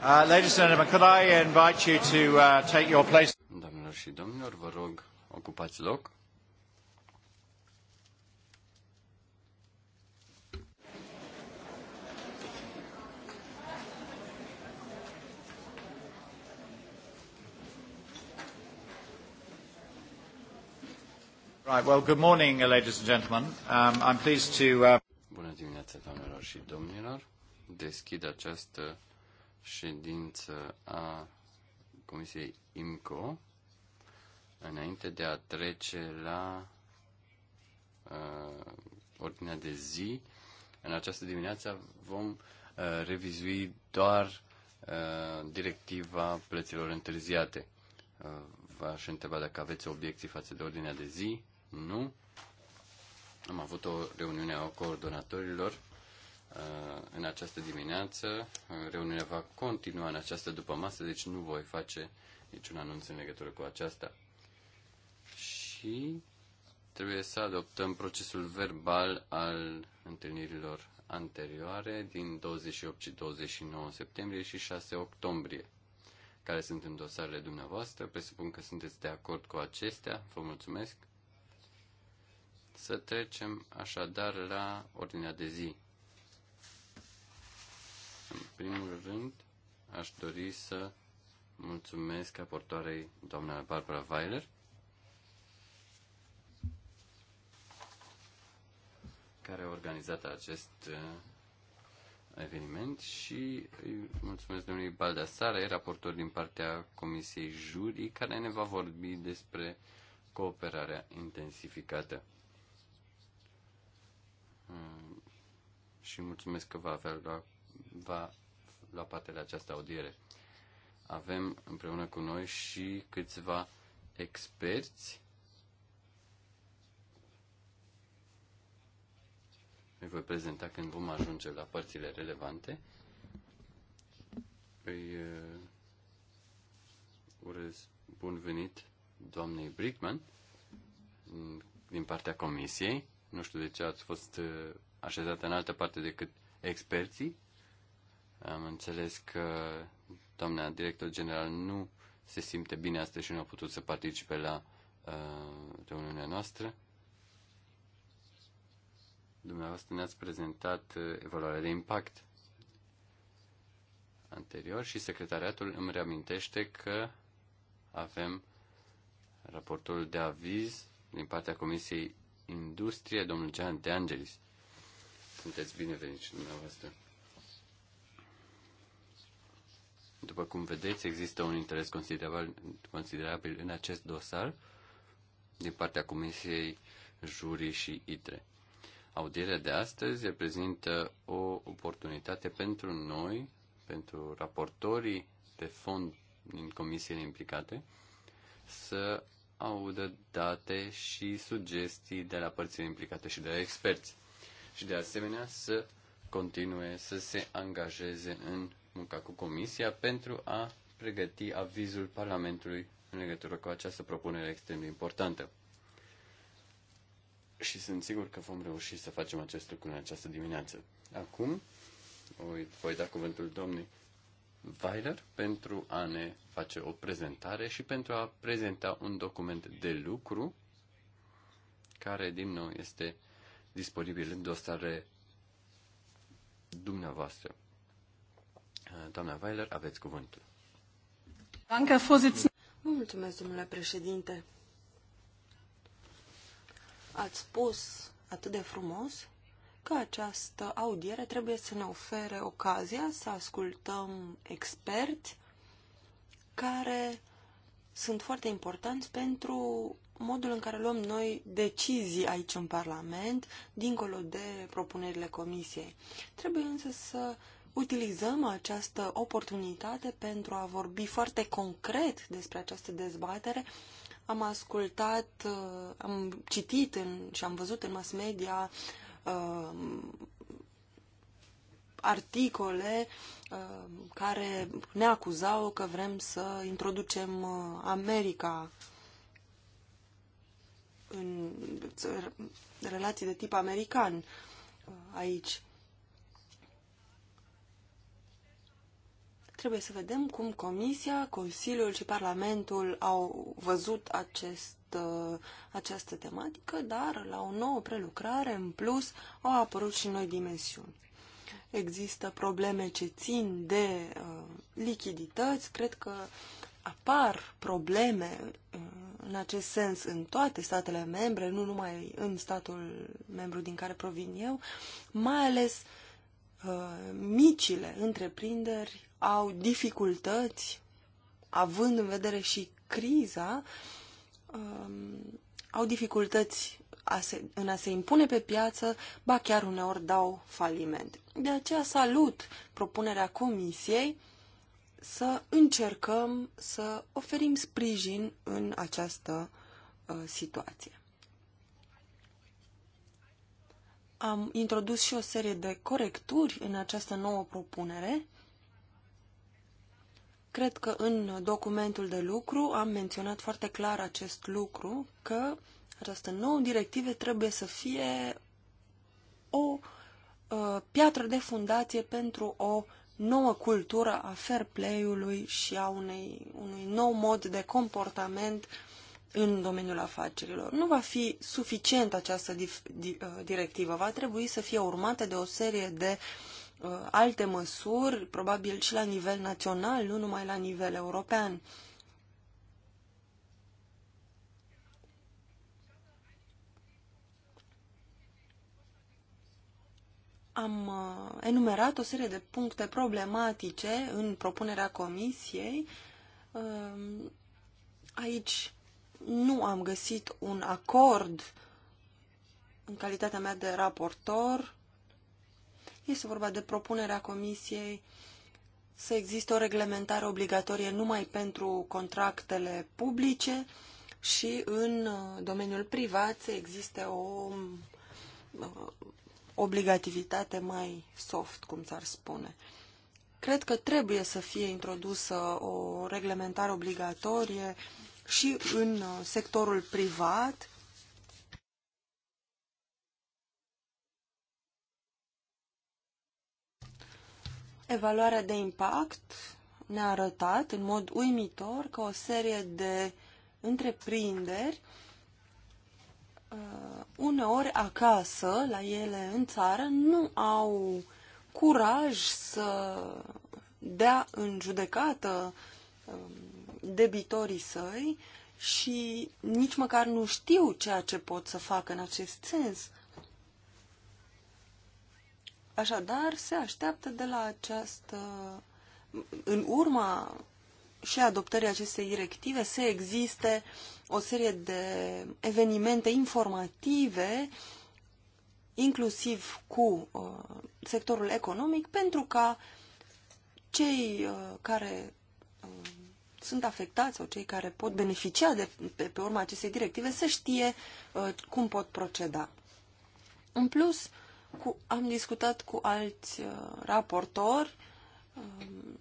Uh, ladies and gentlemen, could I invite you to uh, take your place? Doamnelor și domnilor, vă rog, ocupați loc. Right, well, good morning, ladies and gentlemen. Um, I'm pleased to... Uh... Bună dimineața, doamnelor și domnilor. Deschid această ședință a Comisiei IMCO înainte de a trece la uh, ordinea de zi. În această dimineață vom uh, revizui doar uh, directiva plăților întârziate. Uh, v-aș întreba dacă aveți obiecții față de ordinea de zi. Nu. Am avut o reuniune a coordonatorilor Uh, în această dimineață. Reuniunea va continua în această după masă, deci nu voi face niciun anunț în legătură cu aceasta. Și trebuie să adoptăm procesul verbal al întâlnirilor anterioare din 28 și 29 septembrie și 6 octombrie, care sunt în dosarele dumneavoastră. Presupun că sunteți de acord cu acestea. Vă mulțumesc. Să trecem așadar la ordinea de zi. În primul rând, aș dori să mulțumesc aportoarei doamna Barbara Weiler, care a organizat acest uh, eveniment și îi mulțumesc domnului Baldassare, raportor din partea Comisiei Jurii, care ne va vorbi despre cooperarea intensificată. Uh, și mulțumesc că va avea loc va lua parte la această audiere. Avem împreună cu noi și câțiva experți. Îi voi prezenta când vom ajunge la părțile relevante. Îi uh, urez bun venit doamnei Brickman din partea comisiei. Nu știu de ce ați fost uh, așezată în altă parte decât experții. Am înțeles că doamna director general nu se simte bine astăzi și nu a putut să participe la uh, reuniunea noastră. Dumneavoastră ne-ați prezentat uh, evaluarea de impact anterior și secretariatul îmi reamintește că avem raportul de aviz din partea Comisiei Industrie, domnul Jean De Angelis. Sunteți bineveniți și dumneavoastră. După cum vedeți, există un interes considerabil, considerabil în acest dosar din partea Comisiei Jurii și ITRE. Audierea de astăzi reprezintă o oportunitate pentru noi, pentru raportorii de fond din comisiile implicate, să audă date și sugestii de la părțile implicate și de la experți. Și de asemenea să continue să se angajeze în munca cu Comisia pentru a pregăti avizul Parlamentului în legătură cu această propunere extrem de importantă. Și sunt sigur că vom reuși să facem acest lucru în această dimineață. Acum voi da cuvântul domnului Weiler pentru a ne face o prezentare și pentru a prezenta un document de lucru care, din nou, este disponibil în dosare dumneavoastră. Doamna Weiler, aveți cuvântul. Mulțumesc, domnule președinte. Ați spus atât de frumos că această audiere trebuie să ne ofere ocazia să ascultăm experți care sunt foarte importanți pentru modul în care luăm noi decizii aici în Parlament, dincolo de propunerile Comisiei. Trebuie însă să utilizăm această oportunitate pentru a vorbi foarte concret despre această dezbatere. Am ascultat, uh, am citit în, și am văzut în mass media uh, articole uh, care ne acuzau că vrem să introducem uh, America în relații de tip american uh, aici. Trebuie să vedem cum Comisia, Consiliul și Parlamentul au văzut acest, uh, această tematică, dar la o nouă prelucrare, în plus, au apărut și noi dimensiuni. Există probleme ce țin de uh, lichidități, cred că apar probleme uh, în acest sens în toate statele membre, nu numai în statul membru din care provin eu, mai ales uh, micile întreprinderi au dificultăți, având în vedere și criza, um, au dificultăți a se, în a se impune pe piață, ba chiar uneori dau faliment. De aceea salut propunerea Comisiei să încercăm să oferim sprijin în această uh, situație. Am introdus și o serie de corecturi în această nouă propunere Cred că în documentul de lucru am menționat foarte clar acest lucru, că această nouă directivă trebuie să fie o uh, piatră de fundație pentru o nouă cultură a fair play-ului și a unei, unui nou mod de comportament în domeniul afacerilor. Nu va fi suficient această dif, di, uh, directivă, va trebui să fie urmată de o serie de uh, Uh, alte măsuri, probabil și la nivel național, nu numai la nivel european. Am uh, enumerat o serie de puncte problematice în propunerea comisiei. Um, aici nu am găsit un acord în calitatea mea de raportor este vorba de propunerea Comisiei să existe o reglementare obligatorie numai pentru contractele publice și în uh, domeniul privat să existe o uh, obligativitate mai soft, cum s-ar spune. Cred că trebuie să fie introdusă o reglementare obligatorie și în uh, sectorul privat Evaluarea de impact ne-a arătat în mod uimitor că o serie de întreprinderi uh, uneori acasă, la ele în țară, nu au curaj să dea în judecată um, debitorii săi și nici măcar nu știu ceea ce pot să facă în acest sens. Așadar, se așteaptă de la această... În urma și adoptării acestei directive se existe o serie de evenimente informative, inclusiv cu uh, sectorul economic, pentru ca cei uh, care uh, sunt afectați sau cei care pot beneficia de, pe, pe urma acestei directive să știe uh, cum pot proceda. În plus, uh, cu, am discutat cu alți uh, raportori um,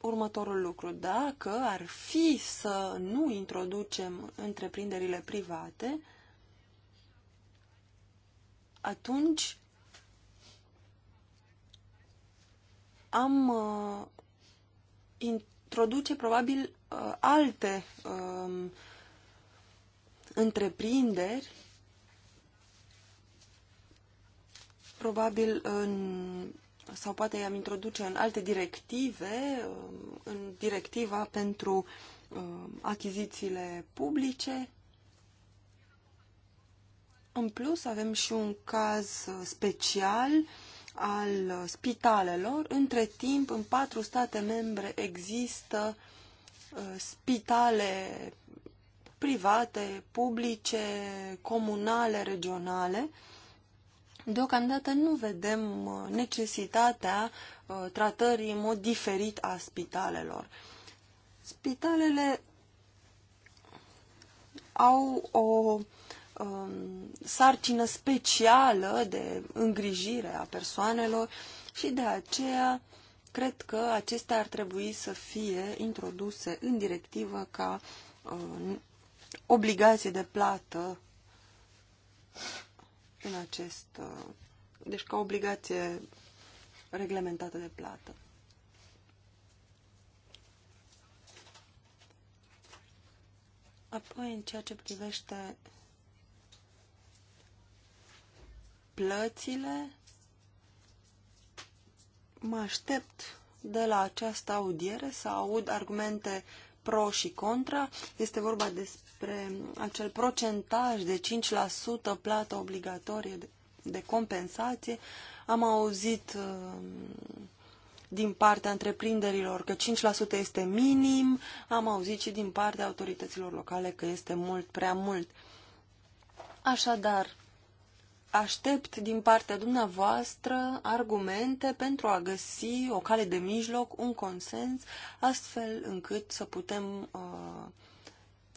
următorul lucru. Dacă ar fi să nu introducem întreprinderile private, atunci am uh, introduce probabil uh, alte uh, întreprinderi Probabil în, sau poate i-am introduce în alte directive, um, în directiva pentru um, achizițiile publice. În plus, avem și un caz uh, special al uh, spitalelor. Între timp, în patru state membre există uh, spitale private, publice, comunale, regionale, Deocamdată nu vedem uh, necesitatea uh, tratării în mod diferit a spitalelor. Spitalele au o um, sarcină specială de îngrijire a persoanelor și de aceea cred că acestea ar trebui să fie introduse în directivă ca um, obligație de plată în acest, uh, deci ca obligație reglementată de plată. Apoi, în ceea ce privește plățile, mă aștept de la această audiere să aud argumente pro și contra. Este vorba despre despre acel procentaj de 5% plată obligatorie de, compensație, am auzit um, din partea întreprinderilor că 5% este minim, am auzit și din partea autorităților locale că este mult prea mult. Așadar, aștept din partea dumneavoastră argumente pentru a găsi o cale de mijloc, un consens, astfel încât să putem uh,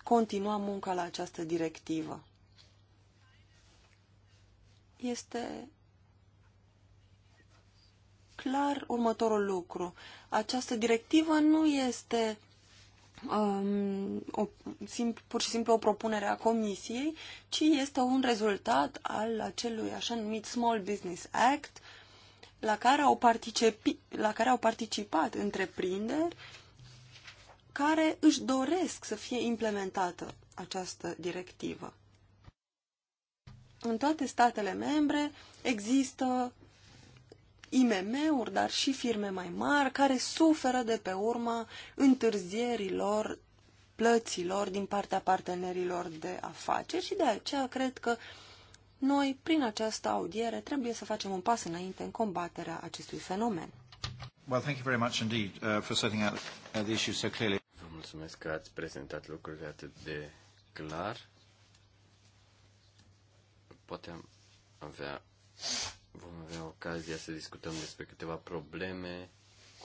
continua munca la această directivă. Este clar următorul lucru. Această directivă nu este um, o, simpl, pur și simplu o propunere a Comisiei, ci este un rezultat al acelui așa numit Small Business Act, la care au, participi, la care au participat întreprinderi care își doresc să fie implementată această directivă. În toate statele membre există IMM-uri, dar și firme mai mari, care suferă de pe urma întârzierilor plăților din partea partenerilor de afaceri și de aceea cred că noi, prin această audiere, trebuie să facem un pas înainte în combaterea acestui fenomen. Well, thank you very much indeed uh, for setting out uh, the issue so clearly mulțumesc că ați prezentat lucrurile atât de clar. Poate am avea, vom avea ocazia să discutăm despre câteva probleme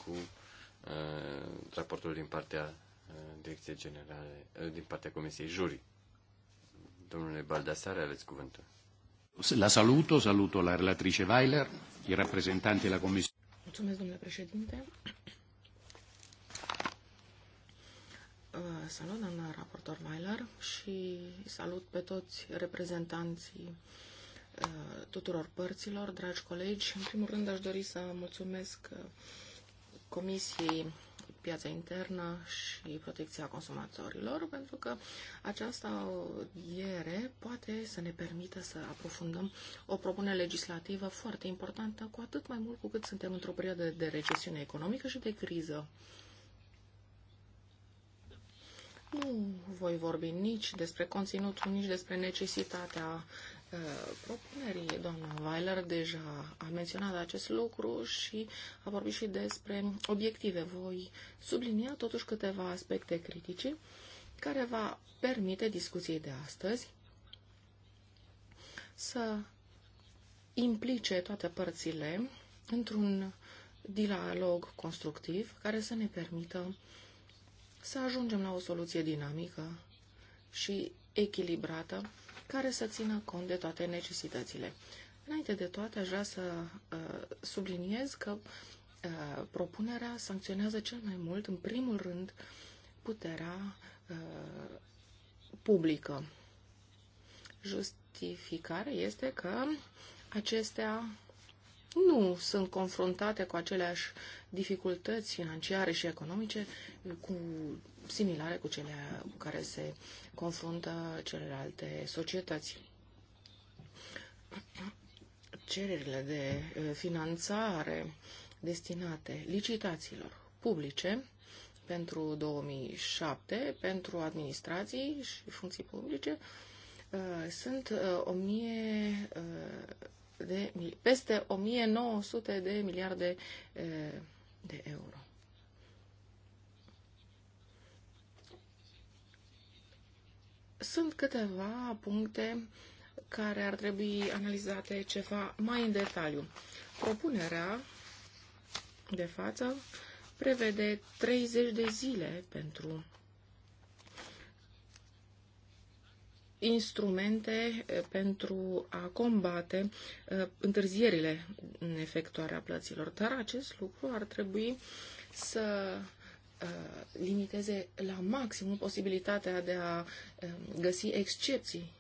cu uh, raportul din partea uh, Direcției Generale, uh, din partea Comisiei Juri. Domnule Baldassare, aveți cuvântul. La saluto, saluto la relatrice Weiler, i rappresentanti la Comisie. Mulțumesc, domnule președinte. Eh, salut, doamna raportor Mailer și salut pe toți reprezentanții eh, tuturor părților, dragi colegi. În primul rând aș dori să mulțumesc eh, Comisiei Piața Internă și Protecția Consumatorilor, pentru că această audiere poate să ne permită să aprofundăm o propunere legislativă foarte importantă, cu atât mai mult cu cât suntem într-o perioadă de recesiune economică și de criză nu voi vorbi nici despre conținutul, nici despre necesitatea uh, propunerii. Doamna Weiler deja a menționat acest lucru și a vorbit și despre obiective. Voi sublinia totuși câteva aspecte critice care va permite discuției de astăzi să implice toate părțile într-un dialog constructiv care să ne permită să ajungem la o soluție dinamică și echilibrată care să țină cont de toate necesitățile. Înainte de toate, aș vrea să uh, subliniez că uh, propunerea sancționează cel mai mult, în primul rând, puterea uh, publică. Justificarea este că acestea nu sunt confruntate cu aceleași dificultăți financiare și economice cu, similare cu cele cu care se confruntă celelalte societăți. Cererile de finanțare destinate licitațiilor publice pentru 2007 pentru administrații și funcții publice sunt 1000 de, peste 1900 de miliarde eh, de euro. Sunt câteva puncte care ar trebui analizate ceva mai în detaliu. Propunerea de față prevede 30 de zile pentru instrumente eh, pentru a combate eh, întârzierile în efectuarea plăților. Dar acest lucru ar trebui să eh, limiteze la maximum posibilitatea de a găsi excepții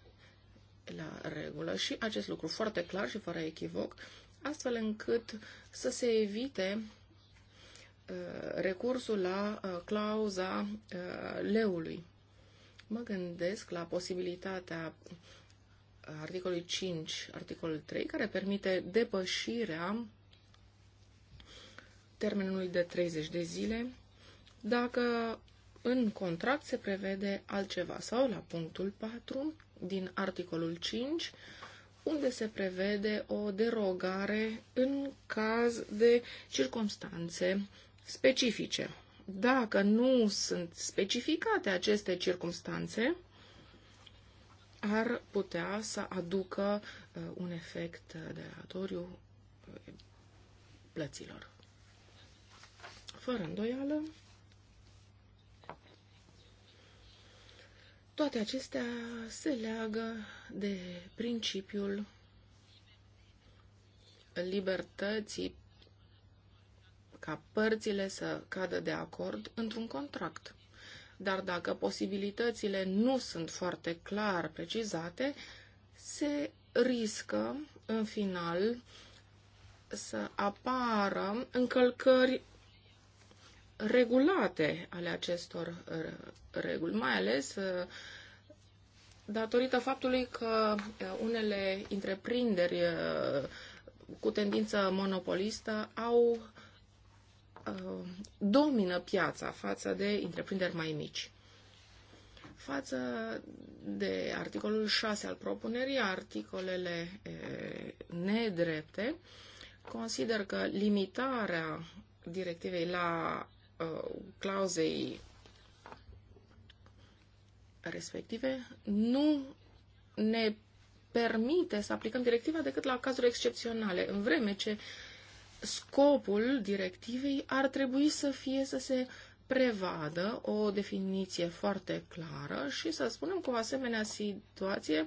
la regulă și acest lucru foarte clar și fără echivoc, astfel încât să se evite recursul la clauza leului mă gândesc la posibilitatea articolului 5, articolul 3, care permite depășirea termenului de 30 de zile dacă în contract se prevede altceva sau la punctul 4 din articolul 5 unde se prevede o derogare în caz de circumstanțe specifice dacă nu sunt specificate aceste circumstanțe, ar putea să aducă uh, un efect delatoriu uh, plăților. Fără îndoială, toate acestea se leagă de principiul libertății ca părțile să cadă de acord într-un contract. Dar dacă posibilitățile nu sunt foarte clar precizate, se riscă, în final, să apară încălcări regulate ale acestor uh, reguli, mai ales uh, datorită faptului că uh, unele întreprinderi cu tendință monopolistă au Uh, domină piața față de întreprinderi mai mici. Față de articolul 6 al propunerii, articolele e, nedrepte, consider că limitarea directivei la uh, clauzei respective nu ne permite să aplicăm directiva decât la cazuri excepționale, în vreme ce uh, Scopul directivei ar trebui să fie să se prevadă o definiție foarte clară și să spunem că o asemenea situație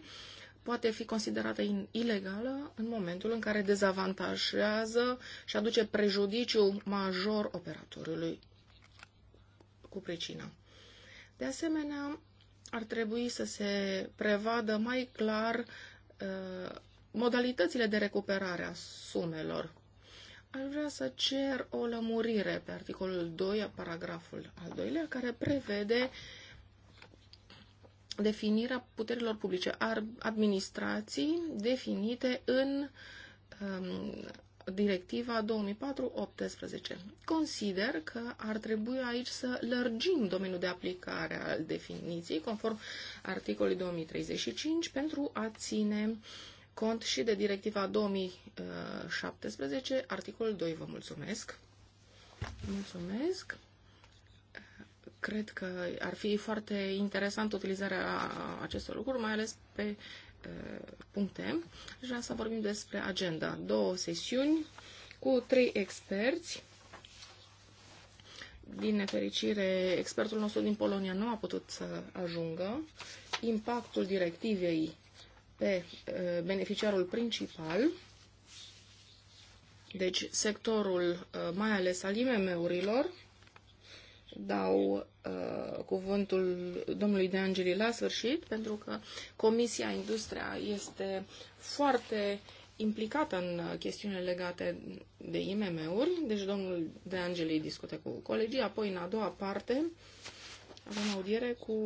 poate fi considerată ilegală în momentul în care dezavantajează și aduce prejudiciu major operatorului cu pricina. De asemenea, ar trebui să se prevadă mai clar uh, modalitățile de recuperare a sumelor ar vrea să cer o lămurire pe articolul 2, paragraful al doilea, care prevede definirea puterilor publice, administrații definite în um, directiva 2004-18. Consider că ar trebui aici să lărgim domeniul de aplicare al definiției conform articolului 2035 pentru a ține cont și de directiva 2017, articolul 2. Vă mulțumesc! Mulțumesc! Cred că ar fi foarte interesant utilizarea acestor lucruri, mai ales pe uh, puncte. Aș vrea să vorbim despre agenda. Două sesiuni cu trei experți. Din nefericire, expertul nostru din Polonia nu a putut să ajungă. Impactul directivei pe beneficiarul principal, deci sectorul uh, mai ales al IMM-urilor, dau uh, cuvântul domnului De Angeli la sfârșit, pentru că Comisia Industria este foarte implicată în uh, chestiunile legate de IMM-uri, deci domnul De Angeli discute cu colegii, apoi în a doua parte avem audiere cu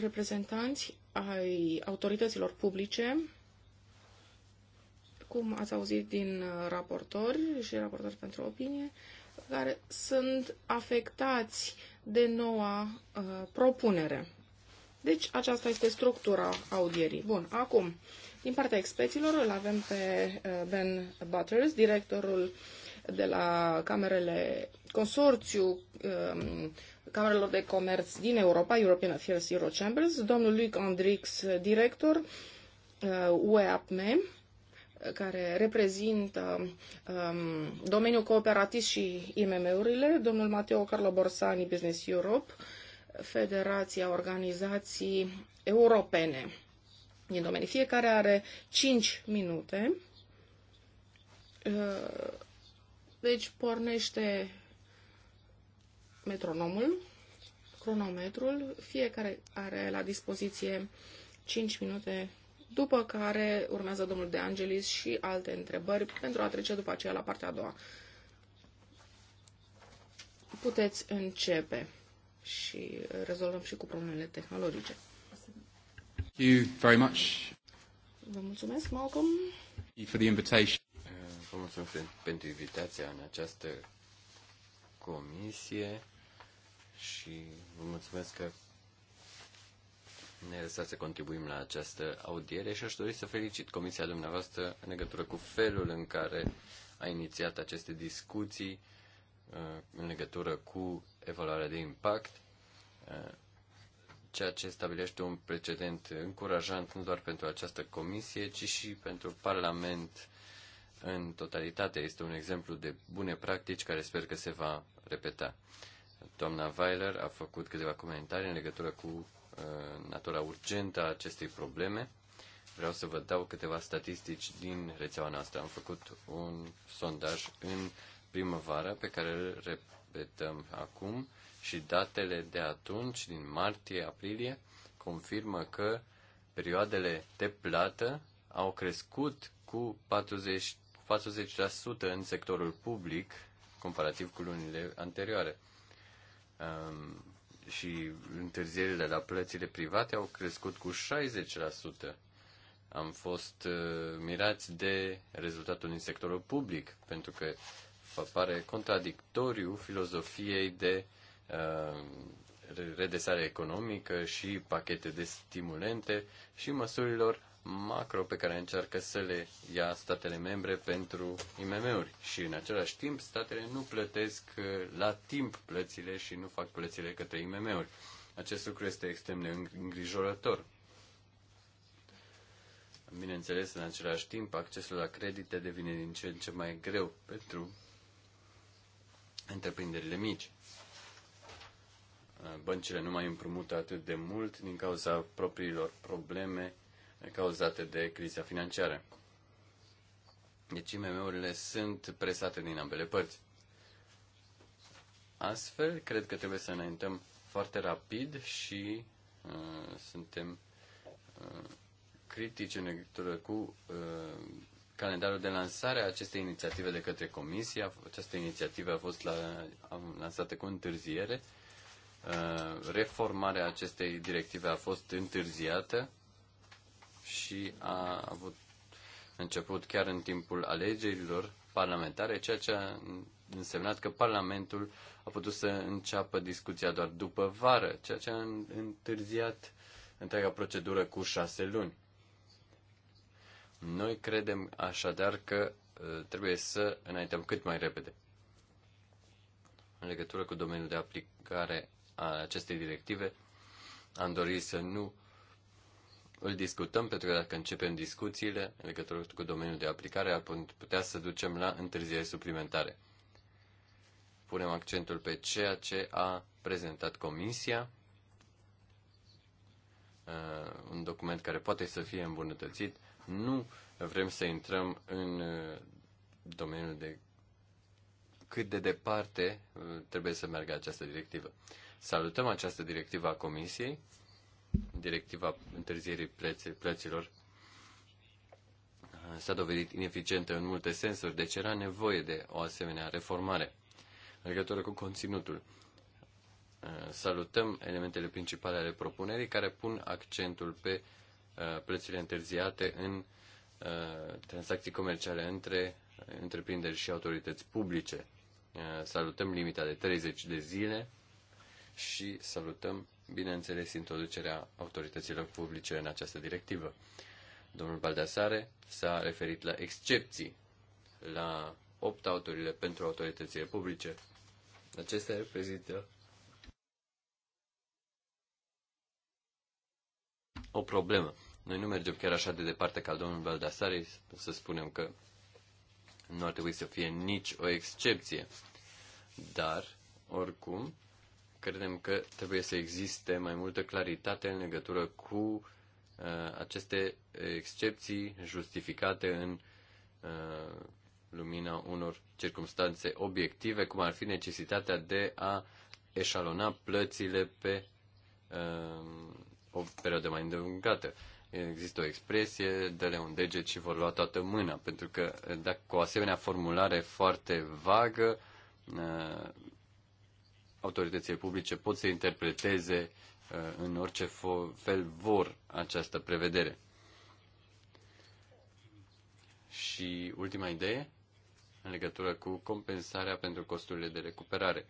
reprezentanți ai autorităților publice, cum ați auzit din uh, raportori și raportori pentru opinie, care sunt afectați de noua uh, propunere. Deci aceasta este structura audierii. Bun, acum, din partea experților îl avem pe uh, Ben Butters, directorul de la camerele Consorțiu uh, Camerelor de Comerț din Europa, European Affairs Euro Chambers, domnul Luc Andrix, director UEAPME, uh, care reprezintă um, domeniul cooperativ și IMM-urile, domnul Mateo Carlo Borsani, Business Europe, Federația Organizații Europene din domenii. Fiecare are 5 minute. Uh, deci pornește metronomul, cronometrul. Fiecare are la dispoziție 5 minute, după care urmează domnul De Angelis și alte întrebări pentru a trece după aceea la partea a doua. Puteți începe și rezolvăm și cu problemele tehnologice. Thank you very much. Vă mulțumesc, Malcolm. For the invitation. Eh, vă mulțumesc pentru invitația în această comisie și vă mulțumesc că ne lăsați să contribuim la această audiere și aș dori să felicit comisia dumneavoastră în legătură cu felul în care a inițiat aceste discuții uh, în legătură cu evaluarea de impact, uh, ceea ce stabilește un precedent încurajant nu doar pentru această comisie, ci și pentru Parlament în totalitate. Este un exemplu de bune practici care sper că se va repeta. Doamna Weiler a făcut câteva comentarii în legătură cu uh, natura urgentă a acestei probleme. Vreau să vă dau câteva statistici din rețeaua noastră. Am făcut un sondaj în primăvară pe care îl repetăm acum și datele de atunci, din martie-aprilie, confirmă că perioadele de plată au crescut cu 40, 40% în sectorul public comparativ cu lunile anterioare. Um, și întârzierile la plățile private au crescut cu 60%. Am fost uh, mirați de rezultatul din sectorul public, pentru că pare contradictoriu filozofiei de uh, redesare economică și pachete de stimulente și măsurilor macro pe care încearcă să le ia statele membre pentru IMM-uri și în același timp statele nu plătesc uh, la timp plățile și nu fac plățile către IMM-uri. Acest lucru este extrem de îngrijorător. Bineînțeles, în același timp, accesul la credite devine din ce în ce mai greu pentru întreprinderile mici. Băncile nu mai împrumută atât de mult din cauza propriilor probleme cauzate de criza financiară. Deci IMM-urile sunt presate din ambele părți. Astfel, cred că trebuie să înaintăm foarte rapid și uh, suntem uh, critici în legătură cu uh, calendarul de lansare a acestei inițiative de către Comisie. Această inițiativă a fost la, a lansată cu întârziere. Uh, reformarea acestei directive a fost întârziată și a avut început chiar în timpul alegerilor parlamentare, ceea ce a însemnat că Parlamentul a putut să înceapă discuția doar după vară, ceea ce a întârziat întreaga procedură cu șase luni. Noi credem așadar că uh, trebuie să înaintăm cât mai repede. În legătură cu domeniul de aplicare a acestei directive, am dorit să nu îl discutăm, pentru că dacă începem discuțiile în legătură cu domeniul de aplicare, ar putea să ducem la întârziere suplimentare. Punem accentul pe ceea ce a prezentat Comisia, uh, un document care poate să fie îmbunătățit. Nu vrem să intrăm în uh, domeniul de cât de departe uh, trebuie să meargă această directivă. Salutăm această directivă a Comisiei directiva întârzierii plăților s-a dovedit ineficientă în multe sensuri, deci era nevoie de o asemenea reformare. În legătură cu conținutul, uh, salutăm elementele principale ale propunerii care pun accentul pe uh, plățile întârziate în uh, tranzacții comerciale între întreprinderi și autorități publice. Salutăm limita de 30 de zile și salutăm bineînțeles, introducerea autorităților publice în această directivă. Domnul Baldasare s-a referit la excepții, la opt autorile pentru autoritățile publice. Acestea reprezintă o problemă. Noi nu mergem chiar așa de departe ca domnul Baldasare să spunem că nu ar trebui să fie nici o excepție. Dar, oricum, credem că trebuie să existe mai multă claritate în legătură cu uh, aceste excepții justificate în uh, lumina unor circumstanțe obiective, cum ar fi necesitatea de a eșalona plățile pe uh, o perioadă mai îndelungată. Există o expresie, dă-le un deget și vor lua toată mâna, pentru că uh, dacă cu o asemenea formulare foarte vagă, uh, autoritățile publice pot să interpreteze uh, în orice fel vor această prevedere. Și ultima idee, în legătură cu compensarea pentru costurile de recuperare.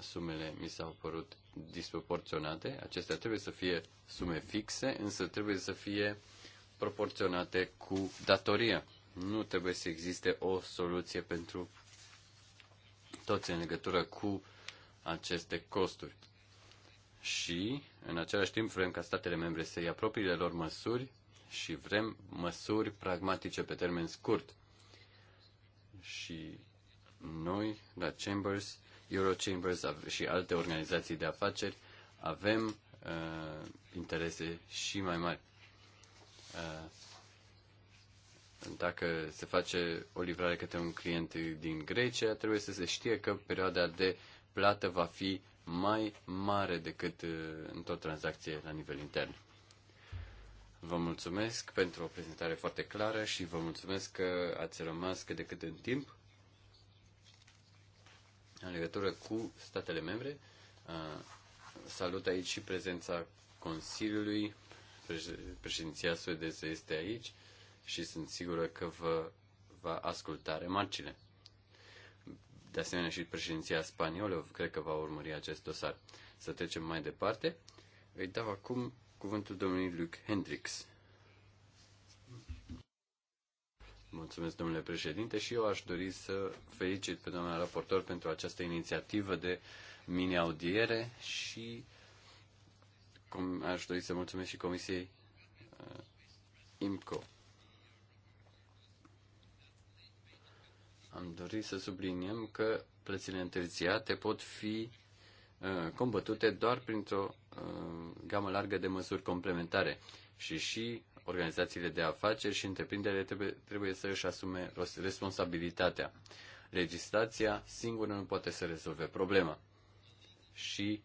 Sumele mi s-au părut disproporționate. Acestea trebuie să fie sume fixe, însă trebuie să fie proporționate cu datoria. Nu trebuie să existe o soluție pentru toți în legătură cu aceste costuri. Și, în același timp, vrem ca statele membre să ia propriile lor măsuri și vrem măsuri pragmatice pe termen scurt. Și noi, la Chambers, Eurochambers și alte organizații de afaceri, avem uh, interese și mai mari. Uh, dacă se face o livrare către un client din Grecia, trebuie să se știe că perioada de plată va fi mai mare decât uh, într-o tranzacție la nivel intern. Vă mulțumesc pentru o prezentare foarte clară și vă mulțumesc că ați rămas cât de cât în timp în legătură cu statele membre. Uh, salut aici și prezența Consiliului. Președinția suedeză este aici și sunt sigură că vă va asculta remarcile. De asemenea și președinția spaniolă cred că va urmări acest dosar. Să trecem mai departe. Îi dau acum cuvântul domnului Luc Hendrix. Mulțumesc, domnule președinte, și eu aș dori să felicit pe doamna raportor pentru această inițiativă de mini-audiere și aș dori să mulțumesc și Comisiei uh, IMCO. Am dorit să subliniem că plățile întârziate pot fi uh, combătute doar printr-o uh, gamă largă de măsuri complementare și și organizațiile de afaceri și întreprinderile trebuie, trebuie să își asume responsabilitatea. Legislația singură nu poate să rezolve problema și,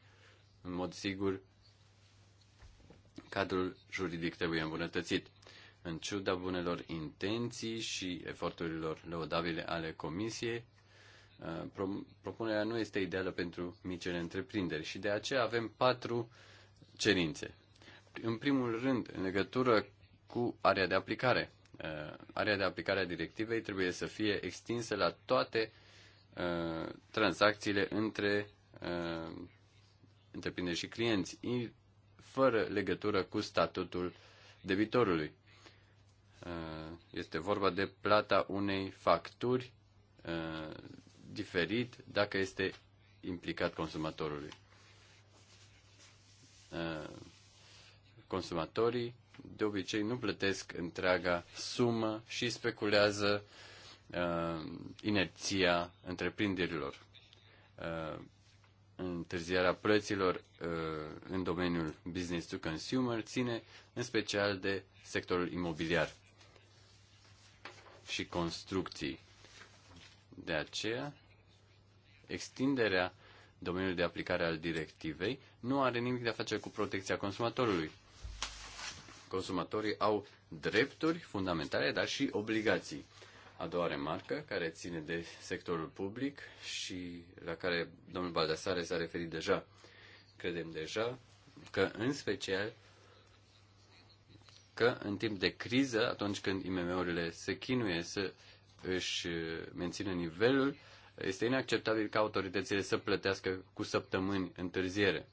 în mod sigur, cadrul juridic trebuie îmbunătățit. În ciuda bunelor intenții și eforturilor lăudabile ale Comisiei, uh, propunerea nu este ideală pentru micile întreprinderi și de aceea avem patru cerințe. În primul rând, în legătură cu area de aplicare. Uh, area de aplicare a directivei trebuie să fie extinsă la toate uh, tranzacțiile între întreprinderi și clienți, fără legătură cu statutul debitorului. Uh, este vorba de plata unei facturi uh, diferit dacă este implicat consumatorului. Uh, consumatorii de obicei nu plătesc întreaga sumă și speculează inerția întreprinderilor. întârziarea plăților în domeniul business to consumer ține în special de sectorul imobiliar și construcții. De aceea, extinderea domeniului de aplicare al directivei nu are nimic de a face cu protecția consumatorului. Consumatorii au drepturi fundamentale, dar și obligații. A doua remarcă, care ține de sectorul public și la care domnul Baldassare s-a referit deja, credem deja că, în special, că în timp de criză, atunci când IMM-urile se chinuie să își mențină nivelul, este inacceptabil ca autoritățile să plătească cu săptămâni întârziere.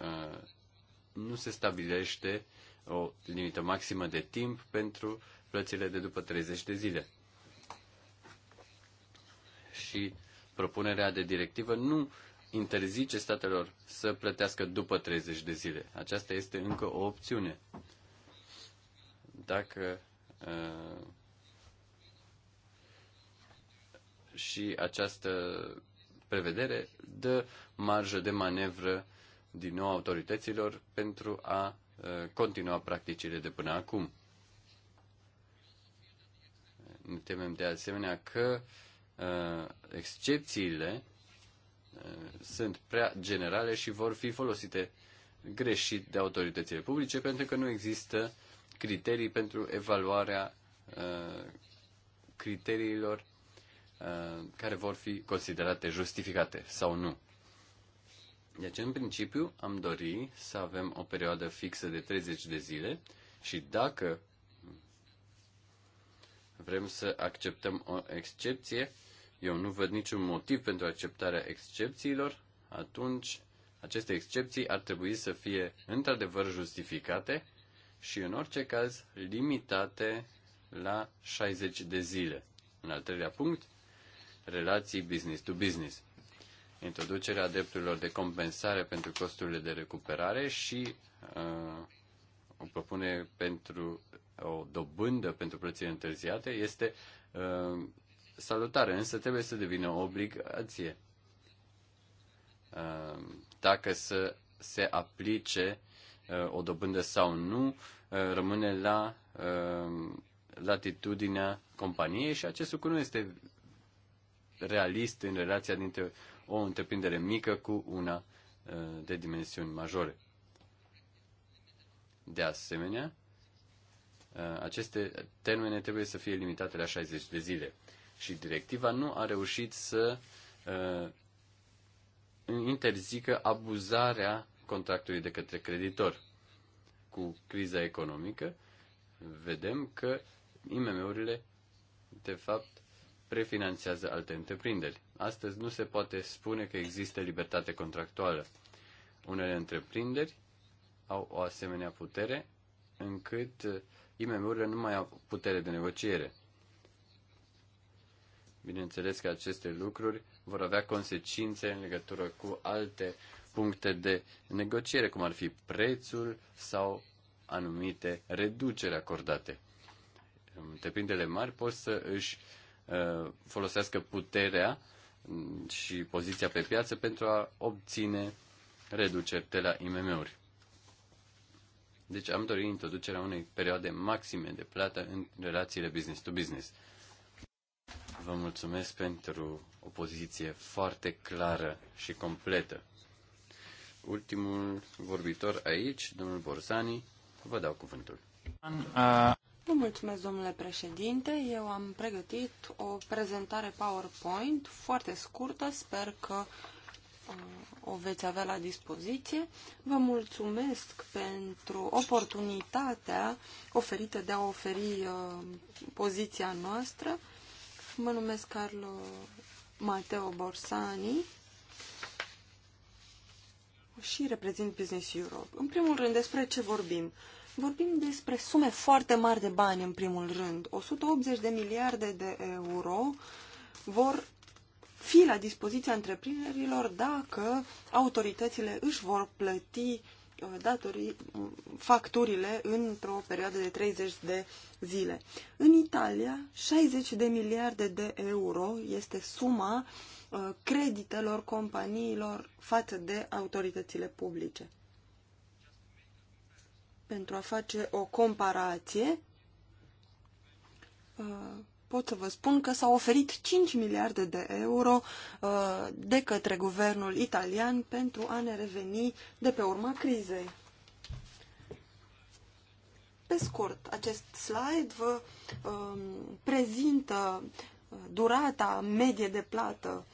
Uh, nu se stabilește o limită maximă de timp pentru plățile de după 30 de zile. Și propunerea de directivă nu interzice statelor să plătească după 30 de zile. Aceasta este încă o opțiune. Dacă uh, și această prevedere dă marjă de manevră din nou autorităților pentru a uh, continua practicile de până acum. Ne temem de asemenea că uh, excepțiile sunt prea generale și vor fi folosite greșit de autoritățile publice pentru că nu există criterii pentru evaluarea uh, criteriilor uh, care vor fi considerate justificate sau nu. Deci, în principiu, am dori să avem o perioadă fixă de 30 de zile și dacă vrem să acceptăm o excepție, eu nu văd niciun motiv pentru acceptarea excepțiilor, atunci aceste excepții ar trebui să fie într-adevăr justificate și în orice caz limitate la 60 de zile. În al treilea punct, relații business to business. Introducerea drepturilor de compensare pentru costurile de recuperare și uh, o propune pentru o dobândă pentru plățile întârziate este uh, salutare, însă trebuie să devină o obligație. Uh, dacă să se aplice uh, o dobândă sau nu, uh, rămâne la latitudinea companiei și acest lucru nu este realist în relația dintre o întreprindere mică cu una de dimensiuni majore. De asemenea, aceste termene trebuie să fie limitate la 60 de zile și directiva nu a reușit să uh, interzică abuzarea contractului de către creditor. Cu criza economică, vedem că IMM-urile, de fapt, prefinanțează alte întreprinderi. Astăzi nu se poate spune că există libertate contractuală. Unele întreprinderi au o asemenea putere încât uh, IMM-urile nu mai au putere de negociere. Bineînțeles că aceste lucruri vor avea consecințe în legătură cu alte puncte de negociere, cum ar fi prețul sau anumite reduceri acordate. Întreprinderile mari pot să își uh, folosească puterea mm, și poziția pe piață pentru a obține reduceri de la IMM-uri. Deci am dorit introducerea unei perioade maxime de plată în relațiile business to business. Vă mulțumesc pentru o poziție foarte clară și completă. Ultimul vorbitor aici, domnul Borzani, vă dau cuvântul. Vă mulțumesc, domnule președinte. Eu am pregătit o prezentare PowerPoint foarte scurtă. Sper că uh, o veți avea la dispoziție. Vă mulțumesc pentru oportunitatea oferită de a oferi uh, poziția noastră Mă numesc Carlo Mateo Borsani și reprezint Business Europe. În primul rând, despre ce vorbim? Vorbim despre sume foarte mari de bani, în primul rând. 180 de miliarde de euro vor fi la dispoziția întreprinderilor dacă autoritățile își vor plăti datorii, facturile într-o perioadă de 30 de zile. În Italia, 60 de miliarde de euro este suma uh, creditelor companiilor față de autoritățile publice. Pentru a face o comparație, uh, pot să vă spun că s-au oferit 5 miliarde de euro uh, de către guvernul italian pentru a ne reveni de pe urma crizei. Pe scurt, acest slide vă um, prezintă uh, durata medie de plată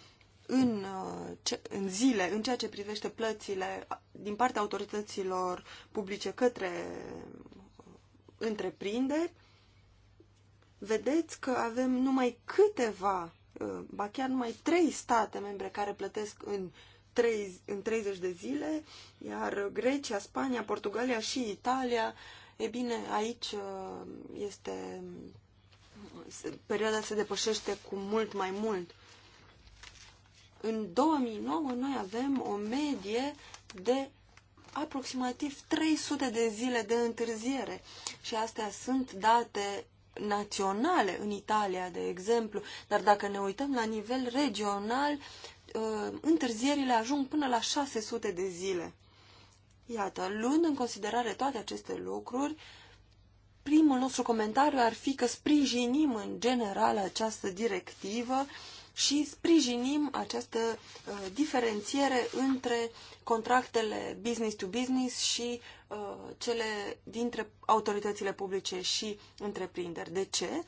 în, uh, în zile, în ceea ce privește plățile din partea autorităților publice către întreprinderi, vedeți că avem numai câteva, uh, ba chiar numai trei state membre care plătesc în, trei în 30 de zile, iar Grecia, Spania, Portugalia și Italia, e bine, aici uh, este perioada se depășește cu mult mai mult. În 2009 noi avem o medie de aproximativ 300 de zile de întârziere și astea sunt date naționale în Italia, de exemplu, dar dacă ne uităm la nivel regional, ă, întârzierile ajung până la 600 de zile. Iată, luând în considerare toate aceste lucruri, primul nostru comentariu ar fi că sprijinim în general această directivă și sprijinim această uh, diferențiere între contractele business to business și uh, cele dintre autoritățile publice și întreprinderi. De ce?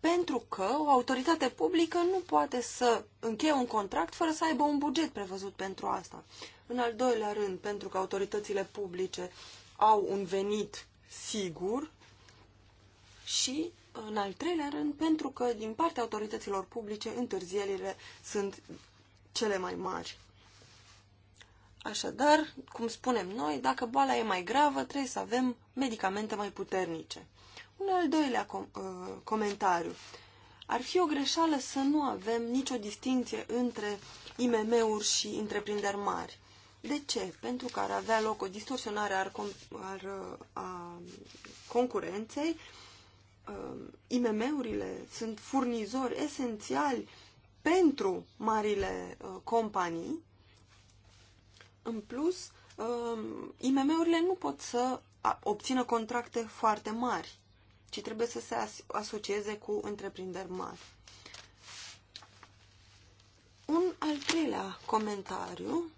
Pentru că o autoritate publică nu poate să încheie un contract fără să aibă un buget prevăzut pentru asta. În al doilea rând, pentru că autoritățile publice au un venit sigur și în al treilea rând, pentru că din partea autorităților publice întârzierile sunt cele mai mari. Așadar, cum spunem noi, dacă boala e mai gravă, trebuie să avem medicamente mai puternice. Un al doilea com uh, comentariu. Ar fi o greșeală să nu avem nicio distinție între IMM-uri și întreprinderi mari. De ce? Pentru că ar avea loc o distorsionare ar, com- ar, uh, a concurenței Um, IMM-urile sunt furnizori esențiali pentru marile uh, companii. În plus, um, IMM-urile nu pot să obțină contracte foarte mari, ci trebuie să se asocieze cu întreprinderi mari. Un al treilea comentariu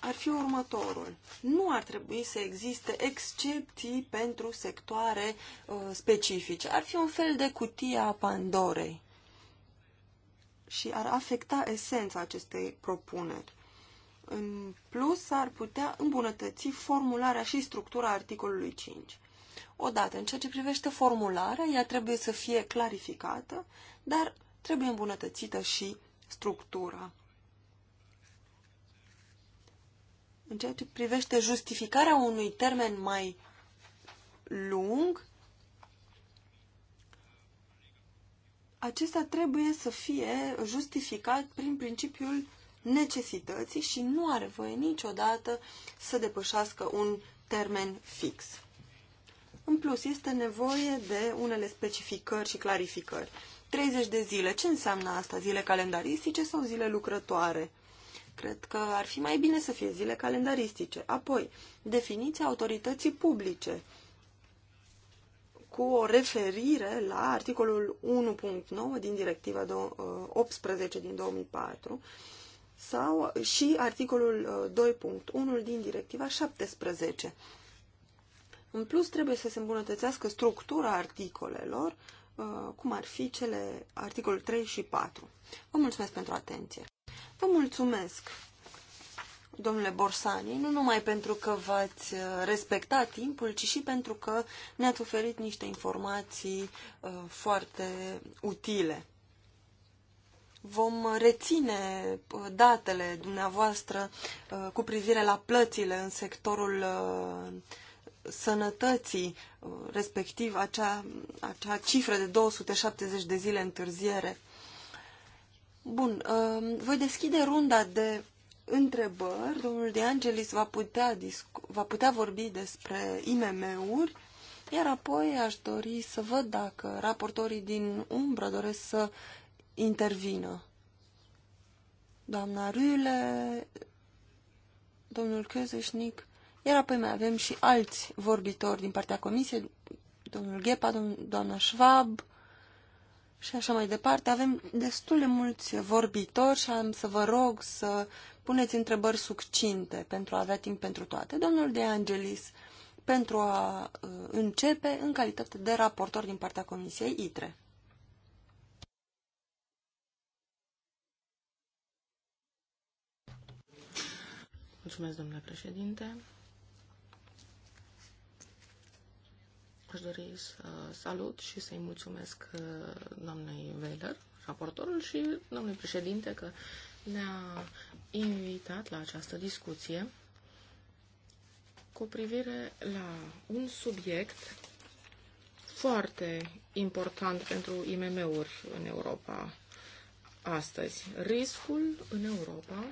ar fi următorul. Nu ar trebui să existe excepții pentru sectoare uh, specifice. Ar fi un fel de cutie a Pandorei și ar afecta esența acestei propuneri. În plus, ar putea îmbunătăți formularea și structura articolului 5. Odată, în ceea ce privește formularea, ea trebuie să fie clarificată, dar trebuie îmbunătățită și structura. În ceea ce privește justificarea unui termen mai lung, acesta trebuie să fie justificat prin principiul necesității și nu are voie niciodată să depășească un termen fix. În plus, este nevoie de unele specificări și clarificări. 30 de zile, ce înseamnă asta? Zile calendaristice sau zile lucrătoare? Cred că ar fi mai bine să fie zile calendaristice. Apoi, definiția autorității publice cu o referire la articolul 1.9 din directiva 18 uh, din 2004 sau și articolul 2.1 uh, din directiva 17. În plus, trebuie să se îmbunătățească structura articolelor, uh, cum ar fi cele articolul 3 și 4. Vă mulțumesc pentru atenție! Vă mulțumesc, domnule Borsani, nu numai pentru că v-ați uh, respectat timpul, ci și pentru că ne-ați oferit niște informații uh, foarte utile. Vom uh, reține uh, datele dumneavoastră cu privire la plățile în sectorul sănătății, respectiv acea, acea cifră de 270 de zile întârziere. Bun, um, voi deschide runda de întrebări. Domnul De Angelis va putea, va putea vorbi despre IMM-uri, iar apoi aș dori să văd dacă raportorii din umbră doresc să intervină. Doamna Rule, domnul Căzășnic, iar apoi mai avem și alți vorbitori din partea comisiei, domnul Ghepa, domn, doamna Schwab, și așa mai departe. Avem destul de mulți vorbitori și am să vă rog să puneți întrebări succinte pentru a avea timp pentru toate. Domnul De Angelis, pentru a uh, începe în calitate de raportor din partea Comisiei ITRE. Mulțumesc, domnule președinte. Aș dori să salut și să-i mulțumesc uh, doamnei Weiler, raportorul, și domnului președinte că ne-a invitat la această discuție cu privire la un subiect foarte important pentru IMM-uri în Europa astăzi. Riscul în Europa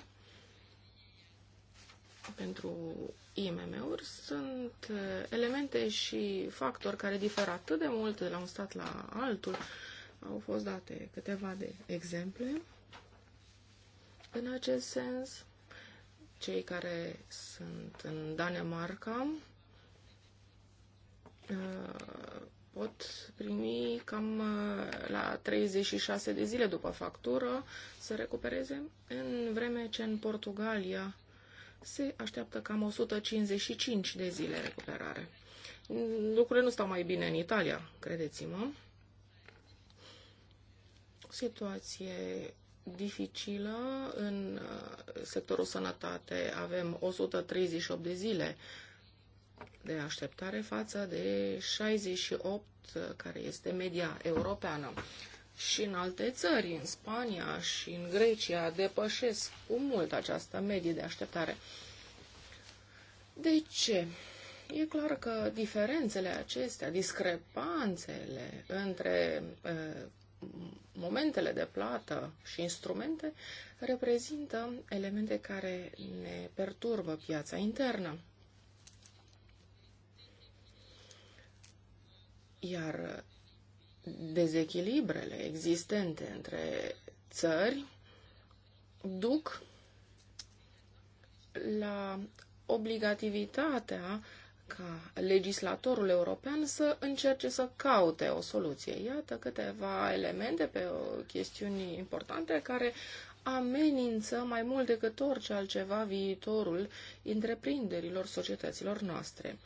pentru IMM-uri sunt uh, elemente și factori care diferă atât de mult de la un stat la altul. Au fost date câteva de exemple. În acest sens, cei care sunt în Danemarca uh, pot primi cam uh, la 36 de zile după factură să recupereze, în vreme ce în Portugalia se așteaptă cam 155 de zile recuperare. Lucrurile nu stau mai bine în Italia, credeți-mă. O situație dificilă în uh, sectorul sănătate. Avem 138 de zile de așteptare față de 68 uh, care este media europeană și în alte țări, în Spania și în Grecia, depășesc cu mult această medie de așteptare. De ce? E clar că diferențele acestea, discrepanțele între e, momentele de plată și instrumente reprezintă elemente care ne perturbă piața internă. Iar dezechilibrele existente între țări duc la obligativitatea ca legislatorul european să încerce să caute o soluție. Iată câteva elemente pe o chestiuni importante care amenință mai mult decât orice altceva viitorul întreprinderilor societăților noastre.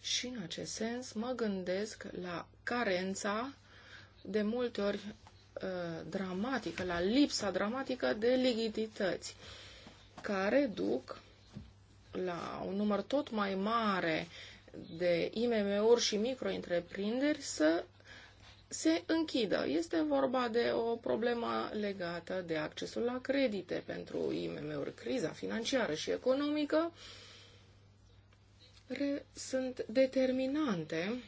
Și în acest sens mă gândesc la carența de multe ori uh, dramatică, la lipsa dramatică de lichidități, care duc la un număr tot mai mare de IMM-uri și micro-întreprinderi să se închidă. Este vorba de o problemă legată de accesul la credite pentru IMM-uri. Criza financiară și economică sunt determinante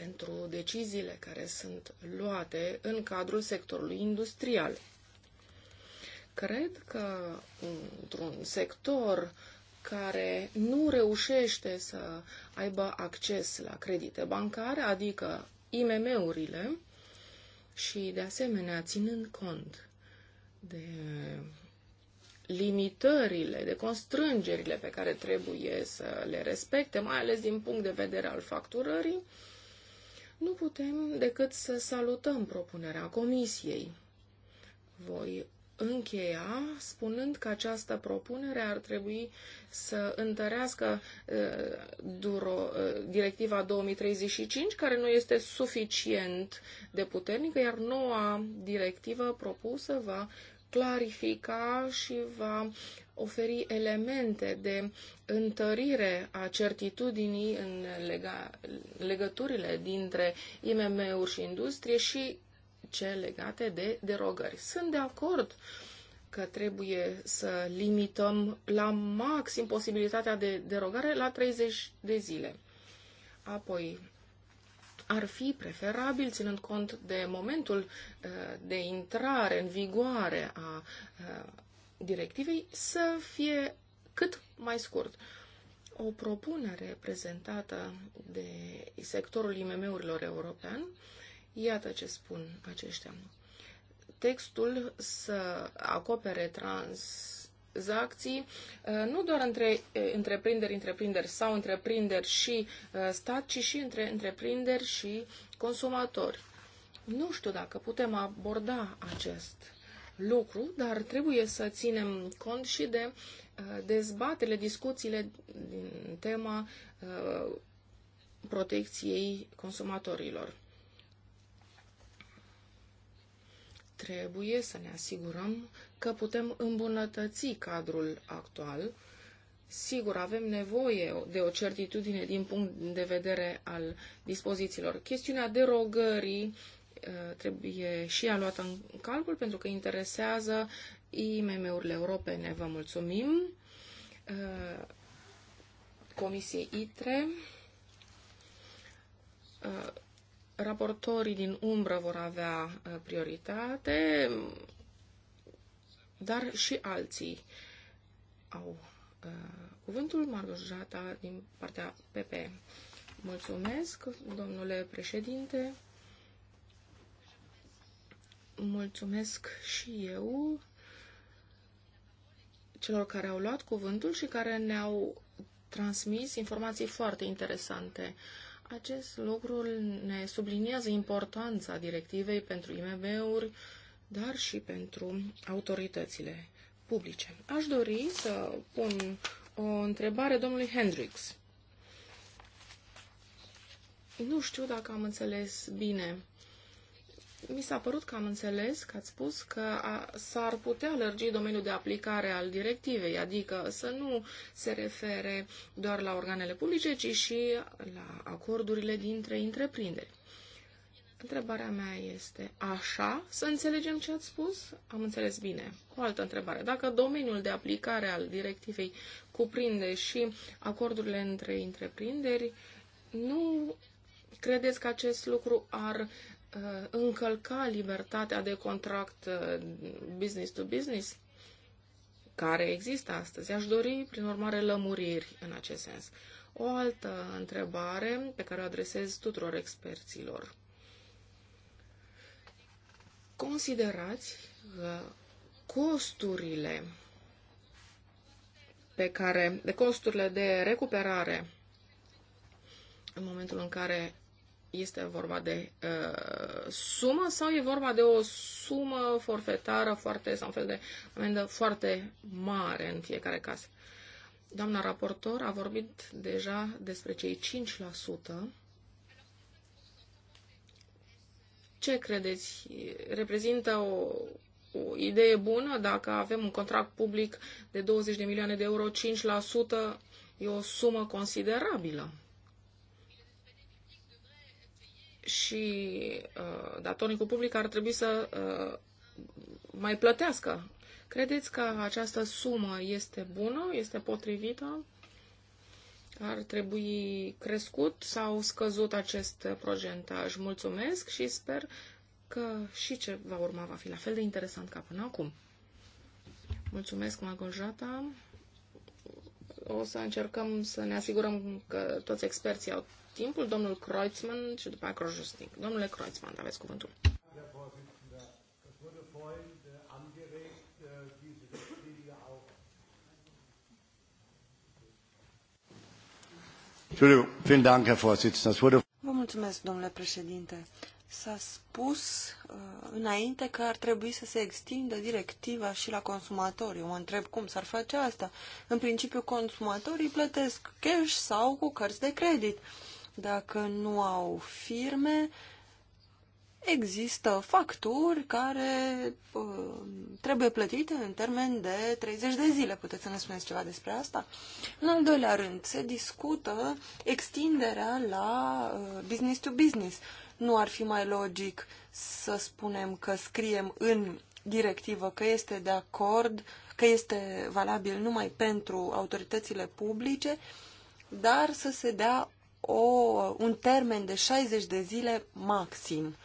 pentru deciziile care sunt luate în cadrul sectorului industrial. Cred că într-un sector care nu reușește să aibă acces la credite bancare, adică IMM-urile, și de asemenea ținând cont de limitările, de constrângerile pe care trebuie să le respecte, mai ales din punct de vedere al facturării, nu putem decât să salutăm propunerea Comisiei. Voi încheia spunând că această propunere ar trebui să întărească uh, duro, uh, directiva 2035, care nu este suficient de puternică, iar noua directivă propusă va clarifica și va oferi elemente de întărire a certitudinii în lega, legăturile dintre IMM-uri și industrie și ce legate de derogări. Sunt de acord că trebuie să limităm la maxim posibilitatea de derogare la 30 de zile. Apoi, ar fi preferabil, ținând cont de momentul uh, de intrare în vigoare a uh, directivei, să fie cât mai scurt. O propunere prezentată de sectorul IMM-urilor european, iată ce spun aceștia. Textul să acopere trans tranzacții, uh, nu doar între uh, întreprinderi, întreprinderi sau întreprinderi și uh, stat, ci și între întreprinderi și consumatori. Nu știu dacă putem aborda acest lucru, dar trebuie să ținem cont și de dezbatele, discuțiile din tema protecției consumatorilor. Trebuie să ne asigurăm că putem îmbunătăți cadrul actual. Sigur, avem nevoie de o certitudine din punct de vedere al dispozițiilor. Chestiunea derogării uh, trebuie și a luată în calcul pentru că interesează IMM-urile europene. Vă mulțumim. Uh, Comisiei ITRE uh, raportorii din umbră vor avea uh, prioritate, dar și alții au uh, cuvântul Margojata din partea PP. Mulțumesc, domnule președinte. Mulțumesc și eu celor care au luat cuvântul și care ne-au transmis informații foarte interesante. Uh, acest lucru ne subliniază importanța directivei pentru imb uri dar și pentru autoritățile publice. Aș dori să pun o întrebare domnului Hendrix. Nu știu dacă am înțeles bine mi s-a părut că am înțeles că ați spus că s-ar putea lărgi domeniul de aplicare al directivei, adică să nu se refere doar la organele publice, ci și la acordurile dintre întreprinderi. Întrebarea mea este, așa să înțelegem ce ați spus? Am înțeles bine. O altă întrebare. Dacă domeniul de aplicare al directivei cuprinde și acordurile între întreprinderi, nu credeți că acest lucru ar Uh, încălca libertatea de contract uh, business to business care există astăzi. Aș dori, prin urmare, lămuriri în acest sens. O altă întrebare pe care o adresez tuturor experților. Considerați că costurile pe care, de costurile de recuperare în momentul în care este vorba de uh, sumă sau e vorba de o sumă forfetară foarte, sau un fel de amendă foarte mare în fiecare caz. Doamna raportor a vorbit deja despre cei 5%. Ce credeți? Reprezintă o, o idee bună dacă avem un contract public de 20 de milioane de euro, 5% e o sumă considerabilă și uh, datornicul public ar trebui să uh, mai plătească. Credeți că această sumă este bună, este potrivită? Ar trebui crescut sau scăzut acest procentaj? Mulțumesc și sper că și ce va urma va fi la fel de interesant ca până acum. Mulțumesc, Magonjata. O să încercăm să ne asigurăm că toți experții au timpul, domnul Kreuzmann și după aia Crojustic. Domnule Kreuzmann, aveți cuvântul. Vă mulțumesc, domnule președinte. S-a spus uh, înainte că ar trebui să se extindă directiva și la consumatori. Eu mă întreb cum s-ar face asta. În principiu, consumatorii plătesc cash sau cu cărți de credit. Dacă nu au firme, există facturi care uh, trebuie plătite în termen de 30 de zile. Puteți să ne spuneți ceva despre asta? În al doilea rând, se discută extinderea la uh, business to business. Nu ar fi mai logic să spunem că scriem în directivă că este de acord, că este valabil numai pentru autoritățile publice, dar să se dea o, un termen de 60 de zile maxim.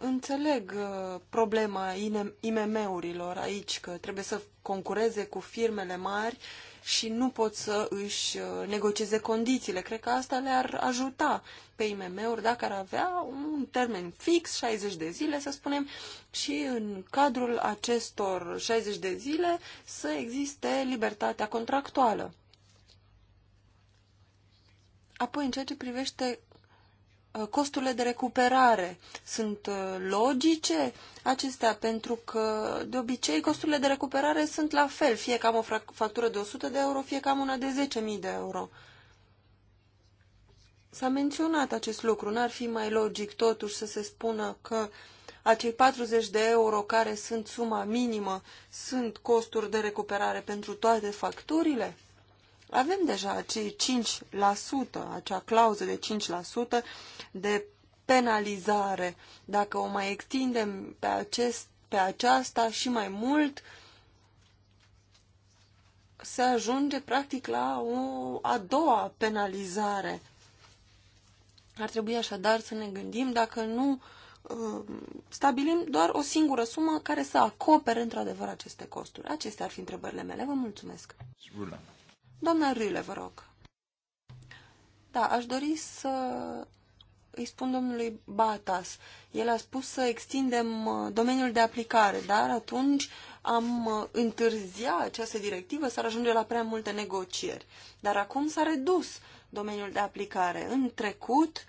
Înțeleg uh, problema IMM-urilor aici, că trebuie să concureze cu firmele mari și nu pot să își uh, negocieze condițiile. Cred că asta le-ar ajuta pe IMM-uri dacă ar avea un termen fix, 60 de zile, să spunem, și în cadrul acestor 60 de zile să existe libertatea contractuală. Apoi, în ceea ce privește uh, costurile de recuperare sunt uh, logice acestea, pentru că de obicei costurile de recuperare sunt la fel, fie că am o factură de 100 de euro, fie că am una de 10.000 de euro. S-a menționat acest lucru, n-ar fi mai logic totuși să se spună că acei 40 de euro care sunt suma minimă sunt costuri de recuperare pentru toate facturile? Avem deja acei 5%, acea clauză de 5% de penalizare. Dacă o mai extindem pe, acest, pe aceasta și mai mult, se ajunge practic la o a doua penalizare. Ar trebui așadar să ne gândim dacă nu uh, stabilim doar o singură sumă care să acopere într-adevăr aceste costuri. Acestea ar fi întrebările mele. Vă mulțumesc! Doamna Râle, vă rog. Da, aș dori să îi spun domnului Batas. El a spus să extindem uh, domeniul de aplicare, dar atunci am uh, întârzia această directivă, s-ar ajunge la prea multe negocieri. Dar acum s-a redus domeniul de aplicare. În trecut,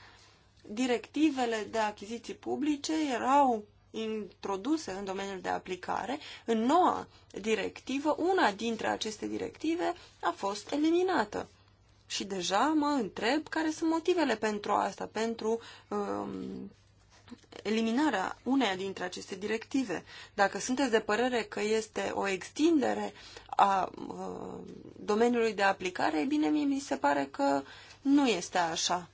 directivele de achiziții publice erau introduse în domeniul de aplicare, în noua directivă, una dintre aceste directive a fost eliminată. Și deja mă întreb care sunt motivele pentru asta, pentru um, eliminarea uneia dintre aceste directive. Dacă sunteți de părere că este o extindere a uh, domeniului de aplicare, bine, mie mi se pare că nu este așa.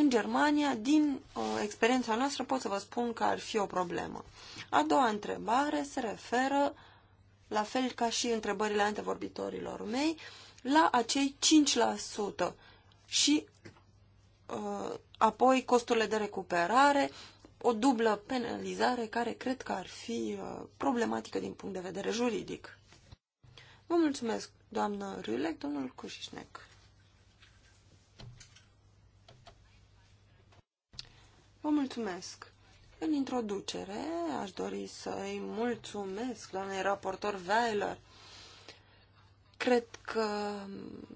În Germania, din uh, experiența noastră, pot să vă spun că ar fi o problemă. A doua întrebare se referă, la fel ca și întrebările antevorbitorilor mei, la acei 5% și uh, apoi costurile de recuperare, o dublă penalizare care cred că ar fi uh, problematică din punct de vedere juridic. Vă mulțumesc, doamnă Rulec, domnul Cușișnec. Vă mulțumesc. În introducere, aș dori să-i mulțumesc, doamnei raportor Weiler. Cred că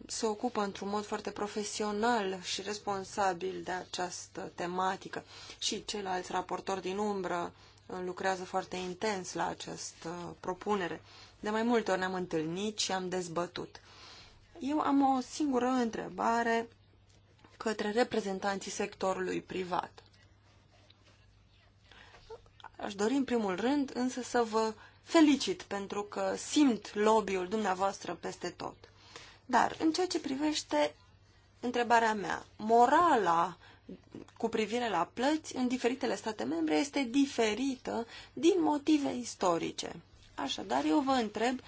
se ocupă într-un mod foarte profesional și responsabil de această tematică și ceilalți raportori din umbră uh, lucrează foarte intens la această propunere. De mai multe ori ne-am întâlnit și am dezbătut. Eu am o singură întrebare către reprezentanții sectorului privat. Aș dori în primul rând însă să vă felicit pentru că simt lobby-ul dumneavoastră peste tot. Dar în ceea ce privește întrebarea mea, morala cu privire la plăți în diferitele state membre este diferită din motive istorice. Așadar, eu vă întreb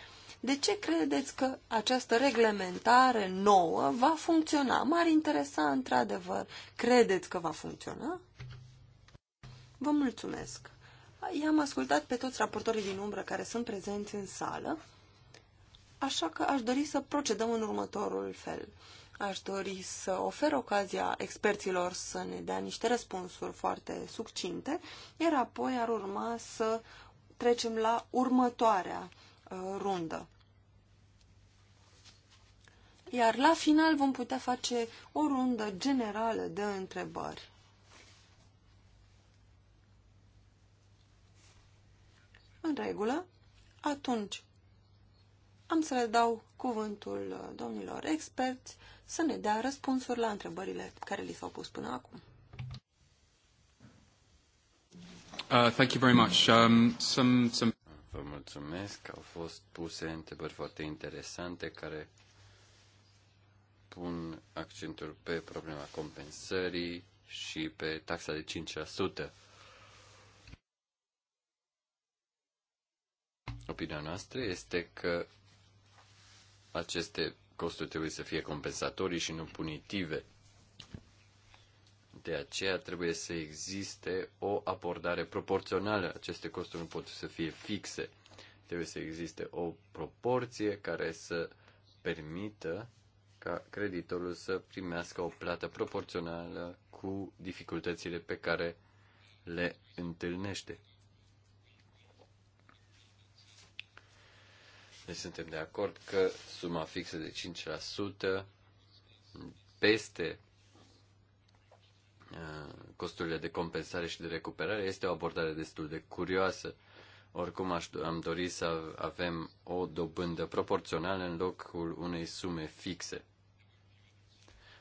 de ce credeți că această reglementare nouă va funcționa? M-ar interesa într-adevăr. Credeți că va funcționa? Vă mulțumesc! I-am ascultat pe toți raportorii din umbră care sunt prezenți în sală, așa că aș dori să procedăm în următorul fel. Aș dori să ofer ocazia experților să ne dea niște răspunsuri foarte succinte, iar apoi ar urma să trecem la următoarea uh, rundă. Iar la final vom putea face o rundă generală de întrebări. În regulă, atunci am să le dau cuvântul uh, domnilor experți să ne dea răspunsuri la întrebările care li s-au pus până acum. Uh, thank you very much. Um, some, some... Vă mulțumesc. Au fost puse întrebări foarte interesante care pun accentul pe problema compensării și pe taxa de 5%. Opinia noastră este că aceste costuri trebuie să fie compensatorii și nu punitive. De aceea trebuie să existe o abordare proporțională. Aceste costuri nu pot să fie fixe. Trebuie să existe o proporție care să permită ca creditorul să primească o plată proporțională cu dificultățile pe care le întâlnește. Noi suntem de acord că suma fixă de 5% peste uh, costurile de compensare și de recuperare este o abordare destul de curioasă. Oricum aș, am dori să avem o dobândă proporțională în locul unei sume fixe.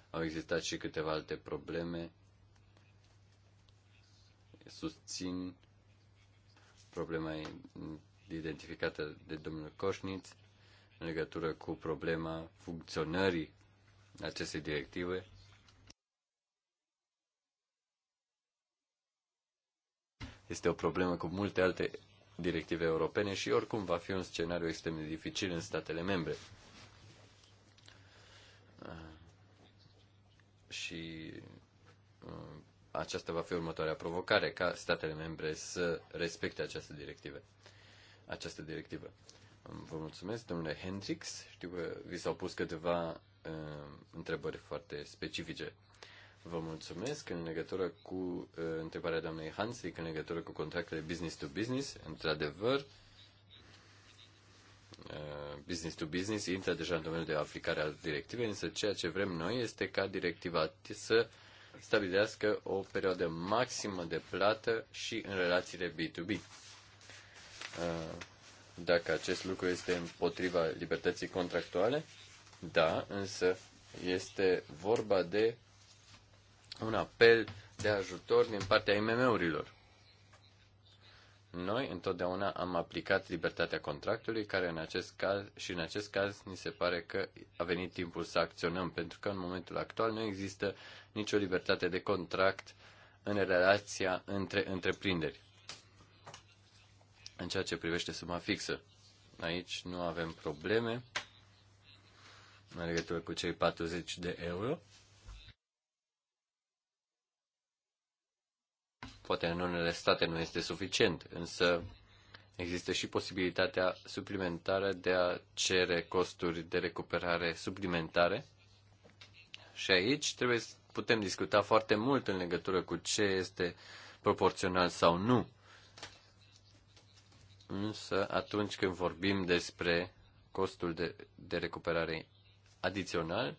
Au existat și câteva alte probleme. Susțin problema identificată de domnul Coșniț în legătură cu problema funcționării acestei directive. Este o problemă cu multe alte directive europene și oricum va fi un scenariu extrem de dificil în statele membre. Ah. Și uh, aceasta va fi următoarea provocare, ca statele membre să respecte această directivă această directivă. Vă mulțumesc, domnule Hendrix. Știu că uh, vi s-au pus câteva uh, întrebări foarte specifice. Vă mulțumesc în legătură cu uh, întrebarea doamnei Hansic, în legătură cu contractele business to business. Într-adevăr, uh, business to business intră deja în domeniul de aplicare al directivei, însă ceea ce vrem noi este ca directiva să stabilească o perioadă maximă de plată și în relațiile B2B Uh, dacă acest lucru este împotriva libertății contractuale? Da, însă este vorba de un apel de ajutor din partea IMM-urilor. Noi întotdeauna am aplicat libertatea contractului, care în acest caz și în acest caz ni se pare că a venit timpul să acționăm, pentru că în momentul actual nu există nicio libertate de contract în relația între întreprinderi în ceea ce privește suma fixă. Aici nu avem probleme în legătură cu cei 40 de euro. Poate în unele state nu este suficient, însă există și posibilitatea suplimentară de a cere costuri de recuperare suplimentare. Și aici trebuie putem discuta foarte mult în legătură cu ce este proporțional sau nu Însă, atunci când vorbim despre costul de, de recuperare adițional,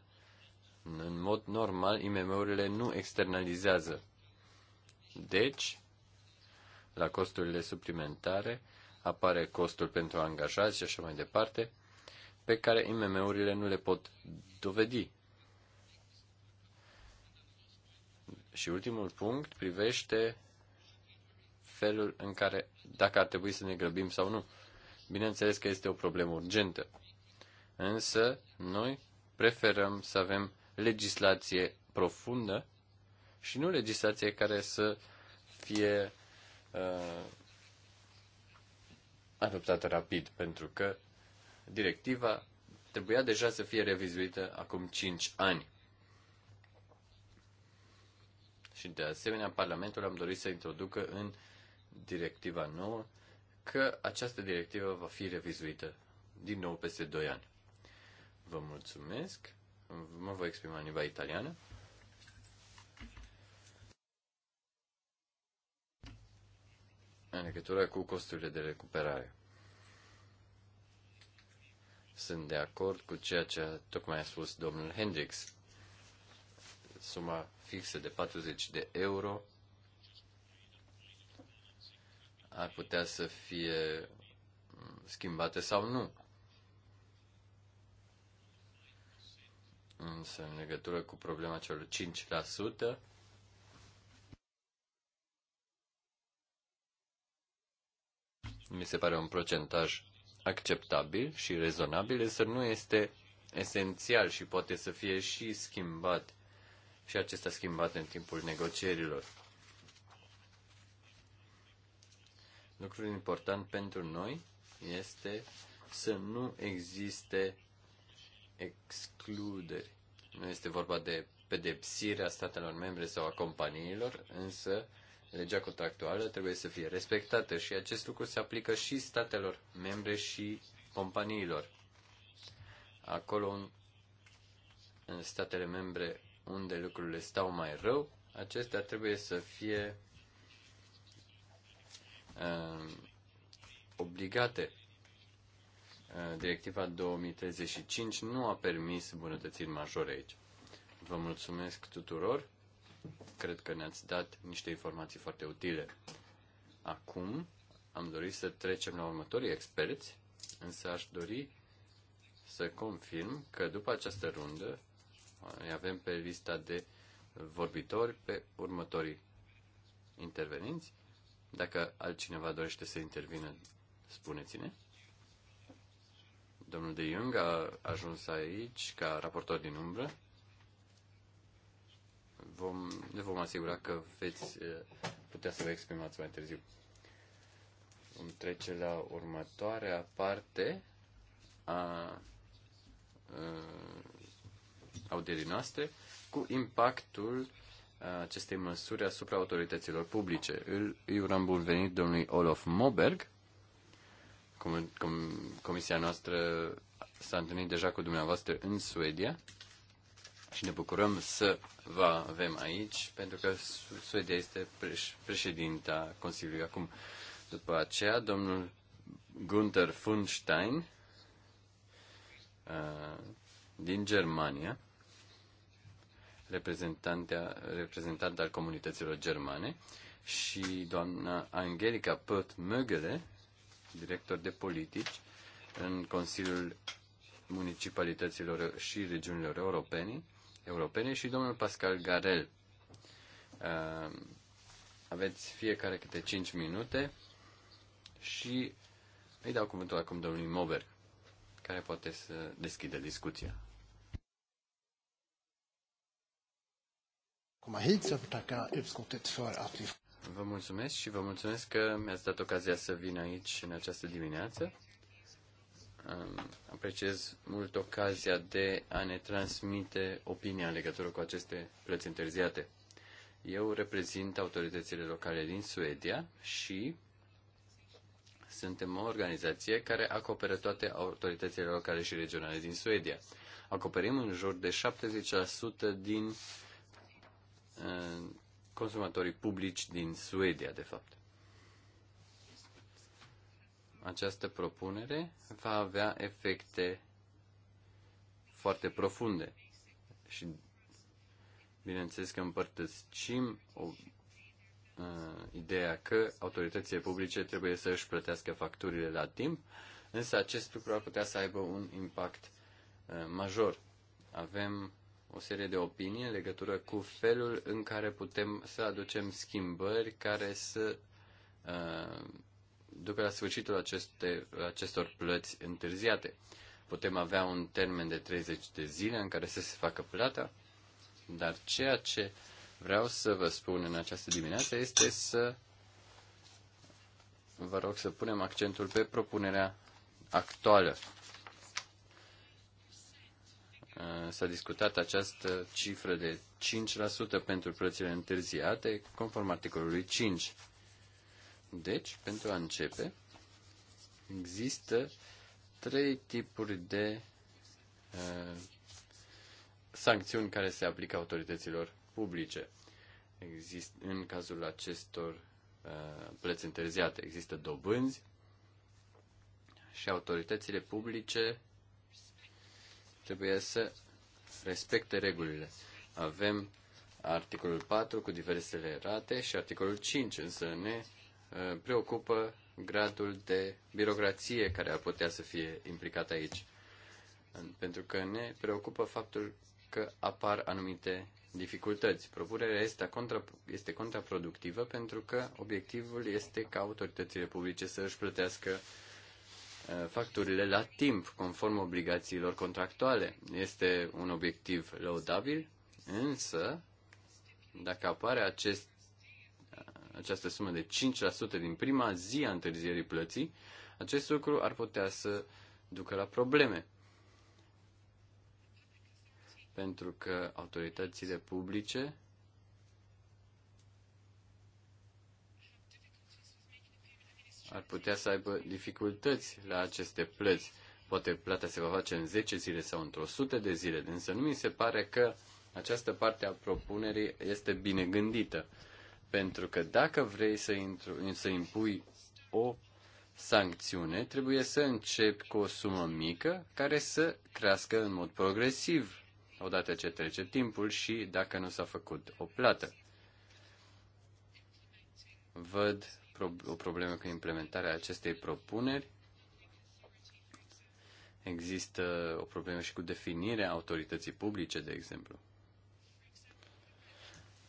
în mod normal, IMM-urile nu externalizează. Deci, la costurile suplimentare apare costul pentru angajați și așa mai departe, pe care IMM-urile nu le pot dovedi. Și ultimul punct privește felul în care, dacă ar trebui să ne grăbim sau nu. Bineînțeles că este o problemă urgentă. Însă, noi preferăm să avem legislație profundă și nu legislație care să fie uh, adoptată rapid, pentru că directiva trebuia deja să fie revizuită acum 5 ani. Și de asemenea, Parlamentul am dorit să introducă în directiva nouă că această directivă va fi revizuită din nou peste 2 ani. Vă mulțumesc. Mă voi exprima în limba italiană. În legătură cu costurile de recuperare. Sunt de acord cu ceea ce tocmai a spus domnul Hendrix. Suma fixă de 40 de euro ar putea să fie schimbate sau nu. Însă, în legătură cu problema celor 5%, mi se pare un procentaj acceptabil și rezonabil, însă nu este esențial și poate să fie și schimbat și acesta schimbat în timpul negocierilor. Lucrul important pentru noi este să nu existe excluderi. Nu este vorba de pedepsirea statelor membre sau a companiilor, însă legea contractuală trebuie să fie respectată și acest lucru se aplică și statelor membre și companiilor. Acolo în statele membre unde lucrurile stau mai rău, acestea trebuie să fie uh, obligate. Uh, directiva 2035 nu a permis bunătățiri majore aici. Vă mulțumesc tuturor. Cred că ne-ați dat niște informații foarte utile. Acum am dorit să trecem la următorii experți, însă aș dori să confirm că după această rundă îi uh, avem pe lista de vorbitori pe următorii interveninți. Dacă altcineva dorește să intervină, spuneți-ne. Domnul de Jung a ajuns aici ca raportor din umbră. Vom, ne vom asigura că veți eh, putea să vă exprimați mai târziu. Vom trece la următoarea parte a, a eh, audierii noastre cu impactul Uh, acestei măsuri asupra autorităților publice. Îl iuram bun venit domnului Olof Moberg. Com- com- comisia noastră s-a întâlnit deja cu dumneavoastră în Suedia și ne bucurăm să vă avem aici, pentru că Suedia este preș- președinta Consiliului acum. După aceea, domnul Gunther Funstein uh, din Germania, reprezentant al comunităților germane, și doamna Angelica Pott Mögele, director de politici în Consiliul Municipalităților și Regiunilor Europene, europene și domnul Pascal Garel. Uh, aveți fiecare câte 5 minute și îi dau cuvântul acum domnului Mober, care poate să deschidă discuția. komma hit. Så jag får tacka utskottet för att vi... Vă mulțumesc și vă mulțumesc că mi-ați dat ocazia să vin aici în această dimineață. Apreciez mult ocazia de a ne transmite opinia în legătură cu aceste plăți întârziate. Eu reprezint autoritățile locale din Suedia și suntem o organizație care acoperă toate autoritățile locale și regionale din Suedia. Acoperim în jur de 70% din consumatorii publici din Suedia, de fapt. Această propunere va avea efecte foarte profunde și bineînțeles că împărtășim o, uh, ideea că autoritățile publice trebuie să își plătească facturile la timp, însă acest lucru ar putea să aibă un impact uh, major. Avem o serie de opinii în legătură cu felul în care putem să aducem schimbări care să uh, ducă la sfârșitul aceste, acestor plăți întârziate. Putem avea un termen de 30 de zile în care să se facă plata, dar ceea ce vreau să vă spun în această dimineață este să vă rog să punem accentul pe propunerea actuală Uh, s-a discutat această cifră de 5% pentru plățile întârziate, conform articolului 5. Deci, pentru a începe, există trei tipuri de uh, sancțiuni care se aplică autorităților publice. Exist, în cazul acestor uh, plăți întârziate există dobânzi și autoritățile publice trebuie să respecte regulile. Avem articolul 4 cu diversele rate și articolul 5, însă ne uh, preocupă gradul de birocrație care ar putea să fie implicat aici. Pentru că ne preocupă faptul că apar anumite dificultăți. Propunerea este, contra, este contraproductivă pentru că obiectivul este ca autoritățile publice să își plătească Uh, facturile la timp, conform obligațiilor contractuale. Este un obiectiv lăudabil, însă, dacă apare acest, uh, această sumă de 5% din prima zi a întârzierii plății, acest lucru ar putea să ducă la probleme. Pentru că autoritățile publice ar putea să aibă dificultăți la aceste plăți. Poate plata se va face în 10 zile sau într-o sută de zile, însă nu mi se pare că această parte a propunerii este bine gândită. Pentru că dacă vrei să, intru, să impui o sancțiune, trebuie să începi cu o sumă mică care să crească în mod progresiv odată ce trece timpul și dacă nu s-a făcut o plată. Văd o problemă cu implementarea acestei propuneri. Există o problemă și cu definirea autorității publice, de exemplu.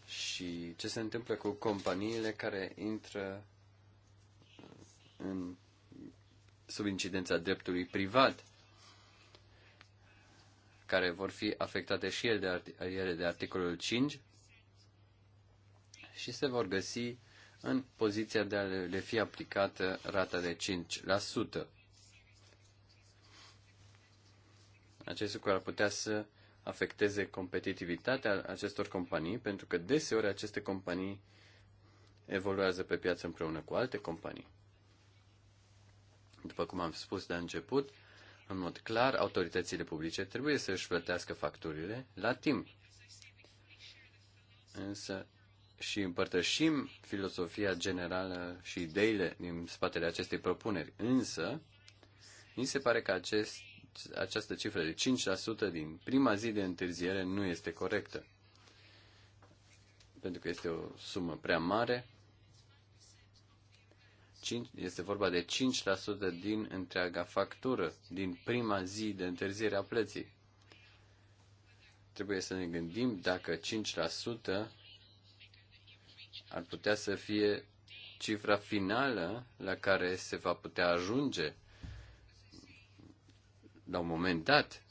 Și ce se întâmplă cu companiile care intră în, sub incidența dreptului privat, care vor fi afectate și ele de, ele de articolul 5 și se vor găsi în poziția de a le fi aplicată rata de 5%. Acest lucru ar putea să afecteze competitivitatea acestor companii, pentru că deseori aceste companii evoluează pe piață împreună cu alte companii. După cum am spus de la început, în mod clar, autoritățile publice trebuie să își plătească facturile la timp. Însă și împărtășim filosofia generală și ideile din spatele acestei propuneri. Însă, mi se pare că acest, această cifră de 5% din prima zi de întârziere nu este corectă. Pentru că este o sumă prea mare. este vorba de 5% din întreaga factură, din prima zi de întârziere a plății. Trebuie să ne gândim dacă 5% ar putea să fie cifra finală la care se va putea ajunge la un moment dat.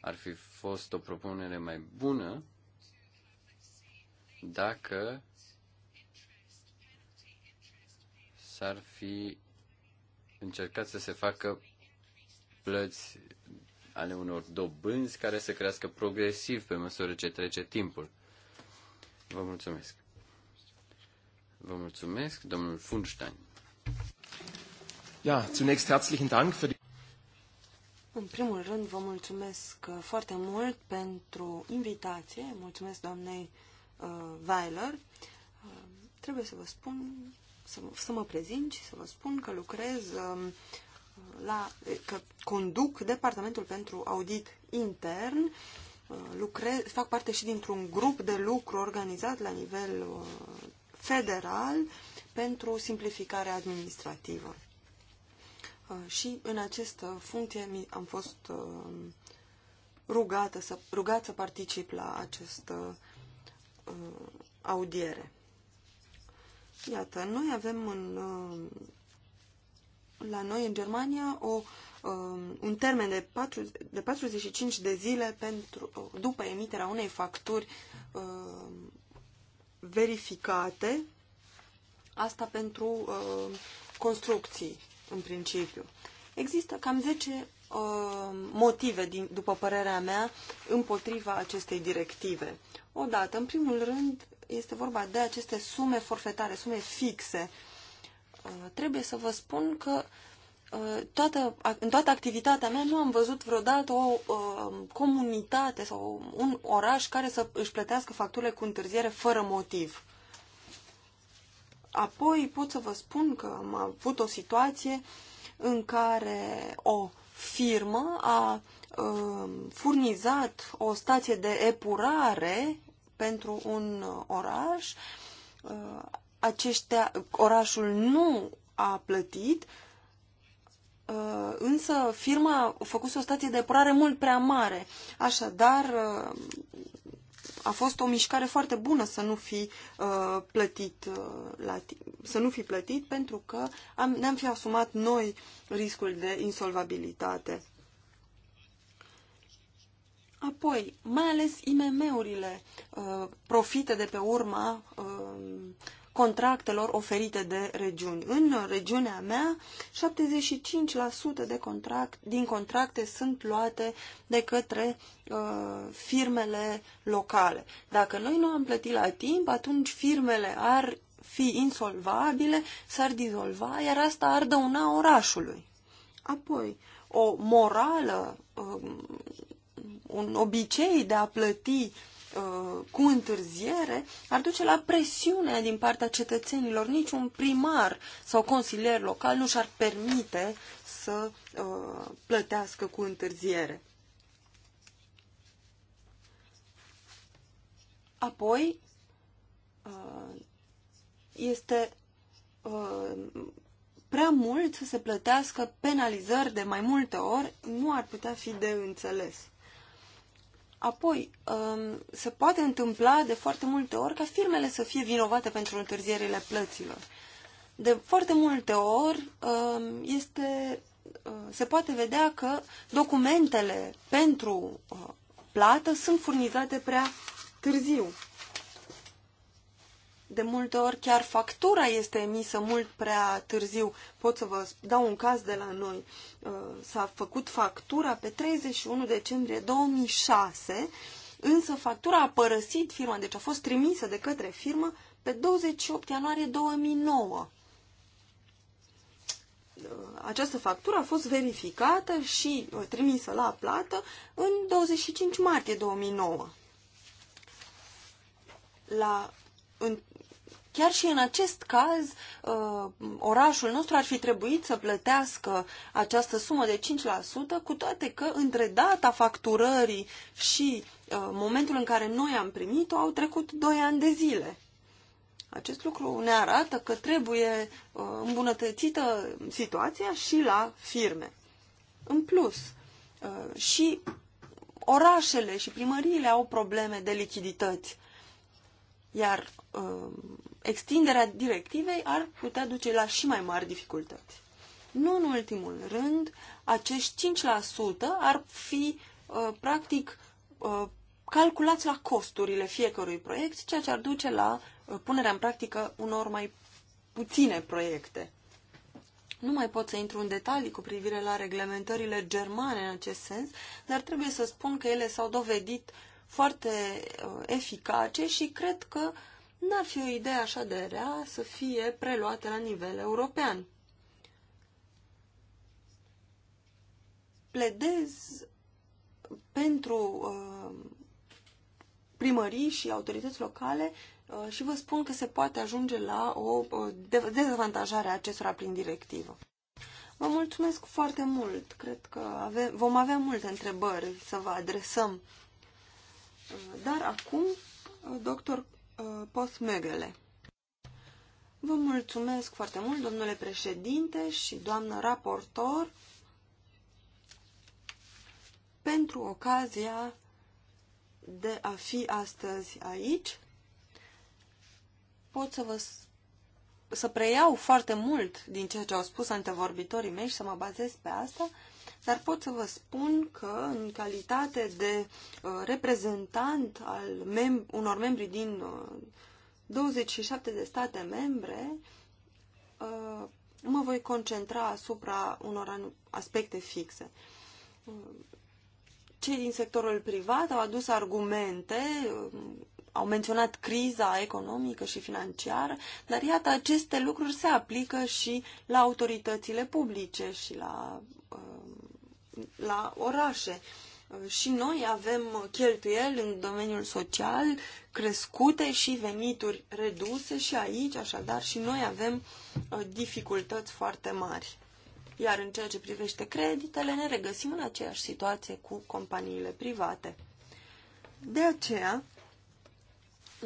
Ar fi fost o propunere mai bună dacă s-ar fi încercat să se facă plăți ale unor dobânzi care să crească progresiv pe măsură ce trece timpul. Vă mulțumesc. Vă mulțumesc, domnul Funstein. Ja, zunächst herzlichen Dank für die în primul rând, vă mulțumesc uh, foarte mult pentru invitație. Mulțumesc doamnei uh, Weiler. Uh, trebuie să vă spun, să, să mă prezint și să vă spun că lucrez uh, la, că conduc Departamentul pentru Audit Intern, uh, lucrez, fac parte și dintr-un grup de lucru organizat la nivel uh, federal pentru simplificarea administrativă. Uh, și în această funcție am fost rugată să, rugat să particip la această audiere. Iată, noi avem în la noi în Germania o, um, un termen de, 4, de 45 de zile pentru, uh, după emiterea unei facturi um, verificate, asta pentru um, construcții, în principiu. Există cam 10 motive, din, după părerea mea, împotriva acestei directive. Odată, în primul rând, este vorba de aceste sume forfetare, sume fixe uh, Uh, trebuie să vă spun că uh, toată, în toată activitatea mea nu am văzut vreodată o uh, comunitate sau un oraș care să își plătească facturile cu întârziere fără motiv. Apoi pot să vă spun că am avut o situație în care o firmă a furnizat o stație de epurare pentru un oraș, aceștia, orașul nu a plătit, uh, însă firma a făcut o stație de epurare mult prea mare. Așadar, uh, a fost o mișcare foarte bună să nu fi uh, plătit să nu fi plătit pentru că ne-am fi asumat noi riscul de insolvabilitate. Apoi, mai ales IMM-urile uh, profită de pe urma uh, contractelor oferite de regiuni. În regiunea mea, 75% de contract, din contracte sunt luate de către uh, firmele locale. Dacă noi nu am plătit la timp, atunci firmele ar fi insolvabile, s-ar dizolva, iar asta ar dăuna orașului. Apoi, o morală, uh, un obicei de a plăti uh, Uh, cu întârziere ar duce la presiunea din partea cetățenilor. Niciun primar sau consilier local nu și-ar permite să uh, plătească cu întârziere. Apoi, uh, este uh, prea mult să se plătească penalizări de mai multe ori, nu ar putea fi de înțeles. Apoi, um, se poate întâmpla de foarte multe ori ca firmele să fie vinovate pentru întârzierile plăților. De foarte multe ori um, este, uh, se poate vedea că documentele pentru uh, plată sunt furnizate prea târziu de multe ori chiar factura este emisă mult prea târziu. Pot să vă dau un caz de la noi. Uh, s-a făcut factura pe 31 decembrie 2006, însă factura a părăsit firma, deci a fost trimisă de către firmă pe 28 ianuarie 2009. Uh, această factură a fost verificată și uh, trimisă la plată în 25 martie 2009. La în Chiar și în acest caz, uh, orașul nostru ar fi trebuit să plătească această sumă de 5%, cu toate că între data facturării și uh, momentul în care noi am primit-o au trecut 2 ani de zile. Acest lucru ne arată că trebuie uh, îmbunătățită situația și la firme. În plus, și orașele și primăriile au probleme de lichidități. Iar extinderea directivei ar putea duce la și mai mari dificultăți. Nu în ultimul rând, acești 5% ar fi uh, practic uh, calculați la costurile fiecărui proiect, ceea ce ar duce la uh, punerea în practică unor mai puține proiecte. Nu mai pot să intru în detalii cu privire la reglementările germane în acest sens, dar trebuie să spun că ele s-au dovedit foarte uh, eficace și cred că uh, N-ar fi o idee așa de rea să fie preluată la nivel european. Pledez pentru uh, primării și autorități locale uh, și vă spun că se poate ajunge la o uh, dezavantajare a acestora prin directivă. Vă mulțumesc foarte mult. Cred că ave vom avea multe întrebări să vă adresăm. Uh, dar acum, uh, doctor Uh, Postmegrele. Vă mulțumesc foarte mult, domnule președinte și doamnă raportor, pentru ocazia de a fi astăzi aici. Pot să vă să preiau foarte mult din ceea ce au spus antevorbitorii mei și să mă bazez pe asta dar pot să vă spun că în calitate de uh, reprezentant al mem- unor membri din 27 uh, de state membre, uh, mă voi concentra asupra unor aspecte fixe. Cei din sectorul privat au adus argumente, au menționat criza economică și financiară, dar iată, aceste lucruri se aplică și la autoritățile publice și la uh, la orașe. Și noi avem cheltuieli în domeniul social crescute și venituri reduse și aici, așadar, și noi avem uh, dificultăți foarte mari. Iar în ceea ce privește creditele, ne regăsim în aceeași situație cu companiile private. De aceea,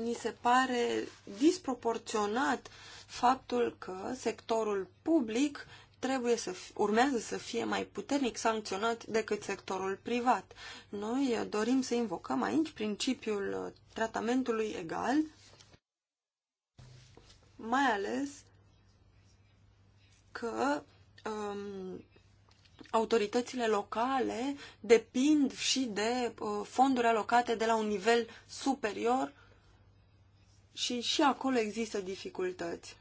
ni se pare disproporționat faptul că sectorul public trebuie să urmează să fie mai puternic sancționat decât sectorul privat. Noi eh, dorim să invocăm aici principiul eh, tratamentului egal, mai ales că um, autoritățile locale depind și de uh, fonduri alocate de la un nivel superior și și acolo există dificultăți.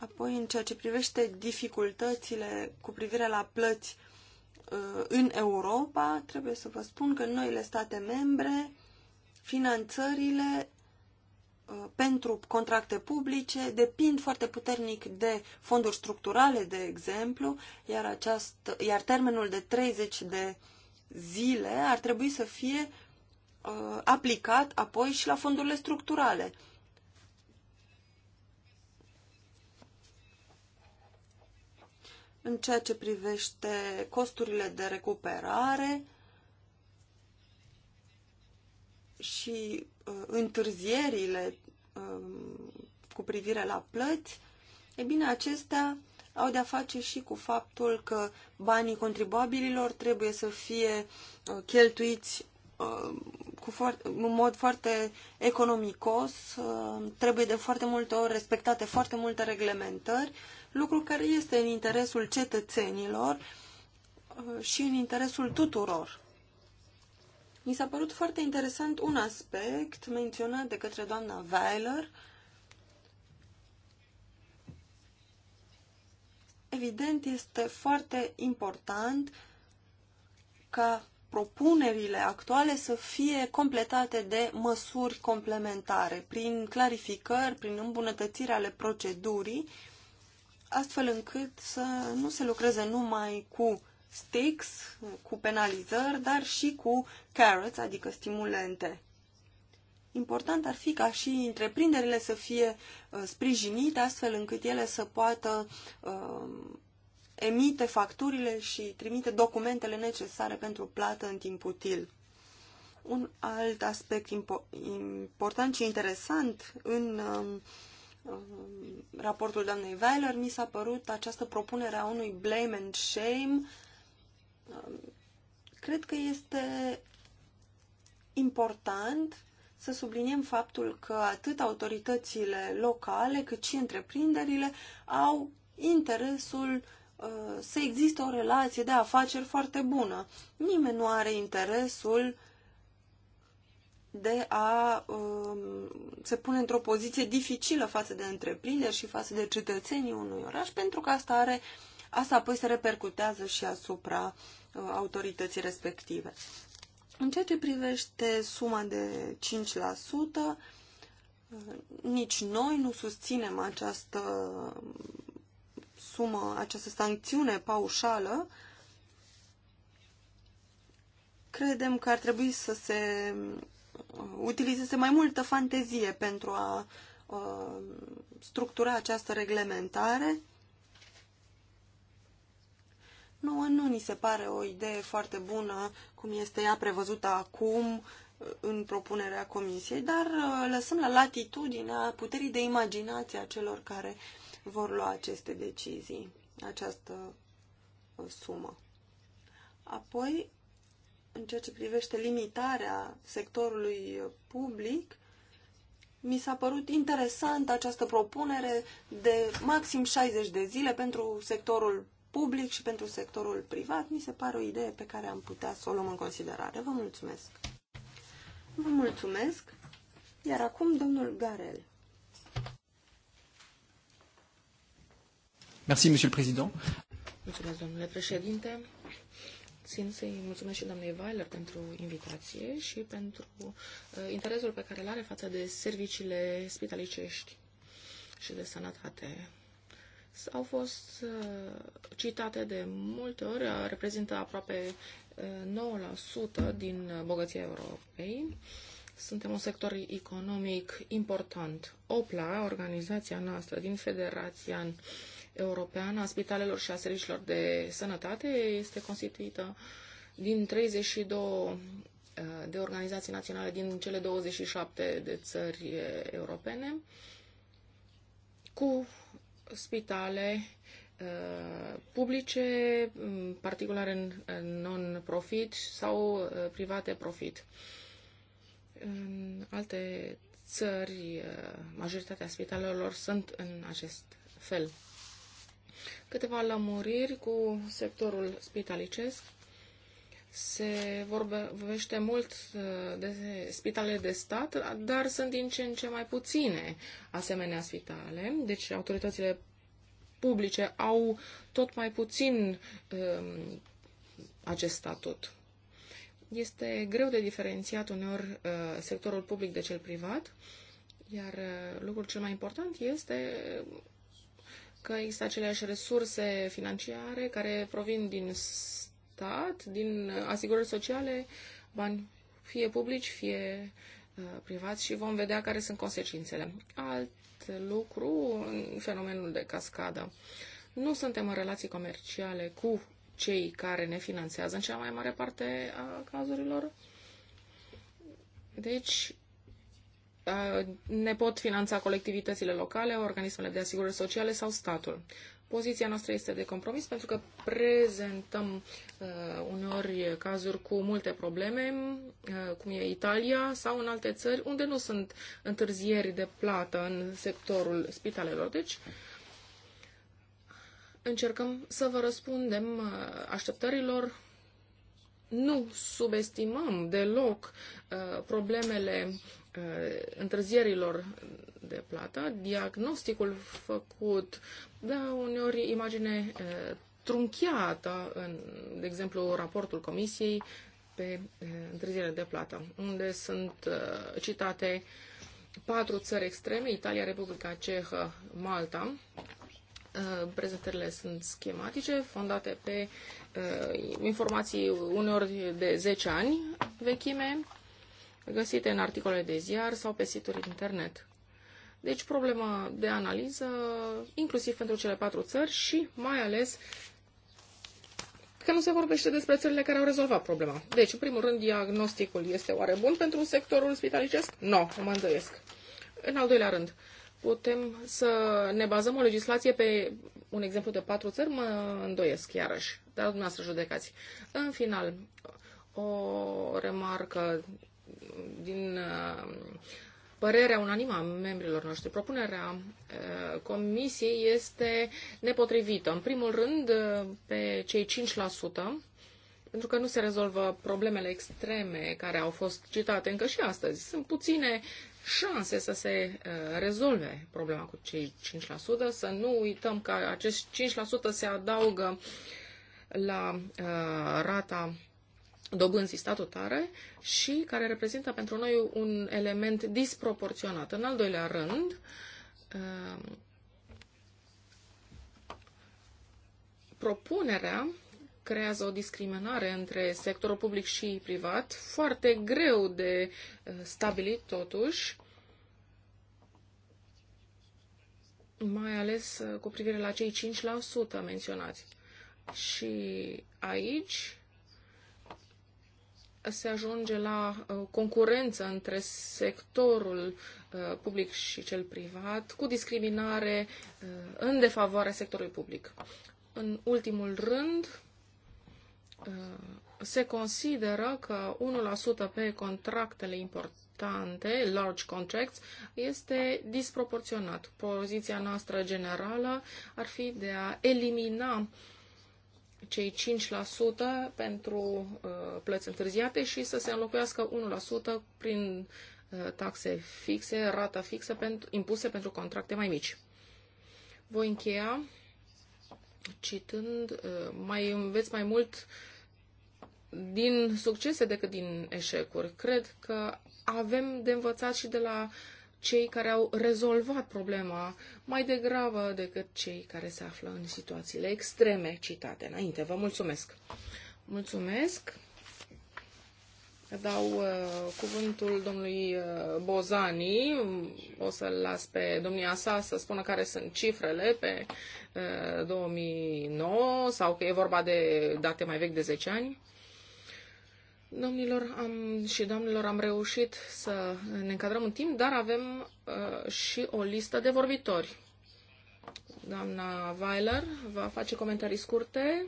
Apoi, în ceea ce privește dificultățile cu privire la plăți uh, în Europa, trebuie să vă spun că în noile state membre, finanțările uh, pentru contracte publice depind foarte puternic de fonduri structurale, de exemplu, iar, această, iar termenul de 30 de zile ar trebui să fie uh, aplicat apoi și la fondurile structurale. în ceea ce privește costurile de recuperare și uh, întârzierile uh, cu privire la plăți, e bine, acestea au de-a face și cu faptul că banii contribuabililor trebuie să fie uh, cheltuiți uh, cu foarte, în mod foarte economicos, uh, trebuie de foarte multe ori respectate foarte multe reglementări lucru care este în interesul cetățenilor uh, și în interesul tuturor. Mi s-a părut foarte interesant un aspect menționat de către doamna Weiler. Evident, este foarte important ca propunerile actuale să fie completate de măsuri complementare, prin clarificări, prin îmbunătățirea ale procedurii, astfel încât să nu se lucreze numai cu sticks, cu penalizări, dar și cu carrots, adică stimulente. Important ar fi ca și întreprinderile să fie uh, sprijinite astfel încât ele să poată uh, emite facturile și trimite documentele necesare pentru plată în timp util. Un alt aspect impo important și interesant în uh, Um, raportul doamnei Weiler, mi s-a părut această propunere a unui blame and shame. Um, cred că este important să subliniem faptul că atât autoritățile locale cât și întreprinderile au interesul uh, să existe o relație de afaceri foarte bună. Nimeni nu are interesul uh, de a um, se pune într-o poziție dificilă față de întreprinderi și față de cetățenii unui oraș, pentru că asta are asta apoi se repercutează și asupra uh, autorității respective. În ceea ce privește suma de 5%, uh, nici noi nu susținem această sumă, această sancțiune paușală. Credem că ar trebui să se utilizeze mai multă fantezie pentru a uh, structura această reglementare. Nu, nu ni se pare o idee foarte bună cum este ea prevăzută acum în propunerea comisiei, dar lăsăm la latitudinea puterii de imaginație a celor care vor lua aceste decizii, această sumă. Apoi, în ceea ce privește limitarea sectorului public, mi s-a părut interesantă această propunere de maxim 60 de zile pentru sectorul public și pentru sectorul privat. Mi se pare o idee pe care am putea să o luăm în considerare. Vă mulțumesc! Vă mulțumesc! Iar acum domnul Garel. Merci, monsieur le président. Mulțumesc, domnule președinte. Țin să-i mulțumesc și doamnei Weiler pentru invitație și pentru uh, interesul pe care îl are față de serviciile spitalicești și de sănătate. Au fost uh, citate de multe ori, uh, reprezintă aproape uh, 9% din bogăția Europei. Suntem un sector economic important. OPLA, organizația noastră din Federația European a Spitalelor și a Serviciilor de Sănătate este constituită din 32 uh, de organizații naționale din cele 27 de țări uh, europene, cu spitale uh, publice, mm, particulare non-profit sau private profit. În alte țări, majoritatea spitalelor sunt în acest fel. Câteva lămuriri cu sectorul spitalicesc. Se vorbește mult uh, de spitale de stat, dar sunt din ce în ce mai puține asemenea spitale. Deci autoritățile publice au tot mai puțin um, acest statut. Este greu de diferențiat uneori uh, sectorul public de cel privat, iar uh, lucrul cel mai important este că există aceleași resurse financiare care provin din stat, din asigurări sociale, bani fie publici, fie uh, privați și vom vedea care sunt consecințele. Alt lucru, fenomenul de cascadă. Nu suntem în relații comerciale cu cei care ne finanțează în cea mai mare parte a cazurilor. Deci, Uh, ne pot finanța colectivitățile locale, organismele de asigurări sociale sau statul. Poziția noastră este de compromis pentru că prezentăm uh, uneori cazuri cu multe probleme, uh, cum e Italia sau în alte țări unde nu sunt întârzieri de plată în sectorul spitalelor. Deci, încercăm să vă răspundem uh, așteptărilor nu subestimăm deloc uh, problemele uh, întârzierilor de plată, diagnosticul făcut, da, uneori imagine uh, trunchiată, în, de exemplu, raportul comisiei pe uh, întârziere de plată, unde sunt uh, citate patru țări extreme, Italia, Republica Cehă, Malta, uh, prezentările sunt schematice, fondate pe Uh, informații uneori de 10 ani vechime, găsite în articole de ziar sau pe situri internet. Deci problema de analiză, inclusiv pentru cele patru țări și mai ales că nu se vorbește despre țările care au rezolvat problema. Deci, în primul rând, diagnosticul este oare bun pentru sectorul spitalicesc? Nu, no, mă îndoiesc. În al doilea rând, putem să ne bazăm o legislație pe un exemplu de patru țări? Mă îndoiesc iarăși dar dumneavoastră judecați. În final, o remarcă din uh, părerea unanimă a membrilor noștri. Propunerea uh, comisiei este nepotrivită. În primul rând, uh, pe cei 5%, pentru că nu se rezolvă problemele extreme care au fost citate încă și astăzi. Sunt puține șanse să se rezolve problema cu cei 5%, să nu uităm că acești 5% se adaugă uh, la uh, rata dobânzii statutare și care reprezintă pentru noi un element disproporționat. În al doilea rând, uh, propunerea creează o discriminare între sectorul public și privat, foarte greu de uh, stabilit totuși, mai ales cu privire la cei 5% menționați. Și aici se ajunge la uh, concurență între sectorul uh, public și cel privat, cu discriminare uh, în defavoarea sectorului public. În ultimul rând, se consideră că 1% pe contractele importante, large contracts, este disproporționat. Poziția noastră generală ar fi de a elimina uh, cei 5% pentru uh, plăți întârziate și să se înlocuiască 1% prin uh, taxe fixe, rata fixă pentru, impuse pentru contracte mai mici. Voi încheia citând, uh, mai înveți mai mult din succese decât din eșecuri. Cred că avem de învățat și de la cei care au rezolvat problema mai degrabă decât cei care se află în situațiile extreme citate înainte. Vă mulțumesc! Mulțumesc! Dau uh, cuvântul domnului uh, Bozani. O să-l las pe domnia sa să spună care sunt cifrele pe uh, 2009 sau că e vorba de date mai vechi de 10 ani. Domnilor am, și domnilor am reușit să ne încadrăm în timp, dar avem uh, și o listă de vorbitori. Doamna Weiler va face comentarii scurte,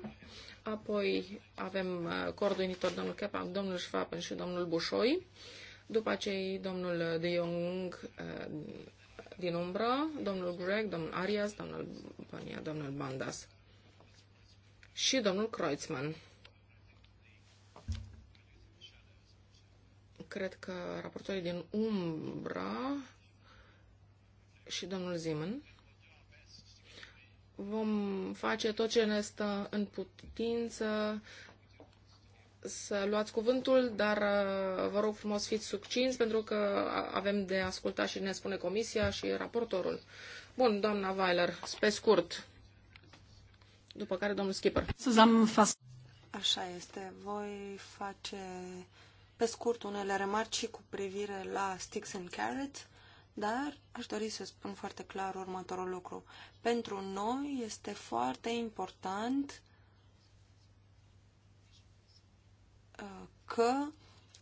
apoi avem uh, coordonitor domnul Kepa, domnul Schwappen și domnul Bușoi, după acei domnul De Jong uh, din umbră, domnul Greg, domnul Arias, domnul Pania, domnul Bandas și domnul Kreuzmann. cred că raportorii din Umbra și domnul Zimen vom face tot ce ne stă în putință să luați cuvântul, dar uh, vă rog frumos fiți succinți pentru că avem de ascultat și ne spune comisia și raportorul. Bun, doamna Weiler, pe scurt. După care domnul Skipper. Așa este. Voi face pe scurt unele remarci și cu privire la Sticks and Carrots, dar aș dori să spun foarte clar următorul lucru. Pentru noi este foarte important uh, că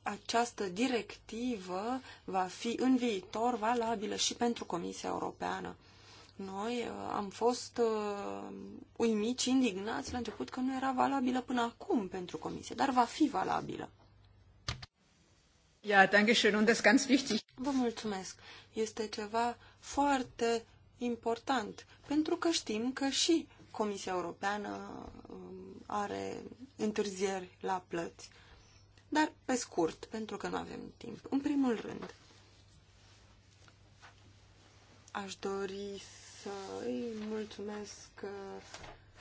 această directivă va fi în viitor valabilă și pentru Comisia Europeană. Noi uh, am fost uh, uimiți, indignați la început că nu era valabilă până acum pentru Comisie, dar va fi valabilă. Ja, danke schön und das ganz wichtig. Vă mulțumesc. Este ceva foarte important, pentru că știm că și Comisia Europeană um, are întârzieri la plăți. Dar pe scurt, pentru că nu avem timp. În primul rând, aș dori să îi mulțumesc uh,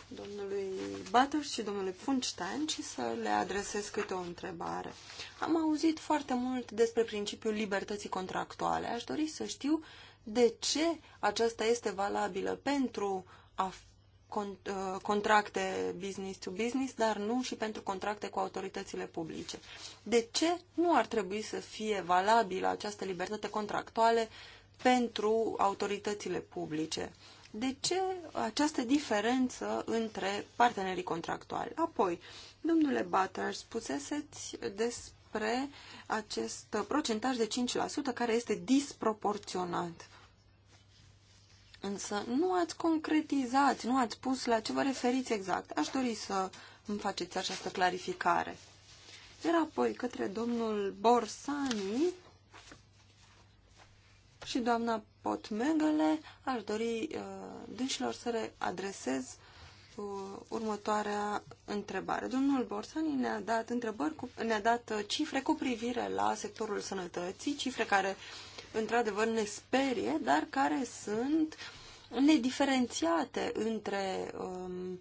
domnului Butter și domnului Funstein și să le adresez câte o întrebare. Am auzit foarte mult despre principiul libertății contractuale. Aș dori să știu de ce aceasta este valabilă pentru a uh, contracte business to business, dar nu și pentru contracte cu autoritățile publice. De ce nu ar trebui să fie valabilă această libertate contractuală pentru autoritățile publice? De ce această diferență între partenerii contractuali? Apoi, domnule Butters puseseți despre acest procentaj de 5% care este disproporționat. Însă nu ați concretizat, nu ați spus la ce vă referiți exact. Aș dori să îmi faceți această clarificare. Era apoi către domnul Borsani și doamna pot Mengele, aș dori uh, dânșilor să le adresez uh, următoarea întrebare. Domnul Borsani ne-a dat întrebări, ne-a dat uh, cifre cu privire la sectorul sănătății, cifre care într-adevăr ne sperie, dar care sunt nediferențiate între um,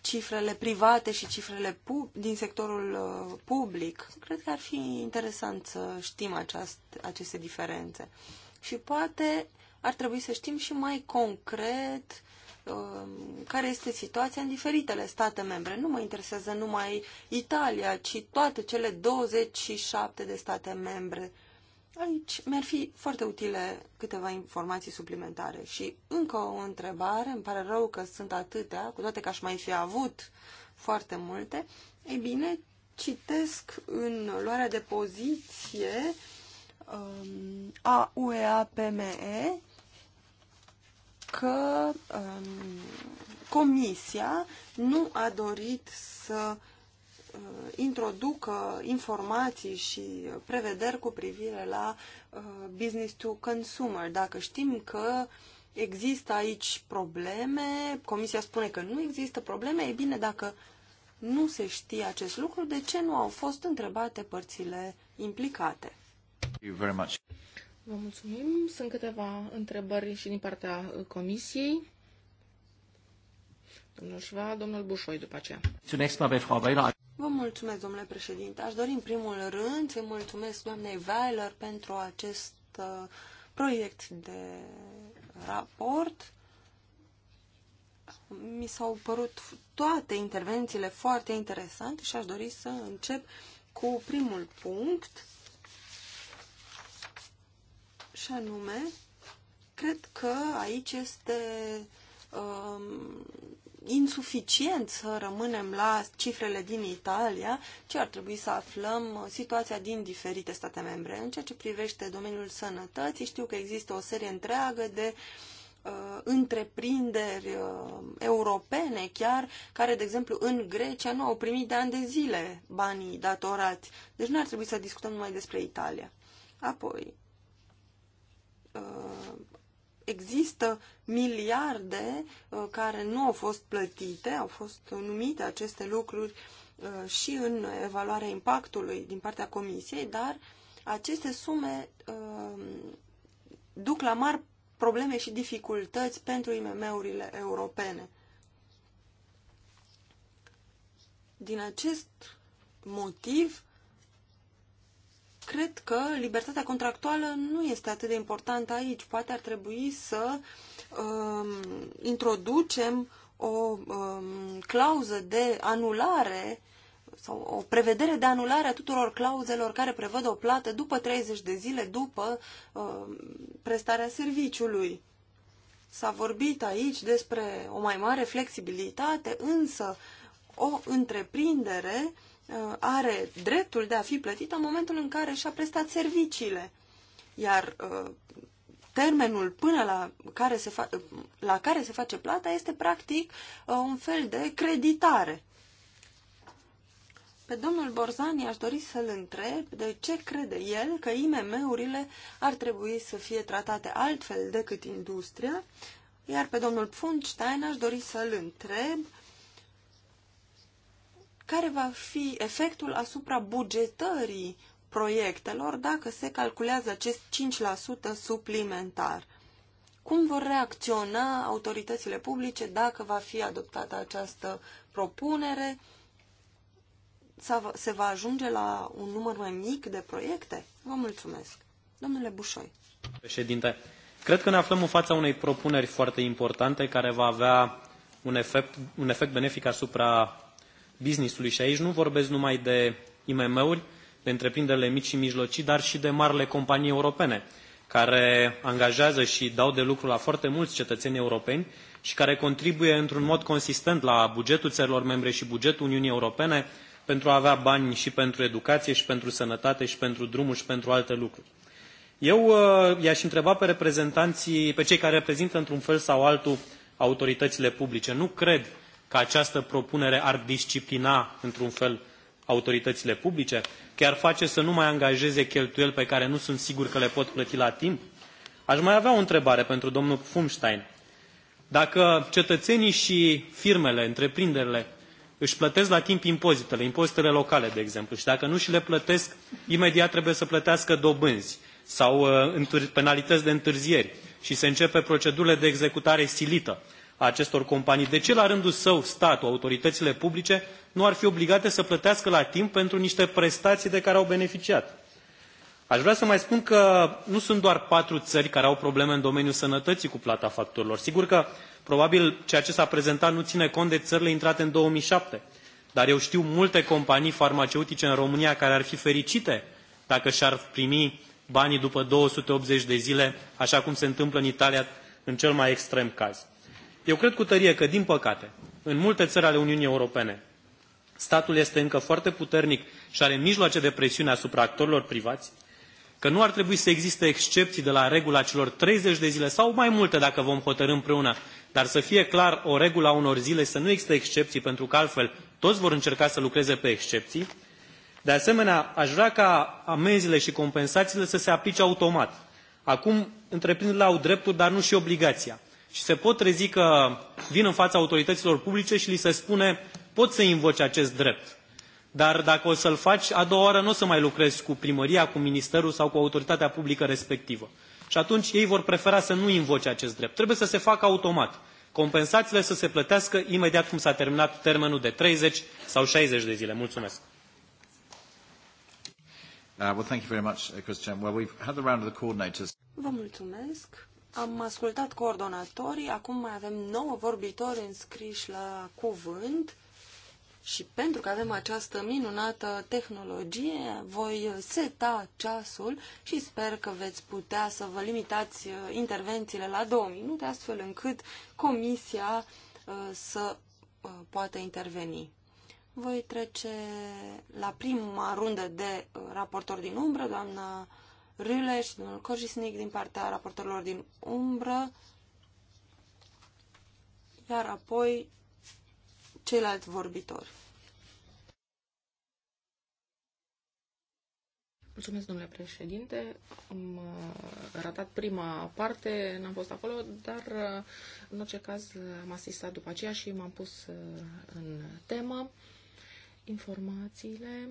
cifrele private și cifrele pub- din sectorul uh, public. Cred că ar fi interesant să știm aceast- aceste diferențe. Uh, și poate ar trebui să știm și mai concret um, care este situația în diferitele state membre. Nu mă interesează numai Italia, ci toate cele 27 de state membre. Aici mi-ar fi foarte utile câteva informații suplimentare. Și încă o întrebare, îmi pare rău că sunt atâtea, cu toate că aș mai fi avut foarte multe. Ei bine, citesc în luarea de poziție um, a că um, Comisia nu a dorit să uh, introducă informații și prevederi cu privire la uh, business to consumer. Dacă știm că există aici probleme, Comisia spune că nu există probleme, e bine dacă nu se știe acest lucru, de ce nu au fost întrebate părțile implicate? Vă mulțumim. Sunt câteva întrebări și din partea uh, comisiei. Domnul Șva, domnul Bușoi după aceea. Vă mulțumesc, domnule președinte. Aș dori în primul rând să mulțumesc doamnei Weiler pentru acest uh, proiect de raport. Mi s-au părut toate intervențiile foarte interesante și aș dori să încep cu primul punct și anume, cred că aici este um, insuficient să rămânem la cifrele din Italia, ci ar trebui să aflăm situația din diferite state membre. În ceea ce privește domeniul sănătății, știu că există o serie întreagă de uh, întreprinderi uh, europene chiar, care, de exemplu, în Grecia nu au primit de ani de zile banii datorați. Deci nu ar trebui să discutăm numai despre Italia. Apoi, Uh, există miliarde uh, care nu au fost plătite, au fost numite aceste lucruri uh, și în evaluarea impactului din partea comisiei, dar aceste sume duc la mari probleme și dificultăți pentru IMM-urile europene. Din acest motiv, cred că libertatea contractuală nu este atât de importantă aici. Poate ar trebui să um, introducem o um, clauză de anulare sau o prevedere de anulare a tuturor clauzelor care prevăd o plată după 30 de zile după um, prestarea serviciului. S-a vorbit aici despre o mai mare flexibilitate, însă o întreprindere Uh, are dreptul de a fi plătită în momentul în care și-a prestat serviciile. Iar uh, termenul până la care se, fa- la care se face plata este practic uh, un fel de creditare. Pe domnul Borzani aș dori să-l întreb de ce crede el că IMM-urile ar trebui să fie tratate altfel decât industria, iar pe domnul Pfundstein aș dori să-l întreb care va fi efectul asupra bugetării proiectelor dacă se calculează acest 5% suplimentar. Cum vor reacționa autoritățile publice dacă va fi adoptată această propunere? Se va ajunge la un număr mai mic de proiecte? Vă mulțumesc. Domnule Bușoi. Președinte, cred că ne aflăm în fața unei propuneri foarte importante care va avea un efect, un efect benefic asupra business-ului. și aici nu vorbesc numai de IMM-uri, de întreprinderile mici și mijlocii, dar și de marile companii europene, care angajează și dau de lucru la foarte mulți cetățeni europeni și care contribuie într-un mod consistent la bugetul țărilor membre și bugetul Uniunii Europene pentru a avea bani și pentru educație și pentru sănătate și pentru drumuri și pentru alte lucruri. Eu uh, i-aș întreba pe reprezentanții, pe cei care reprezintă într-un fel sau altul autoritățile publice. Nu cred că această propunere ar disciplina, într-un fel, autoritățile publice? Chiar face să nu mai angajeze cheltuieli pe care nu sunt sigur că le pot plăti la timp? Aș mai avea o întrebare pentru domnul Fumstein. Dacă cetățenii și firmele, întreprinderile, își plătesc la timp impozitele, impozitele locale, de exemplu, și dacă nu și le plătesc, imediat trebuie să plătească dobânzi sau uh, penalități de întârzieri și se începe procedurile de executare silită a acestor companii, de ce la rândul său statul, autoritățile publice, nu ar fi obligate să plătească la timp pentru niște prestații de care au beneficiat? Aș vrea să mai spun că nu sunt doar patru țări care au probleme în domeniul sănătății cu plata facturilor. Sigur că probabil ceea ce s-a prezentat nu ține cont de țările intrate în 2007, dar eu știu multe companii farmaceutice în România care ar fi fericite dacă și-ar primi banii după 280 de zile, așa cum se întâmplă în Italia în cel mai extrem caz. Eu cred cu tărie că, din păcate, în multe țări ale Uniunii Europene, statul este încă foarte puternic și are mijloace de presiune asupra actorilor privați, că nu ar trebui să existe excepții de la regula celor 30 de zile sau mai multe dacă vom hotărî împreună, dar să fie clar o regulă a unor zile, să nu existe excepții, pentru că altfel toți vor încerca să lucreze pe excepții. De asemenea, aș vrea ca amenzile și compensațiile să se aplice automat. Acum, întreprinderile au drepturi, dar nu și obligația și se pot trezi că vin în fața autorităților publice și li se spune pot să invoci acest drept. Dar dacă o să-l faci, a doua oară nu o să mai lucrezi cu primăria, cu ministerul sau cu autoritatea publică respectivă. Și atunci ei vor prefera să nu invoce acest drept. Trebuie să se facă automat. Compensațiile să se plătească imediat cum s-a terminat termenul de 30 sau 60 de zile. Mulțumesc. Uh, well, thank you very much, uh, Christian. Well, we've had round of the coordinators. Vă mulțumesc. Am ascultat coordonatorii, acum mai avem nouă vorbitori înscriși la cuvânt și pentru că avem această minunată tehnologie, voi seta ceasul și sper că veți putea să vă limitați uh, intervențiile la două minute, astfel încât comisia uh, să uh, poată interveni. Voi trece la prima rundă de raportori din umbră, doamna Rüle și domnul Cojisnic din partea raportorilor din umbră, iar apoi ceilalți vorbitori. Mulțumesc, domnule președinte. Am uh, ratat prima parte, n-am fost acolo, dar uh, în orice caz am asistat după aceea și m-am pus uh, în temă. Informațiile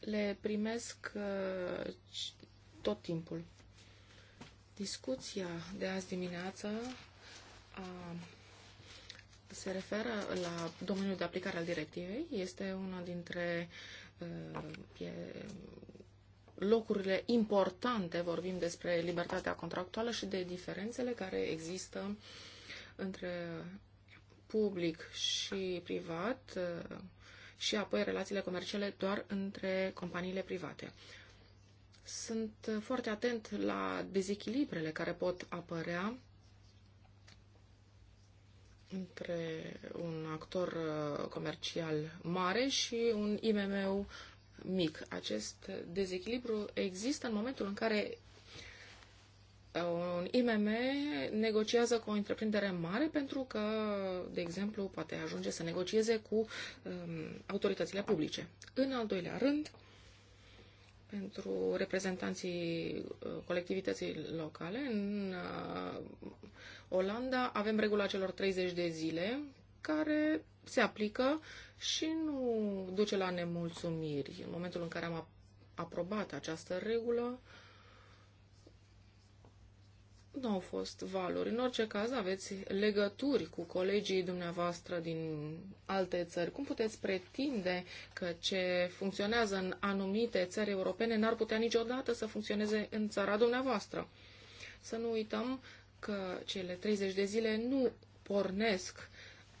le primesc tot timpul. Discuția de azi dimineață a, se referă la domeniul de aplicare al directivei. Este una dintre uh, e, locurile importante, vorbim despre libertatea contractuală și de diferențele care există între public și privat și apoi relațiile comerciale doar între companiile private. Sunt foarte atent la dezechilibrele care pot apărea între un actor uh, comercial mare și un IMM mic. Acest dezechilibru există în momentul în care uh, un IMM negociază cu o întreprindere mare pentru că, de exemplu, poate ajunge să negocieze cu um, autoritățile publice. În al doilea rând, pentru reprezentanții uh, colectivității locale. În uh, Olanda avem regula celor 30 de zile care se aplică și nu duce la nemulțumiri. În momentul în care am aprobat această regulă, nu au fost valuri. În orice caz, aveți legături cu colegii dumneavoastră din alte țări. Cum puteți pretinde că ce funcționează în anumite țări europene n-ar putea niciodată să funcționeze în țara dumneavoastră? Să nu uităm că cele 30 de zile nu pornesc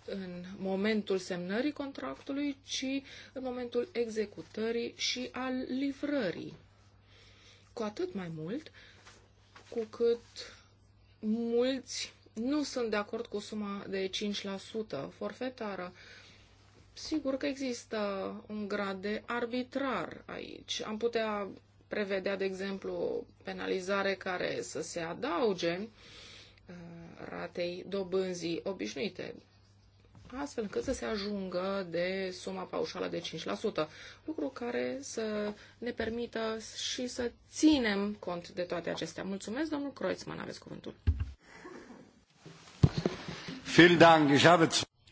în momentul semnării contractului, ci în momentul executării și al livrării. Cu atât mai mult, cu cât mulți nu sunt de acord cu suma de 5% forfetară. Sigur că există un grad de arbitrar aici. Am putea prevedea, de exemplu, penalizare care să se adauge uh, ratei dobânzii obișnuite, astfel încât să se ajungă de suma paușală de 5%, lucru care să ne permită și să ținem cont de toate acestea. Mulțumesc, domnul Kreutzmann, aveți cuvântul.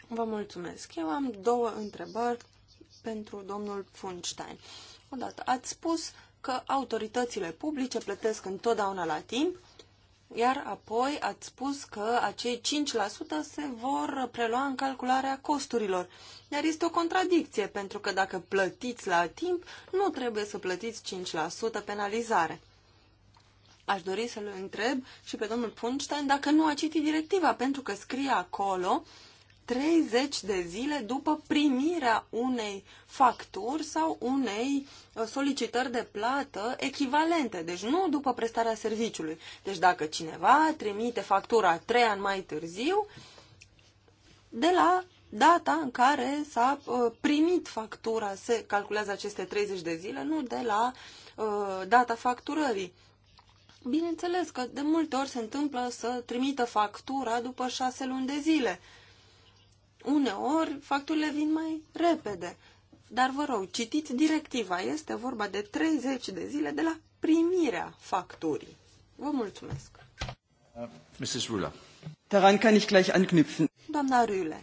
Vă mulțumesc. Eu am două întrebări pentru domnul Funstein. Odată, ați spus că autoritățile publice plătesc întotdeauna la timp iar apoi ați spus că acei 5% se vor prelua în calcularea costurilor. iar este o contradicție, pentru că dacă plătiți la timp, nu trebuie să plătiți 5% penalizare. Aș dori să-l întreb și pe domnul Punctein dacă nu a citit directiva, pentru că scrie acolo uh, 30 de zile după primirea unei facturi sau unei uh, solicitări de plată echivalente, deci nu după prestarea serviciului. Deci dacă cineva trimite factura 3 ani mai târziu, de la data în care s-a uh, primit factura, se calculează aceste 30 de zile, nu de la uh, data facturării. Bineînțeles că de multe ori se întâmplă să trimită factura după șase luni de zile uneori facturile vin mai repede. Dar vă rog, citiți directiva. Este vorba de 30 de zile de la primirea facturii. Vă mulțumesc. Uh, Mrs. Rula. Daran kann ich gleich anknüpfen. Doamna Rüle.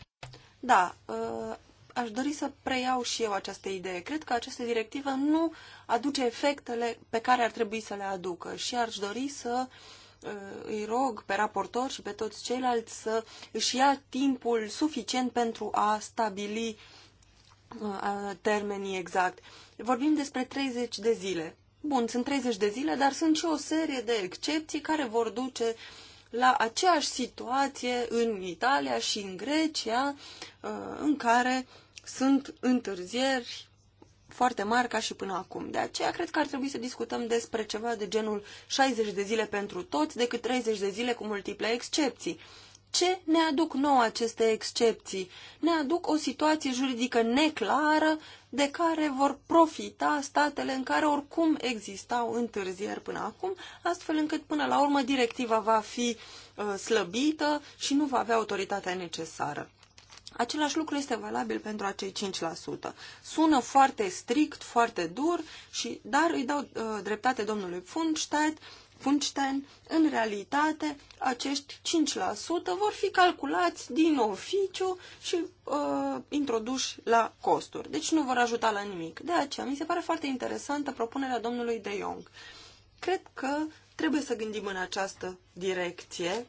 Da, uh, aș dori să preiau și eu această idee. Cred că această directivă nu aduce efectele pe care ar trebui să le aducă și aș dori să uh, Uh, îi rog pe raportor și pe toți ceilalți să își ia timpul suficient pentru a stabili uh, uh, termenii exact. Vorbim despre 30 de zile. Bun, sunt 30 de zile, dar sunt și o serie de excepții care vor duce la aceeași situație în Italia și în Grecia, în care sunt întârzieri foarte mari ca și până acum. De aceea cred că ar trebui să discutăm despre ceva de genul 60 de zile pentru toți decât 30 de zile cu multiple excepții. Ce ne aduc nouă aceste excepții? Ne aduc o situație juridică neclară de care vor profita statele în care oricum existau întârzieri până acum, astfel încât până la urmă directiva va fi uh, slăbită și nu va avea autoritatea necesară. Același lucru este valabil pentru acei 5%. Sună foarte strict, foarte dur, și, dar îi dau uh, dreptate domnului Funstein, Funstein, în realitate acești 5% vor fi calculați din oficiu și uh, introduși la costuri. Deci nu vor ajuta la nimic. De aceea mi se pare foarte interesantă propunerea domnului De Jong. Cred că trebuie să gândim în această direcție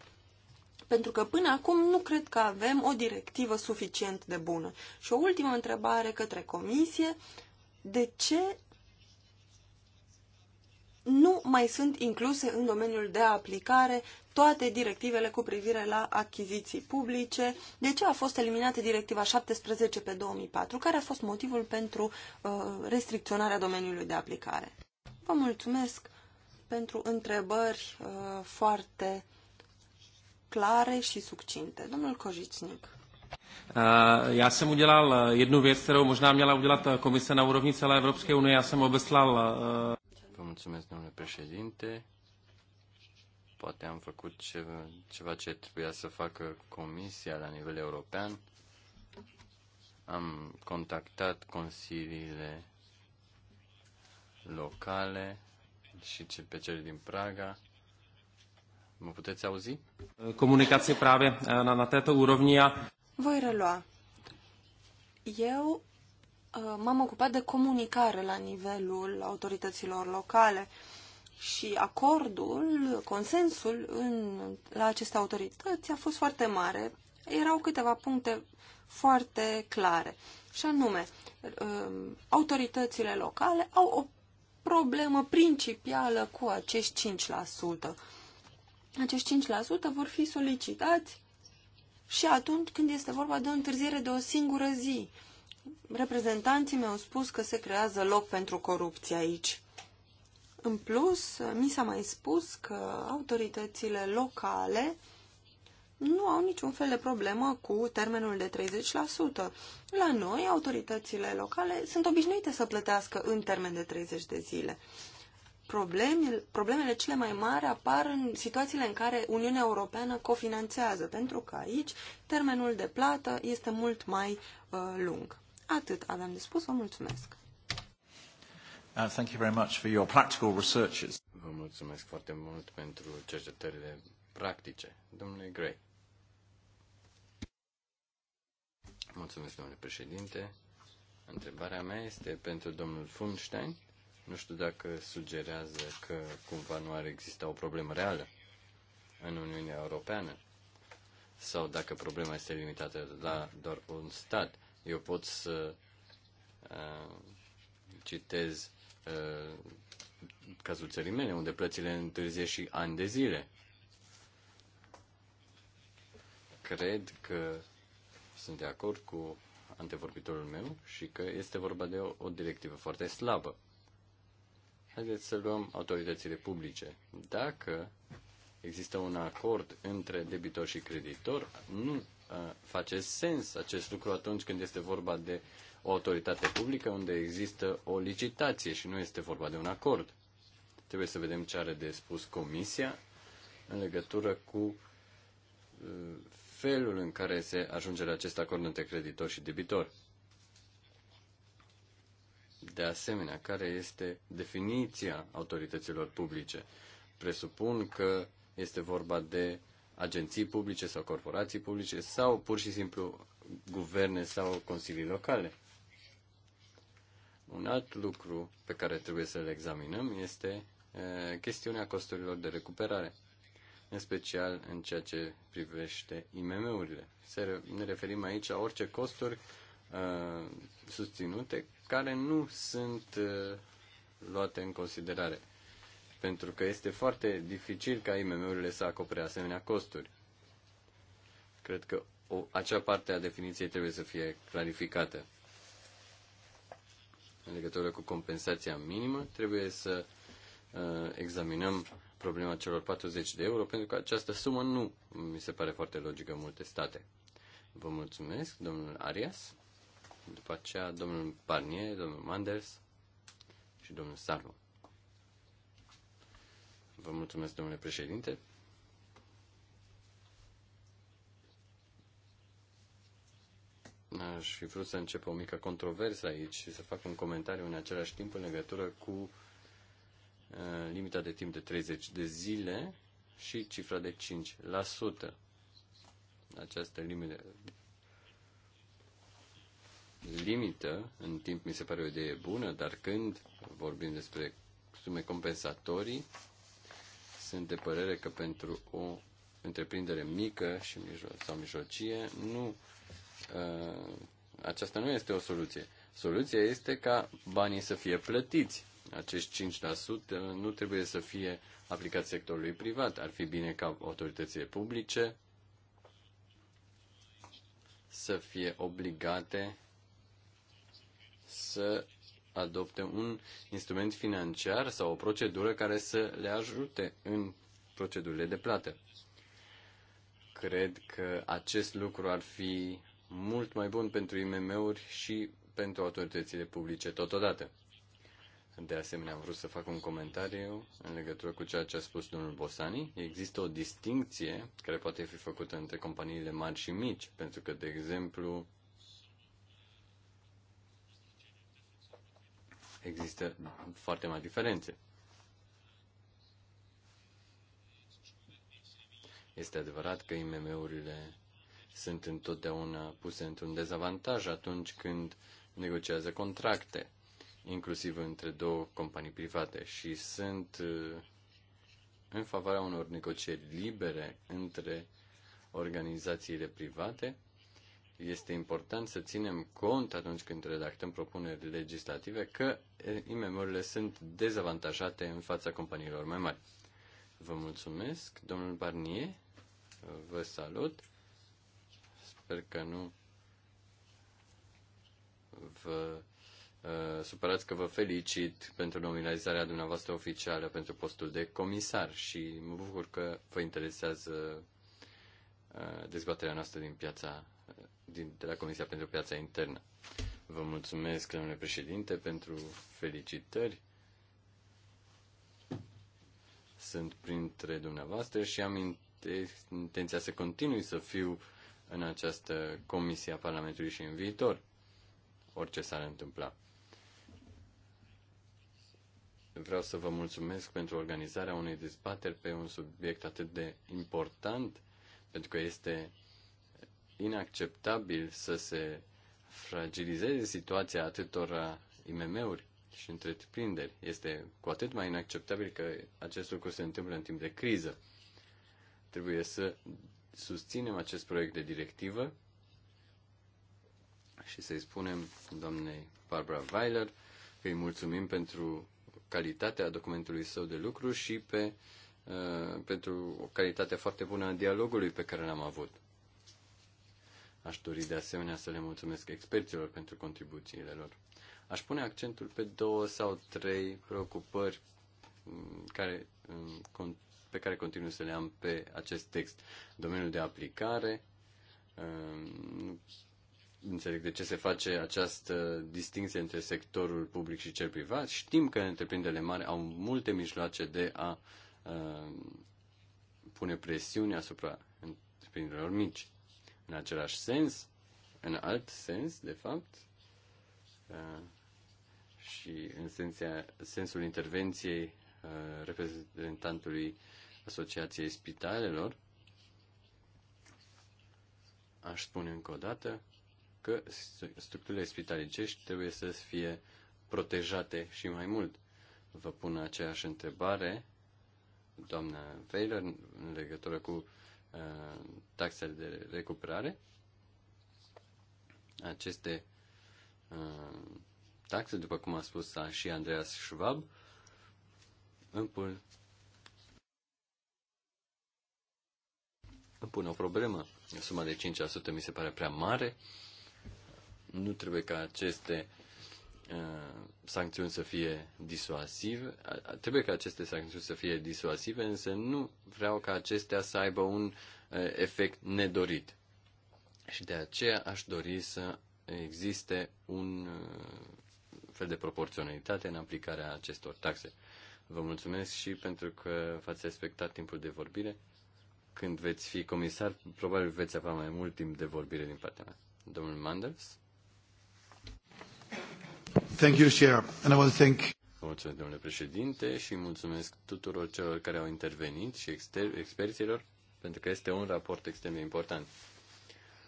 pentru că până acum nu cred că avem o directivă suficient de bună. Și o ultimă întrebare către comisie. De ce nu mai sunt incluse în domeniul de aplicare toate directivele cu privire la achiziții publice. De ce a fost eliminată directiva 17 pe 2004? Care a fost motivul pentru uh, restricționarea domeniului de aplicare? Vă mulțumesc pentru întrebări uh, foarte clare și succinte. Domnul Kožicnik. Eh, já jsem udělal eh, jednu věc, kterou možná měla udělat eh, komise na úrovni celé Evropské unie. Já jsem obeslal... Vă mulțumesc, domnule președinte. Poate am făcut ceva, ceva ce trebuia să facă comisia la nivel european. Am contactat consiliile locale și pe cele din Praga Mă puteți auzi? Comunicație prave eh, na, na tătă urovnia. Voi relua. Eu eh, m-am ocupat de comunicare la nivelul autorităților locale și acordul, consensul în, la aceste autorități a fost foarte mare. Erau câteva puncte foarte clare. Și anume, eh, autoritățile locale au o problemă principală cu acești acești 5% vor fi solicitați și atunci când este vorba de o întârziere de o singură zi. Reprezentanții mi-au spus că se creează loc pentru corupție aici. În plus, mi s-a mai spus că autoritățile locale nu au niciun fel de problemă cu termenul de 30%. La noi, autoritățile locale sunt obișnuite să plătească în termen de 30 de zile problemele, problemele cele mai mari apar în situațiile în care Uniunea Europeană cofinanțează, pentru că aici termenul de plată este mult mai uh, lung. Atât aveam de spus, vă mulțumesc. Uh, thank you very much for your practical researches. Vă mulțumesc foarte mult pentru cercetările practice. Domnule Gray. Mulțumesc, domnule președinte. Întrebarea mea este pentru domnul Funstein nu știu dacă sugerează că cumva nu ar exista o problemă reală în Uniunea Europeană sau dacă problema este limitată la doar un stat. Eu pot să uh, citez uh, cazul țării mele, unde plățile întârzie și ani de zile. Cred că sunt de acord cu antevorbitorul meu și că este vorba de o, o directivă foarte slabă haideți să luăm autoritățile publice. Dacă există un acord între debitor și creditor, nu face sens acest lucru atunci când este vorba de o autoritate publică unde există o licitație și nu este vorba de un acord. Trebuie să vedem ce are de spus Comisia în legătură cu felul în care se ajunge la acest acord între creditor și debitor. De asemenea, care este definiția autorităților publice? Presupun că este vorba de agenții publice sau corporații publice sau pur și simplu guverne sau consilii locale. Un alt lucru pe care trebuie să-l examinăm este chestiunea costurilor de recuperare, în special în ceea ce privește IMM-urile. ne referim aici la orice costuri susținute care nu sunt uh, luate în considerare. Pentru că este foarte dificil ca IMM-urile să acopere asemenea costuri. Cred că o, acea parte a definiției trebuie să fie clarificată. În legătură cu compensația minimă, trebuie să uh, examinăm problema celor 40 de euro, pentru că această sumă nu mi se pare foarte logică în multe state. Vă mulțumesc, domnul Arias. După aceea, domnul Barnier, domnul Manders și domnul Sarlu. Vă mulțumesc, domnule președinte. Aș fi vrut să încep o mică controversă aici și să fac un comentariu în același timp în legătură cu uh, limita de timp de 30 de zile și cifra de 5%. Această limită limită în timp mi se pare o idee bună, dar când vorbim despre sume compensatorii, sunt de părere că pentru o întreprindere mică și mijlo- sau mijlocie, nu, uh, aceasta nu este o soluție. Soluția este ca banii să fie plătiți. Acești 5% nu trebuie să fie aplicat sectorului privat. Ar fi bine ca autoritățile publice să fie obligate să adopte un instrument financiar sau o procedură care să le ajute în procedurile de plată. Cred că acest lucru ar fi mult mai bun pentru IMM-uri și pentru autoritățile publice totodată. De asemenea, am vrut să fac un comentariu în legătură cu ceea ce a spus domnul Bosani. Există o distinție care poate fi făcută între companiile mari și mici, pentru că, de exemplu, există foarte mari diferențe. Este adevărat că IMM-urile sunt întotdeauna puse într-un dezavantaj atunci când negociază contracte, inclusiv între două companii private și sunt uh, în favoarea unor negocieri libere între organizațiile private este important să ținem cont atunci când redactăm propuneri legislative că IMM-urile sunt dezavantajate în fața companiilor mai mari. Vă mulțumesc, domnul Barnier, vă salut. Sper că nu vă uh, supărați că vă felicit pentru nominalizarea dumneavoastră oficială pentru postul de comisar și mă bucur că vă interesează uh, dezbaterea noastră din piața din, de la Comisia pentru Piața Internă. Vă mulțumesc, domnule președinte, pentru felicitări. Sunt printre dumneavoastră și am intenția să continui să fiu în această comisie a Parlamentului și în viitor, orice s-ar întâmpla. Vreau să vă mulțumesc pentru organizarea unei dezbateri pe un subiect atât de important, pentru că este inacceptabil să se fragilizeze situația atâtor IMM-uri și întreprinderi. Este cu atât mai inacceptabil că acest lucru se întâmplă în timp de criză. Trebuie să susținem acest proiect de directivă și să-i spunem doamnei Barbara Weiler că îi mulțumim pentru calitatea documentului său de lucru și pe, uh, pentru o calitate foarte bună a dialogului pe care l-am avut. Aș dori de asemenea să le mulțumesc experților pentru contribuțiile lor. Aș pune accentul pe două sau trei preocupări mm, care, mm, pe care continuu să le am pe acest text. Domeniul de aplicare, mm, înțeleg de ce se face această distinție între sectorul public și cel privat. Știm că întreprinderile mari au multe mijloace de a pune presiune asupra întreprinderilor mici. În același sens, în alt sens, de fapt, uh, și în sensia, sensul intervenției uh, reprezentantului Asociației Spitalelor, aș spune încă o dată că structurile spitalicești trebuie să fie protejate și mai mult. Vă pun aceeași întrebare, doamna Weiler, în legătură cu Uh, taxele de recuperare. Aceste uh, taxe, după cum a spus și Andreas Schwab, împun, împun o problemă. Suma de 5% mi se pare prea mare. Nu trebuie ca aceste uh, Uh, sancțiuni să fie disuasive, trebuie ca aceste sancțiuni să fie disuasive, însă nu vreau ca acestea să aibă un uh, efect nedorit. Și de aceea aș dori să existe un uh, fel de proporționalitate în aplicarea acestor taxe. Vă mulțumesc și pentru că v-ați respectat timpul de vorbire. Când veți fi comisar, probabil veți avea mai mult timp de vorbire din partea mea. Domnul Manders? Thank you, Chair. And I want to thank... Mulțumesc, domnule președinte, și mulțumesc tuturor celor care au intervenit și exter- experților, pentru că este un raport extrem de important.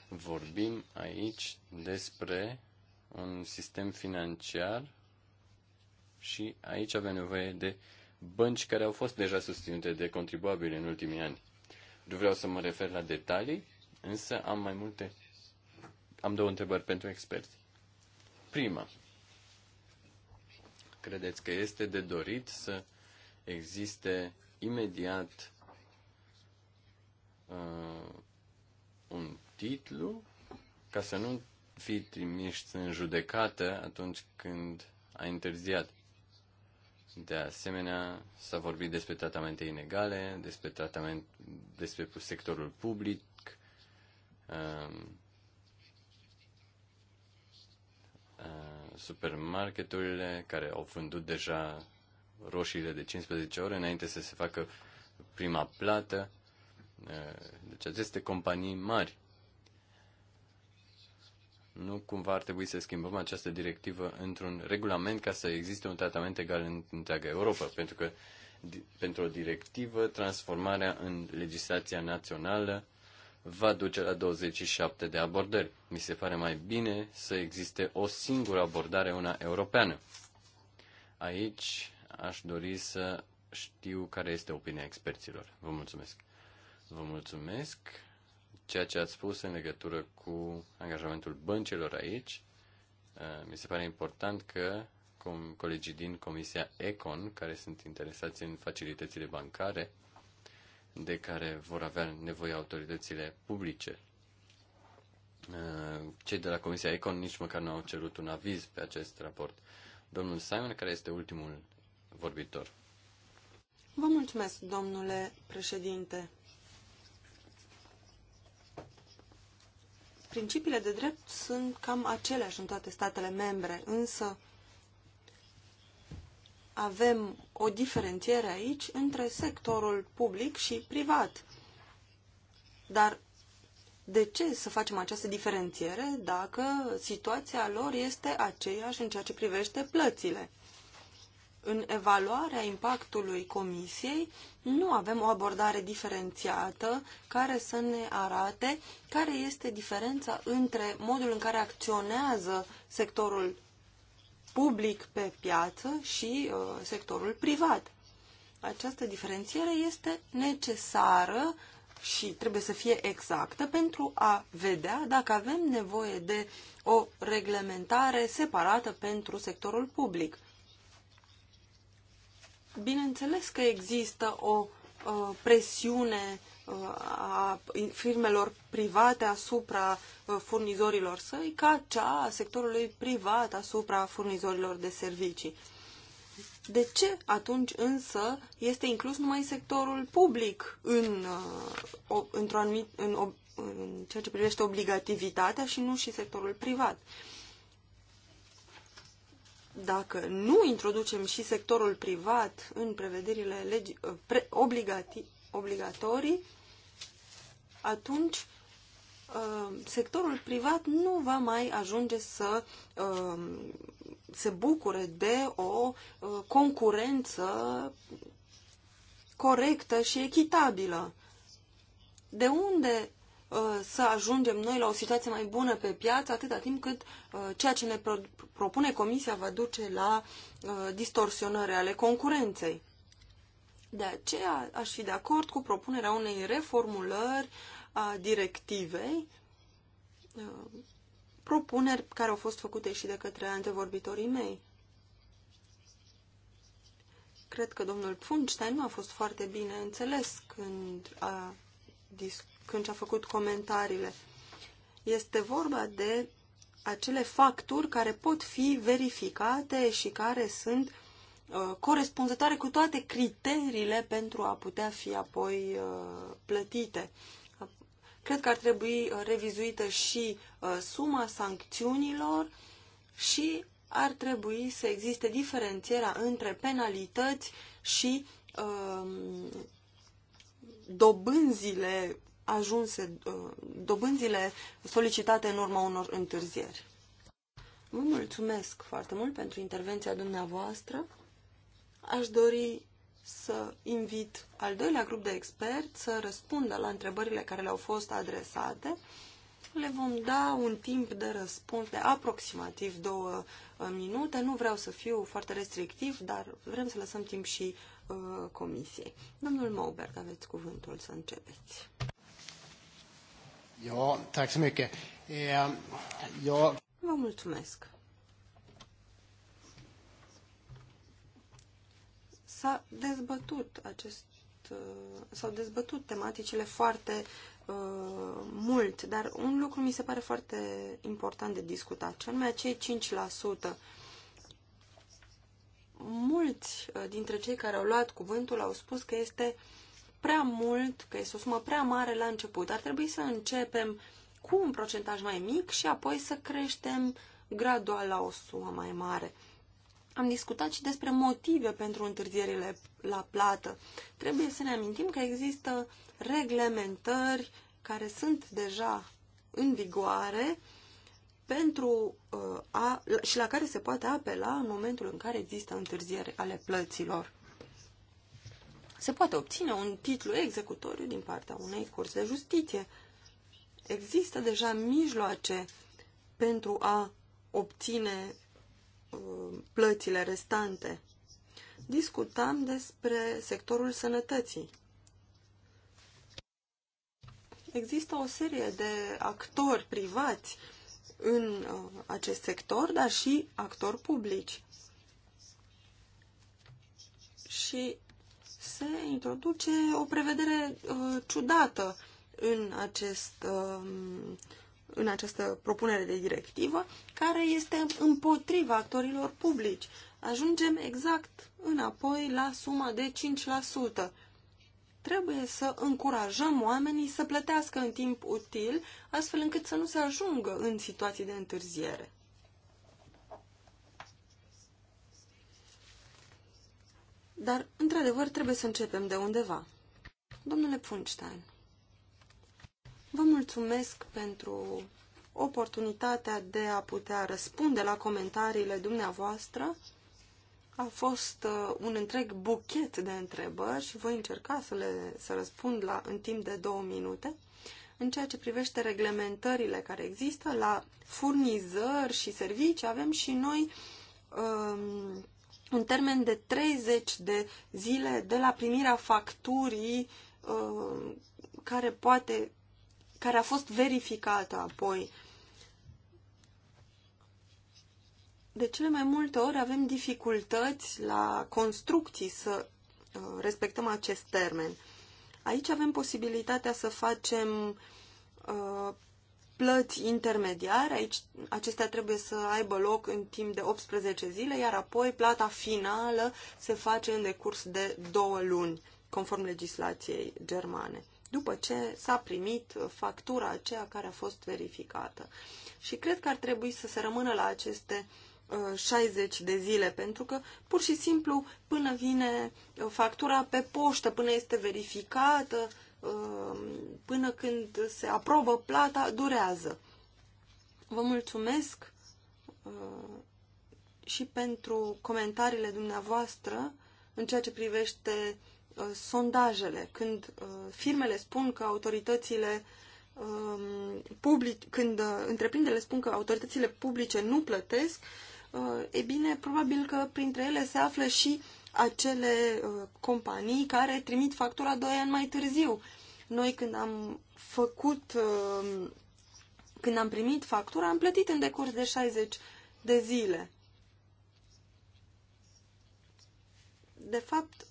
Vorbim aici despre un sistem financiar și aici avem nevoie de bănci care au fost deja susținute de contribuabili în ultimii ani. Nu vreau să mă refer la detalii, însă am mai multe. Am două întrebări pentru experți. Prima, Credeți că este de dorit să existe imediat uh, un titlu ca să nu fii trimiși în judecată atunci când a interziat. De asemenea, s-a vorbit despre tratamente inegale, despre, tratament, despre sectorul public, um, uh, uh, supermarketurile care au vândut deja roșiile de 15 ore înainte să se facă prima plată. Eh, deci aceste companii mari. Nu cumva ar trebui să schimbăm această directivă într-un regulament ca să existe un tratament egal în întreaga Europa, pentru că pentru o directivă, transformarea în legislația națională va duce la 27 de abordări. Mi se pare mai bine să existe o singură abordare, una europeană. Aici aș dori să știu care este opinia experților. Vă mulțumesc. Vă mulțumesc ceea ce ați spus în legătură cu angajamentul băncilor aici. Uh, mi se pare important că colegii din Comisia Econ, care sunt interesați în facilitățile bancare, de care vor avea nevoie autoritățile publice. Uh, cei de la Comisia Econ nici măcar nu au cerut un aviz pe acest raport. Domnul Simon, care este ultimul vorbitor. Vă mulțumesc, domnule președinte. Principiile de drept sunt cam aceleași în toate statele membre, însă avem o diferențiere aici între sectorul public și privat. Dar de ce să facem această diferențiere dacă situația lor este aceeași în ceea ce privește plățile? În evaluarea impactului comisiei nu avem o abordare diferențiată care să ne arate care este diferența între modul în care acționează sectorul public pe piață și uh, sectorul privat. Această diferențiere este necesară și trebuie să fie exactă pentru a vedea dacă avem nevoie de o reglementare separată pentru sectorul public. Bineînțeles că există o uh, presiune uh, a firmelor private asupra uh, furnizorilor săi ca cea a sectorului privat asupra furnizorilor de servicii. De ce atunci însă este inclus numai sectorul public în, uh, într-o anumit, în, în ceea ce privește obligativitatea și nu și sectorul privat? Dacă nu introducem și sectorul privat în prevederile legi, uh, pre, obligati, obligatorii, atunci uh, sectorul privat nu va mai ajunge să uh, se bucure de o uh, concurență corectă și echitabilă. De unde să ajungem noi la o situație mai bună pe piață atâta timp cât ceea ce ne propune Comisia va duce la distorsionări ale concurenței? De aceea aș fi de acord cu propunerea unei reformulări a directivei, uh, propuneri care au fost făcute și de către antevorbitorii mei. Cred că domnul Pfunstein nu a fost foarte bine înțeles când a, când a făcut comentariile. Este vorba de acele facturi care pot fi verificate și care sunt uh, Uh, corespunzătoare cu toate criteriile pentru a putea fi apoi uh, plătite. Cred că ar trebui uh, revizuită și suma sancțiunilor și ar trebui să existe diferențierea între penalități și um, dobânzile ajunse, dobânzile solicitate în urma unor întârzieri. Vă mulțumesc foarte mult pentru intervenția dumneavoastră. Aș dori să invit al doilea grup de experți să răspundă la întrebările care le-au fost adresate. Le vom da un timp de răspuns de aproximativ două uh, minute. Nu vreau să fiu foarte restrictiv, dar vrem să lăsăm timp și uh, comisiei. Domnul Maubert, aveți cuvântul să începeți. Ja, tack mycket. Eh, Vă mulțumesc. s-a dezbătut acest uh, s-au dezbătut tematicile foarte uh, mult, dar un lucru mi se pare foarte important de discutat, ce anume acei 5%. Mulți uh, dintre cei care au luat cuvântul au spus că este prea mult, că este o sumă prea mare la început. Ar trebui să începem cu un procentaj mai mic și apoi să creștem gradual la o sumă mai mare. Am discutat și despre motive pentru întârzierile la plată. Trebuie să ne amintim că există reglementări care sunt deja în vigoare pentru uh, a, și la care se poate apela în momentul în care există întârziere ale plăților. Se poate obține un titlu executoriu din partea unei curse de justiție. Există deja mijloace pentru a obține Uh, plățile restante, discutam despre sectorul sănătății. Există o serie de actori privați în uh, acest sector, dar și actori publici. Și se introduce o prevedere uh, ciudată în acest uh, în această propunere de directivă, care este împotriva actorilor publici. Ajungem exact înapoi la suma de 5%. Trebuie să încurajăm oamenii să plătească în timp util, astfel încât să nu se ajungă în situații de întârziere. Dar, într-adevăr, trebuie să începem de undeva. Domnule Punctein. Vă mulțumesc pentru oportunitatea de a putea răspunde la comentariile dumneavoastră. A fost uh, un întreg buchet de întrebări și voi încerca să le să răspund la, în timp de două minute. În ceea ce privește reglementările care există, la furnizări și servicii avem și noi um, un termen de 30 de zile de la primirea facturii um, care poate care a fost verificată apoi. De cele mai multe ori avem dificultăți la construcții să uh, respectăm acest termen. Aici avem posibilitatea să facem uh, plăți intermediare, aici acestea trebuie să aibă loc în timp de 18 zile, iar apoi plata finală se face în decurs de două luni, conform legislației germane după ce s-a primit factura aceea care a fost verificată. Și cred că ar trebui să se rămână la aceste 60 uh, de zile, pentru că pur și simplu până vine uh, factura pe poștă, până este verificată, uh, până când se aprobă plata, durează. Vă mulțumesc și pentru comentariile dumneavoastră în ceea ce privește Uh, sondajele, când uh, firmele spun că autoritățile um, public, când uh, întreprinderile spun că autoritățile publice nu plătesc, e bine, probabil că printre ele se află și acele companii care trimit factura doi ani mai târziu. Noi când am făcut, um, când am primit factura, am plătit în decurs de 60 de zile. De fapt,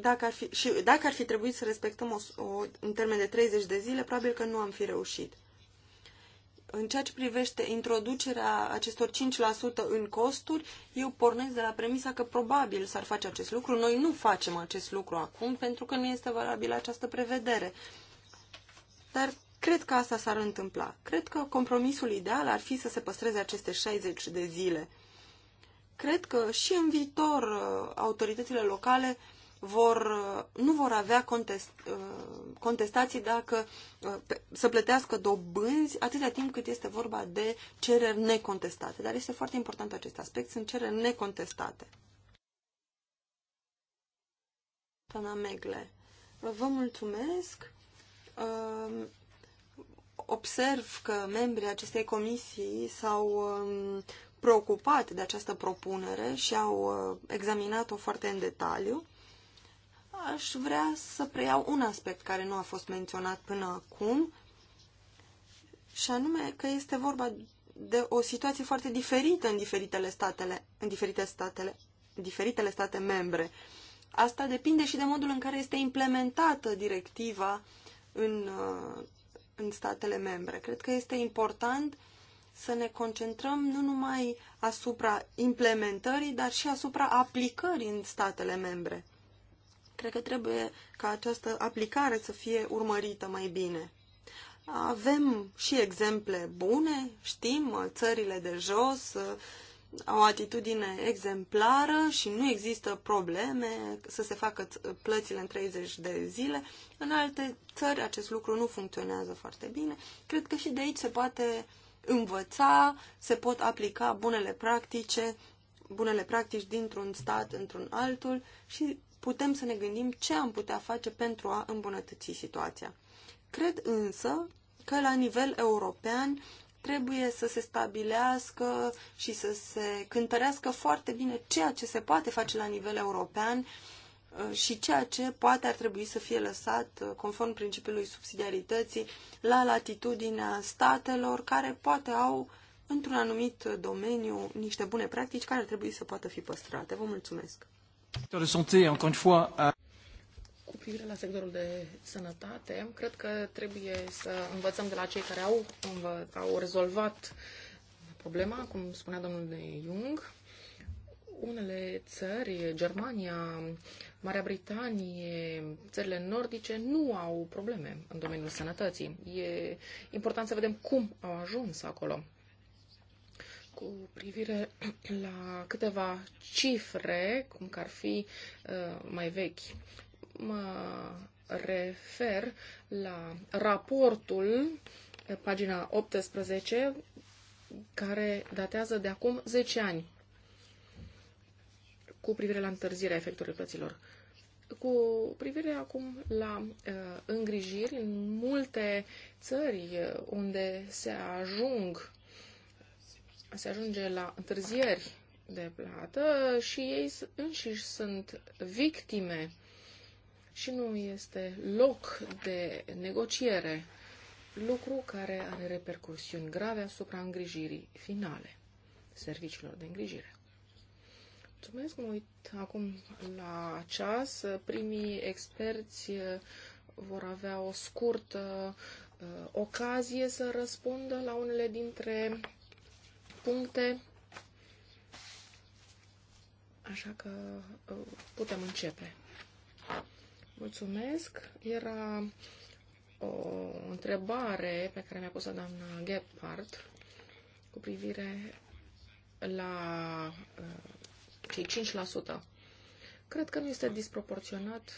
dacă ar fi, și dacă ar fi trebuit să respectăm o, o, un termen de 30 de zile, probabil că nu am fi reușit. În ceea ce privește introducerea acestor 5% în costuri, eu pornesc de la premisa că probabil s-ar face acest lucru. Noi nu facem acest lucru acum pentru că nu este valabilă această prevedere. Dar cred că asta s-ar întâmpla. Cred că compromisul ideal ar fi să se păstreze aceste 60 de zile. Cred că și în viitor uh, autoritățile locale uh, vor, uh, nu vor avea contest, uh, contestații dacă uh, să plătească dobânzi atâta timp cât este vorba de cereri necontestate. Dar este foarte important acest aspect, sunt cereri necontestate. Doamna Megle, vă mulțumesc. Observ că membrii acestei comisii s-au um, preocupat de această propunere și au examinat-o foarte în detaliu. Aș vrea să preiau un aspect care nu a fost menționat până acum, și anume că este vorba de o situație foarte diferită în diferitele statele, în diferite statele, diferitele state membre. Asta depinde și de modul în care este implementată directiva în, uh, în statele membre. Cred că este important să ne concentrăm nu numai asupra implementării, dar și asupra aplicării în statele membre. Cred că trebuie ca această aplicare să fie urmărită mai bine. Avem și exemple bune, știm, țările de jos uh, au o atitudine exemplară și nu există probleme să se facă plățile în 30 de zile. În alte țări acest lucru nu funcționează foarte bine. Cred că și de aici se poate învăța, se pot aplica bunele practice, bunele practici dintr-un stat într-un altul și putem să ne gândim ce am putea face pentru a îmbunătăți situația. Cred însă că la nivel european trebuie să se stabilească și să se cântărească foarte bine ceea ce se poate face la nivel european uh, și ceea ce poate ar trebui să fie lăsat, uh, conform principiului subsidiarității, la latitudinea statelor care poate au într-un anumit domeniu niște bune practici care ar trebui să poată fi păstrate. Vă mulțumesc! De santé, encore une fois, a... Cu privire la sectorul de sănătate, cred că trebuie să învățăm de la cei care au, au rezolvat problema, cum spunea domnul de Jung. Unele țări, Germania, Marea Britanie, țările nordice, nu au probleme în domeniul sănătății. E important să vedem cum au ajuns acolo cu privire la câteva cifre, cum că ar fi uh, mai vechi. Mă refer la raportul, pagina 18, care datează de acum 10 ani cu privire la întârzirea efectului plăților. Cu privire acum la uh, îngrijiri, în multe țări uh, unde se ajung se ajunge la întârzieri de plată și ei înșiși sunt victime și nu este loc de negociere, lucru care are repercusiuni grave asupra îngrijirii finale, serviciilor de îngrijire. Mulțumesc, mă uit acum la ceas. Primii experți eh, vor avea o scurtă eh, ocazie să răspundă la unele dintre puncte. Așa că uh, putem începe. Mulțumesc. Era uh, o întrebare pe care mi-a pus-o doamna Gephardt cu privire la uh, cei 5%. Cred că nu este disproporționat.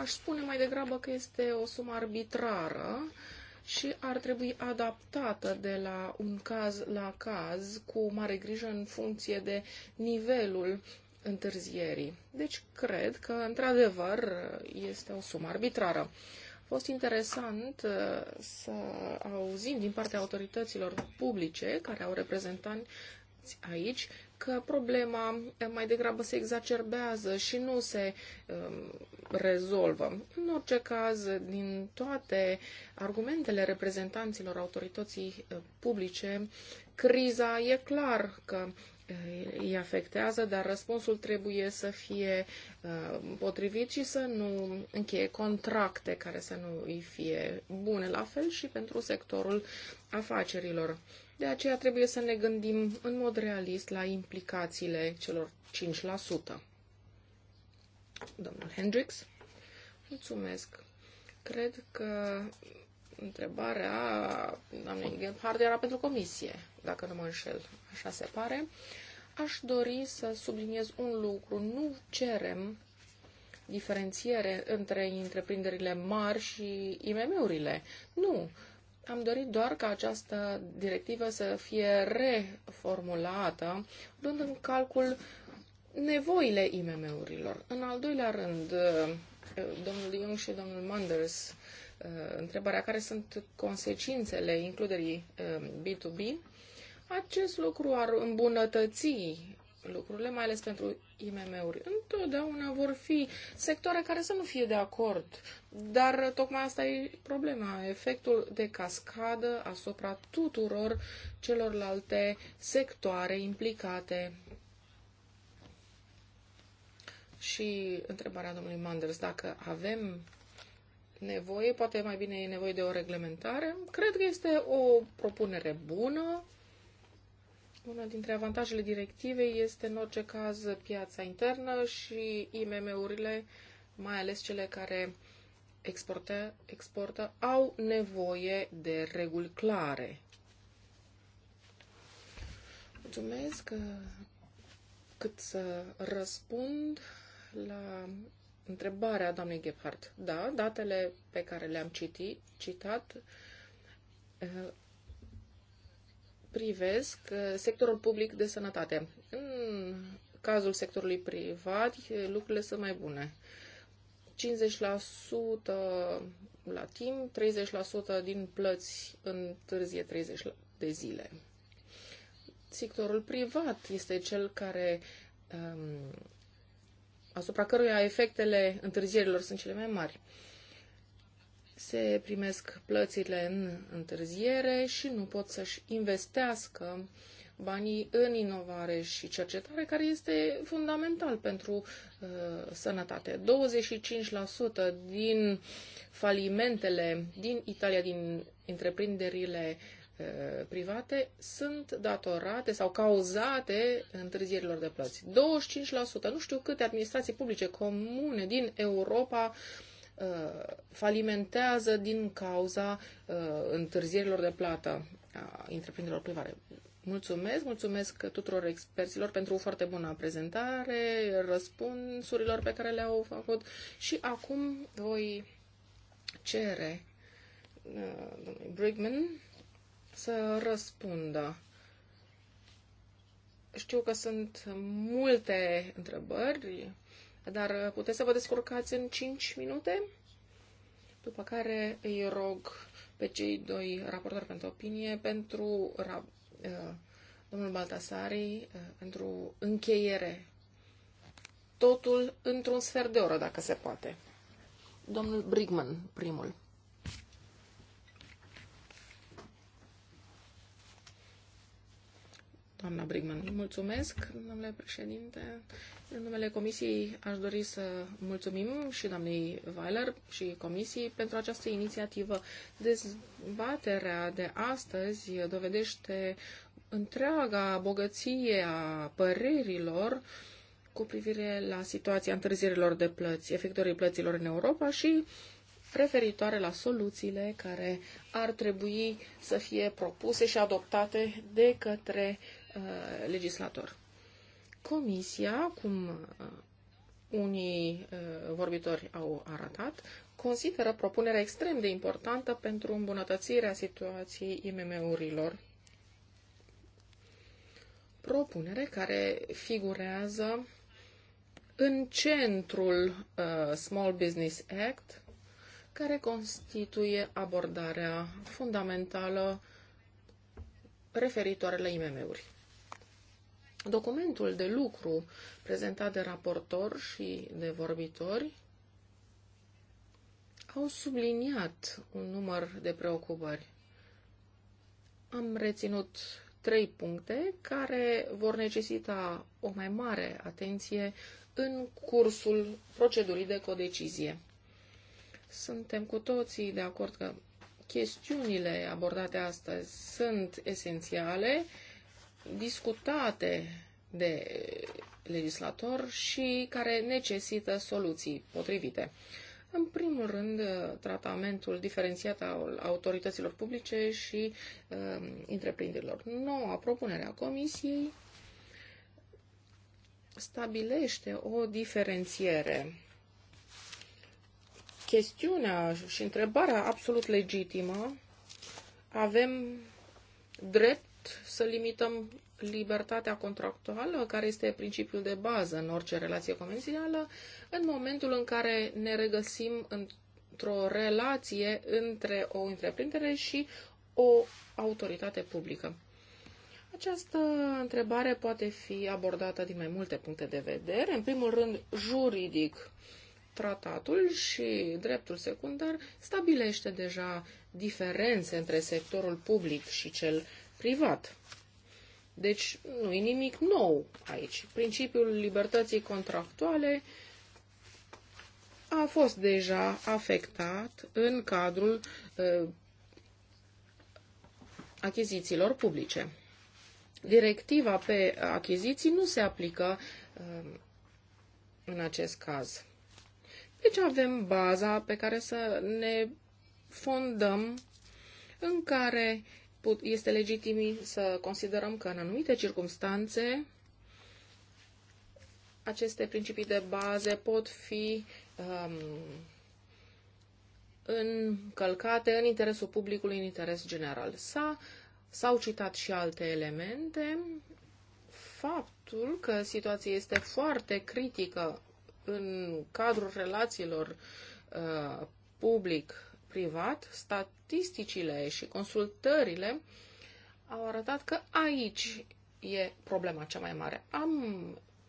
Aș spune mai degrabă că este o sumă arbitrară și ar trebui adaptată de la un caz la caz, cu mare grijă în funcție de nivelul întârzierii. Deci cred că, într-adevăr, este o sumă arbitrară. A fost interesant uh, să auzim din partea autorităților publice, care au reprezentanți aici, că problema mai degrabă se exacerbează și nu se um, rezolvă. În orice caz, din toate argumentele reprezentanților autorității uh, publice, criza e clar că uh, îi afectează, dar răspunsul trebuie să fie uh, potrivit și să nu încheie contracte care să nu îi fie bune la fel și pentru sectorul afacerilor. De aceea trebuie să ne gândim în mod realist la implicațiile celor 5%. Domnul Hendrix, mulțumesc. Cred că întrebarea doamnei Gebhardt era pentru comisie, dacă nu mă înșel. Așa se pare. Aș dori să subliniez un lucru. Nu cerem diferențiere între întreprinderile mari și IMM-urile. Nu. Am dorit doar ca această directivă să fie reformulată, luând în calcul nevoile IMM-urilor. În al doilea rând, domnul Young și domnul Manders, uh, întrebarea care sunt consecințele includerii B2B, uh, acest lucru ar îmbunătăți lucrurile, mai ales pentru IMM-uri. Întotdeauna vor fi sectoare care să nu fie de acord, dar tocmai asta e problema, efectul de cascadă asupra tuturor celorlalte sectoare implicate. Și întrebarea domnului Manders, dacă avem nevoie, poate mai bine e nevoie de o reglementare. Cred că este o propunere bună, unul dintre avantajele directivei este, în orice caz, piața internă și IMM-urile, mai ales cele care exportă, exportă, au nevoie de reguli clare. Mulțumesc cât să răspund la întrebarea doamnei Gephardt. Da, datele pe care le-am citit, citat privesc uh, sectorul public de sănătate. În cazul sectorului privat, lucrurile sunt mai bune. 50% la timp, 30% din plăți târzie 30 de zile. Sectorul privat este cel care um, asupra căruia efectele întârzierilor sunt cele mai mari se primesc plățile în întârziere și nu pot să-și investească banii în inovare și cercetare, care este fundamental pentru uh, sănătate. 25% din falimentele din Italia, din întreprinderile uh, private, sunt datorate sau cauzate întârzierilor de plăți. 25%, nu știu câte administrații publice comune din Europa uh, Uh, falimentează din cauza uh, întârzierilor de plată a întreprinderilor private. Mulțumesc, mulțumesc tuturor experților pentru o foarte bună prezentare, răspunsurilor pe care le-au făcut și acum voi cere uh, domnului Brigman să răspundă. Știu că sunt multe întrebări dar uh, puteți să vă descurcați în 5 minute? După care îi rog pe cei doi raportori pentru opinie, pentru uh, domnul Baltasari, uh, pentru încheiere. Totul într-un sfert de oră, dacă se poate. Domnul Brigman, primul. Doamna Brigman, mulțumesc, domnule președinte. În numele Comisiei aș dori să mulțumim și doamnei Weiler și Comisiei pentru această inițiativă. Dezbaterea de astăzi dovedește întreaga bogăție a părerilor cu privire la situația întârzierilor de plăți, efectorii plăților în Europa și referitoare la soluțiile care ar trebui să fie propuse și adoptate de către Uh, legislator. Comisia, cum uh, unii uh, vorbitori au arătat, consideră propunerea extrem de importantă pentru îmbunătățirea situației IMM-urilor. Propunere care figurează în centrul Small Business Act, care constituie abordarea fundamentală referitoare la IMM-uri. Documentul de lucru prezentat de raportor și de vorbitori au subliniat un număr de preocupări. Am reținut trei puncte care vor necesita o mai mare atenție în cursul procedurii de codecizie. Suntem cu toții de acord că chestiunile abordate astăzi sunt esențiale discutate de legislator și care necesită soluții potrivite. În primul rând, tratamentul diferențiat al autorităților publice și uh, întreprinderilor. Noua propunere a Comisiei stabilește o diferențiere. Chestiunea și întrebarea absolut legitimă avem drept să limităm libertatea contractuală, care este principiul de bază în orice relație convențională, în momentul în care ne regăsim într-o relație între o întreprindere și o autoritate publică. Această întrebare poate fi abordată din mai multe puncte de vedere. În primul rând, juridic, tratatul și dreptul secundar stabilește deja diferențe între sectorul public și cel privat. Deci nu e nimic nou aici. Principiul libertății contractuale a fost deja afectat în cadrul uh, achizițiilor publice. Directiva pe achiziții nu se aplică uh, în acest caz. Deci avem baza pe care să ne fondăm în care este legitim să considerăm că în anumite circunstanțe aceste principii de bază pot fi um, încălcate în interesul publicului, în interes general. S-a, s-au citat și alte elemente. Faptul că situația este foarte critică în cadrul relațiilor uh, public privat, statisticile și consultările au arătat că aici e problema cea mai mare. Am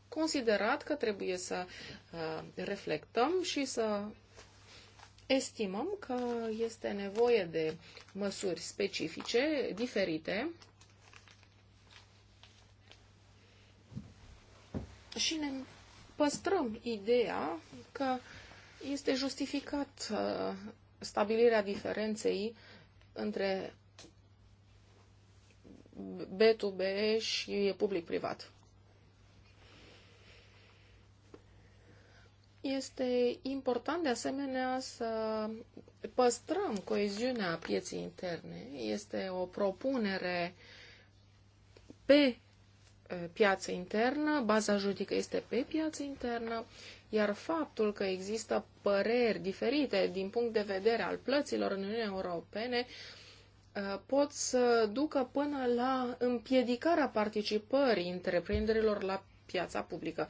considerat că trebuie să uh, reflectăm și să estimăm că este nevoie de măsuri specifice, diferite, și ne păstrăm ideea că este justificat uh, stabilirea diferenței între B2B și public-privat. Este important de asemenea să păstrăm coeziunea pieței interne. Este o propunere pe eh, piață internă, baza juridică este pe piață internă iar faptul că există păreri diferite din punct de vedere al plăților în Uniunea Europene uh, pot să ducă până la împiedicarea participării întreprinderilor la piața publică.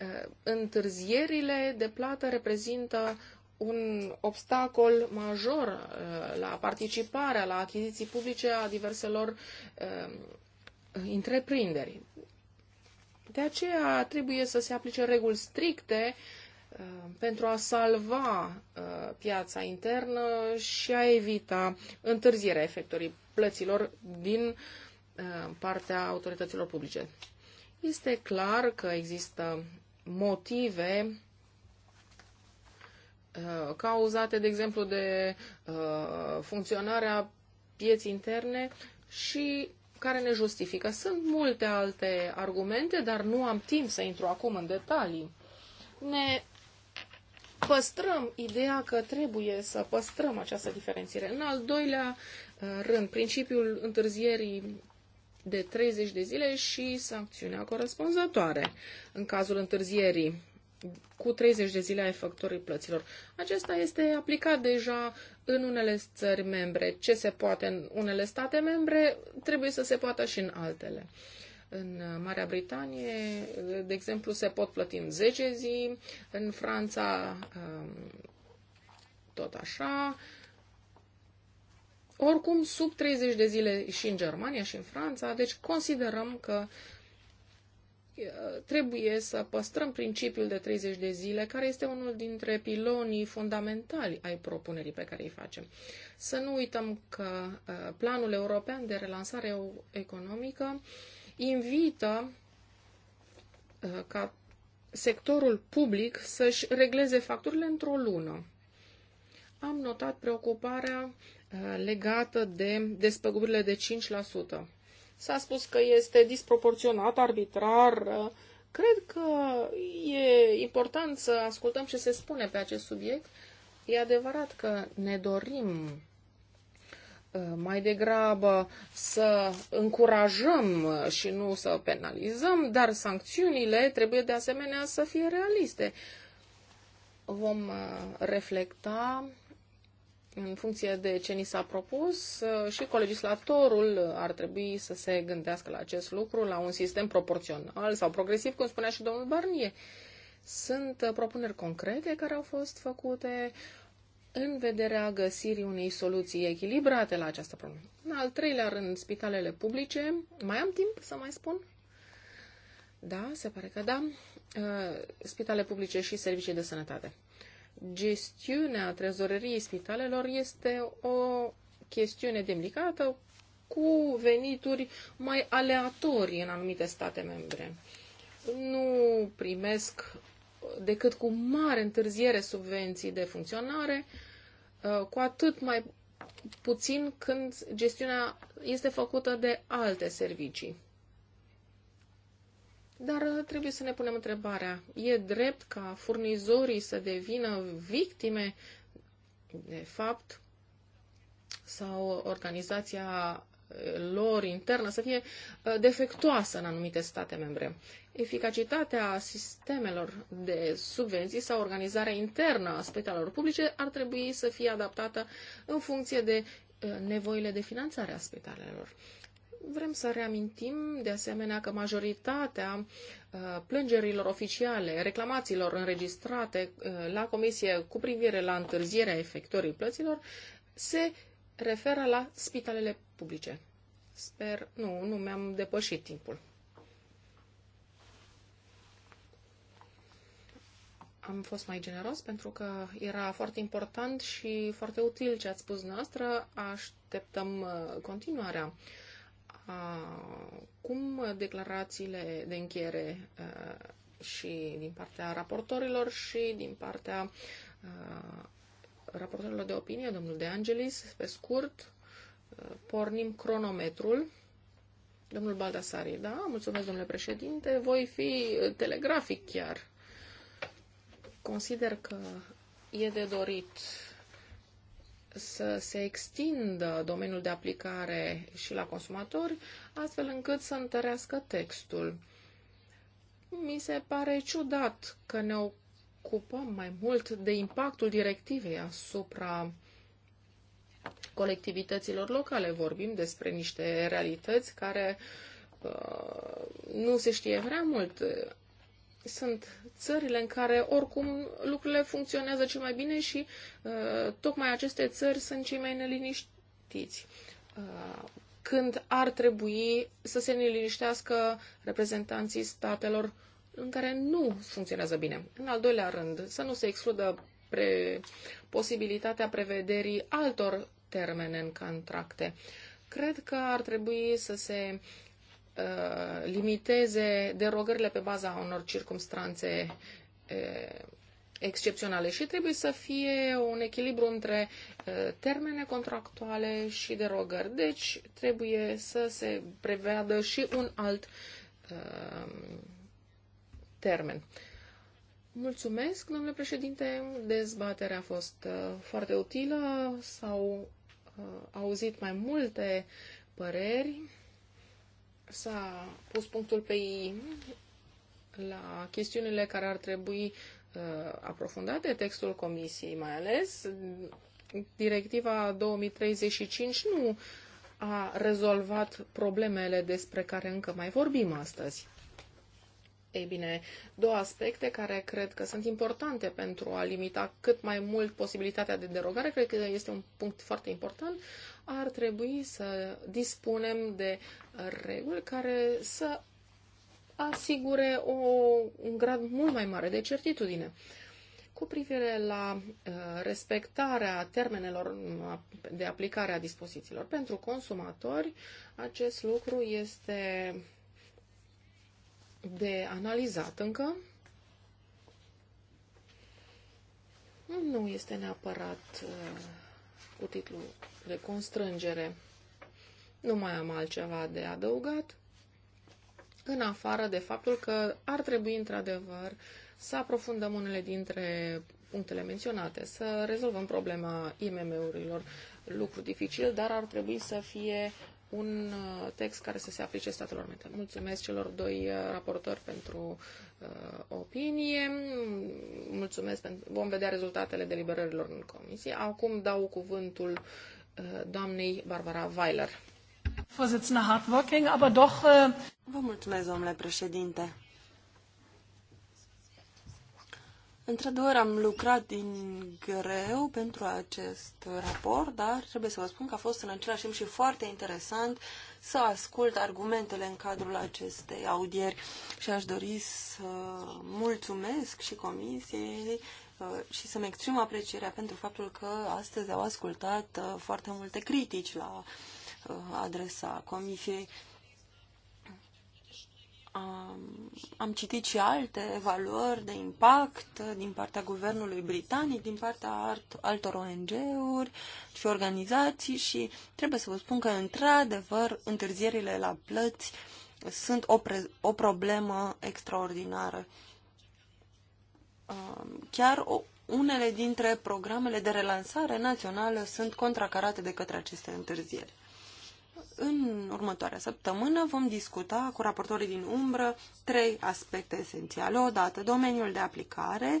Uh, întârzierile de plată reprezintă un obstacol major uh, la participarea la achiziții publice a diverselor întreprinderi. De aceea trebuie să se aplice reguli stricte uh, pentru a salva uh, piața internă și a evita întârzierea efectorii plăților din uh, partea autorităților publice. Este clar că există motive cauzate, de exemplu, de funcționarea pieții interne și care ne justifică. Sunt multe alte argumente, dar nu am timp să intru acum în detalii. Ne păstrăm ideea că trebuie să păstrăm această diferențiere. În al doilea uh, rând, principiul întârzierii de 30 de zile și sancțiunea corespunzătoare în cazul întârzierii cu 30 de zile a efectorii plăților. Acesta este aplicat deja în unele țări membre, ce se poate în unele state membre, trebuie să se poată și în altele. În uh, Marea Britanie, uh, de exemplu, se pot plăti în 10 zi, în Franța um, tot așa. Oricum, sub 30 de zile și în Germania și în Franța, deci considerăm că uh, deci, uh, trebuie să păstrăm principiul de 30 de zile, care este unul dintre pilonii fundamentali ai propunerii pe care îi facem. Să nu uităm că uh, planul european de relansare economică invită uh, ca sectorul public să-și regleze facturile într-o lună. Am notat preocuparea legată de despăgubirile de 5%. S-a spus că este disproporționat, arbitrar. Cred că e important să ascultăm ce se spune pe acest subiect. E adevărat că ne dorim uh, mai degrabă să încurajăm și nu să penalizăm, dar sancțiunile trebuie de asemenea să fie realiste. Vom uh, reflecta în funcție de ce ni s-a propus uh, și colegislatorul ar trebui să se gândească la acest lucru, la un sistem proporțional sau progresiv, cum spunea și domnul Barnie. Sunt uh, propuneri concrete care au fost făcute în vederea găsirii unei soluții echilibrate la această problemă. În al treilea rând, spitalele publice. Mai am timp să mai spun? Da, se pare că da. Uh, spitale publice și servicii de sănătate gestiunea trezoreriei spitalelor este o chestiune delicată cu venituri mai aleatorii în anumite state membre. Nu primesc decât cu mare întârziere subvenții de funcționare, uh, cu atât mai puțin când gestiunea este făcută de alte servicii. Dar uh, trebuie să ne punem întrebarea, e drept ca furnizorii să devină victime de fapt sau organizația uh, lor internă să fie uh, defectuoasă în anumite state membre. Eficacitatea sistemelor de subvenții sau organizarea internă a spitalelor publice ar trebui să fie adaptată în funcție de nevoile de finanțare a spitalelor. Vrem să reamintim, de asemenea, că majoritatea uh, plângerilor oficiale, reclamațiilor înregistrate uh, la Comisie cu privire la întârzierea efectorii plăților se referă la spitalele publice. Sper, nu, nu mi-am depășit timpul. am fost mai generos pentru că era foarte important și foarte util ce ați spus noastră. Așteptăm uh, continuarea cum declarațiile de încheiere și din partea raportorilor și din partea raportorilor de opinie, domnul De Angelis, pe scurt, pornim cronometrul. Domnul Baldasari, da, mulțumesc, domnule președinte, voi fi telegrafic chiar. Consider că e de dorit să se extindă domeniul de aplicare și la consumatori, astfel încât să întărească textul. Mi se pare ciudat că ne ocupăm mai mult de impactul directivei asupra colectivităților locale. Vorbim despre niște realități care uh, nu se știe prea mult sunt țările în care oricum lucrurile funcționează cel mai bine și uh, tocmai aceste țări sunt cei mai neliniștiți. Uh, când ar trebui să se neliniștească reprezentanții statelor în care nu funcționează bine. În al doilea rând, să nu se excludă pre... posibilitatea prevederii altor termene în contracte. Cred că ar trebui să se uh, Uh, limiteze derogările pe baza unor circumstanțe uh, excepționale și trebuie să fie un echilibru între uh, termene contractuale și derogări. Deci trebuie să se prevadă și un alt termen. Mulțumesc, domnule președinte. Dezbaterea a fost foarte utilă. S-au auzit mai multe păreri s-a pus punctul pe I la chestiunile care ar trebui uh, aprofundate, textul comisiei mai ales. Directiva 2035 nu a rezolvat problemele despre care încă mai vorbim astăzi. Ei bine, două aspecte care cred că sunt importante pentru a limita cât mai mult posibilitatea de derogare, cred că este un punct foarte important, ar trebui să dispunem de reguli care să asigure o, un grad mult mai mare de certitudine cu privire la uh, respectarea termenelor de aplicare a dispozițiilor. Pentru consumatori, acest lucru este de analizat încă. Nu este neapărat uh, cu titlul de constrângere. Nu mai am altceva de adăugat, în afară de faptul că ar trebui, într-adevăr, să aprofundăm unele dintre punctele menționate, să rezolvăm problema IMM-urilor, lucru dificil, dar ar trebui să fie un uh, text care să se aplice statelor membre. Mulțumesc celor doi uh, raportori pentru uh, opinie. Mulțumesc pentru... Vom vedea rezultatele deliberărilor în comisie. Acum dau cuvântul uh, doamnei Barbara Weiler. Uh, Vă mulțumesc, domnule președinte. Într-adevăr, am lucrat din greu pentru acest raport, dar trebuie să vă spun că a fost în același timp și foarte interesant să ascult argumentele în cadrul acestei audieri și aș dori să mulțumesc și comisiei uh, și să-mi exprim aprecierea pentru faptul că astăzi au ascultat uh, foarte multe critici la uh, adresa comisiei am, am citit și alte evaluări de impact din partea guvernului britanic, din partea altor ONG-uri și organizații și trebuie să vă spun că, într-adevăr, întârzierile la plăți sunt o, pre, o problemă extraordinară. Chiar o, unele dintre programele de relansare națională sunt contracarate de către aceste întârzieri. În următoarea săptămână vom discuta cu raportorii din umbră trei aspecte esențiale. Odată, domeniul de aplicare.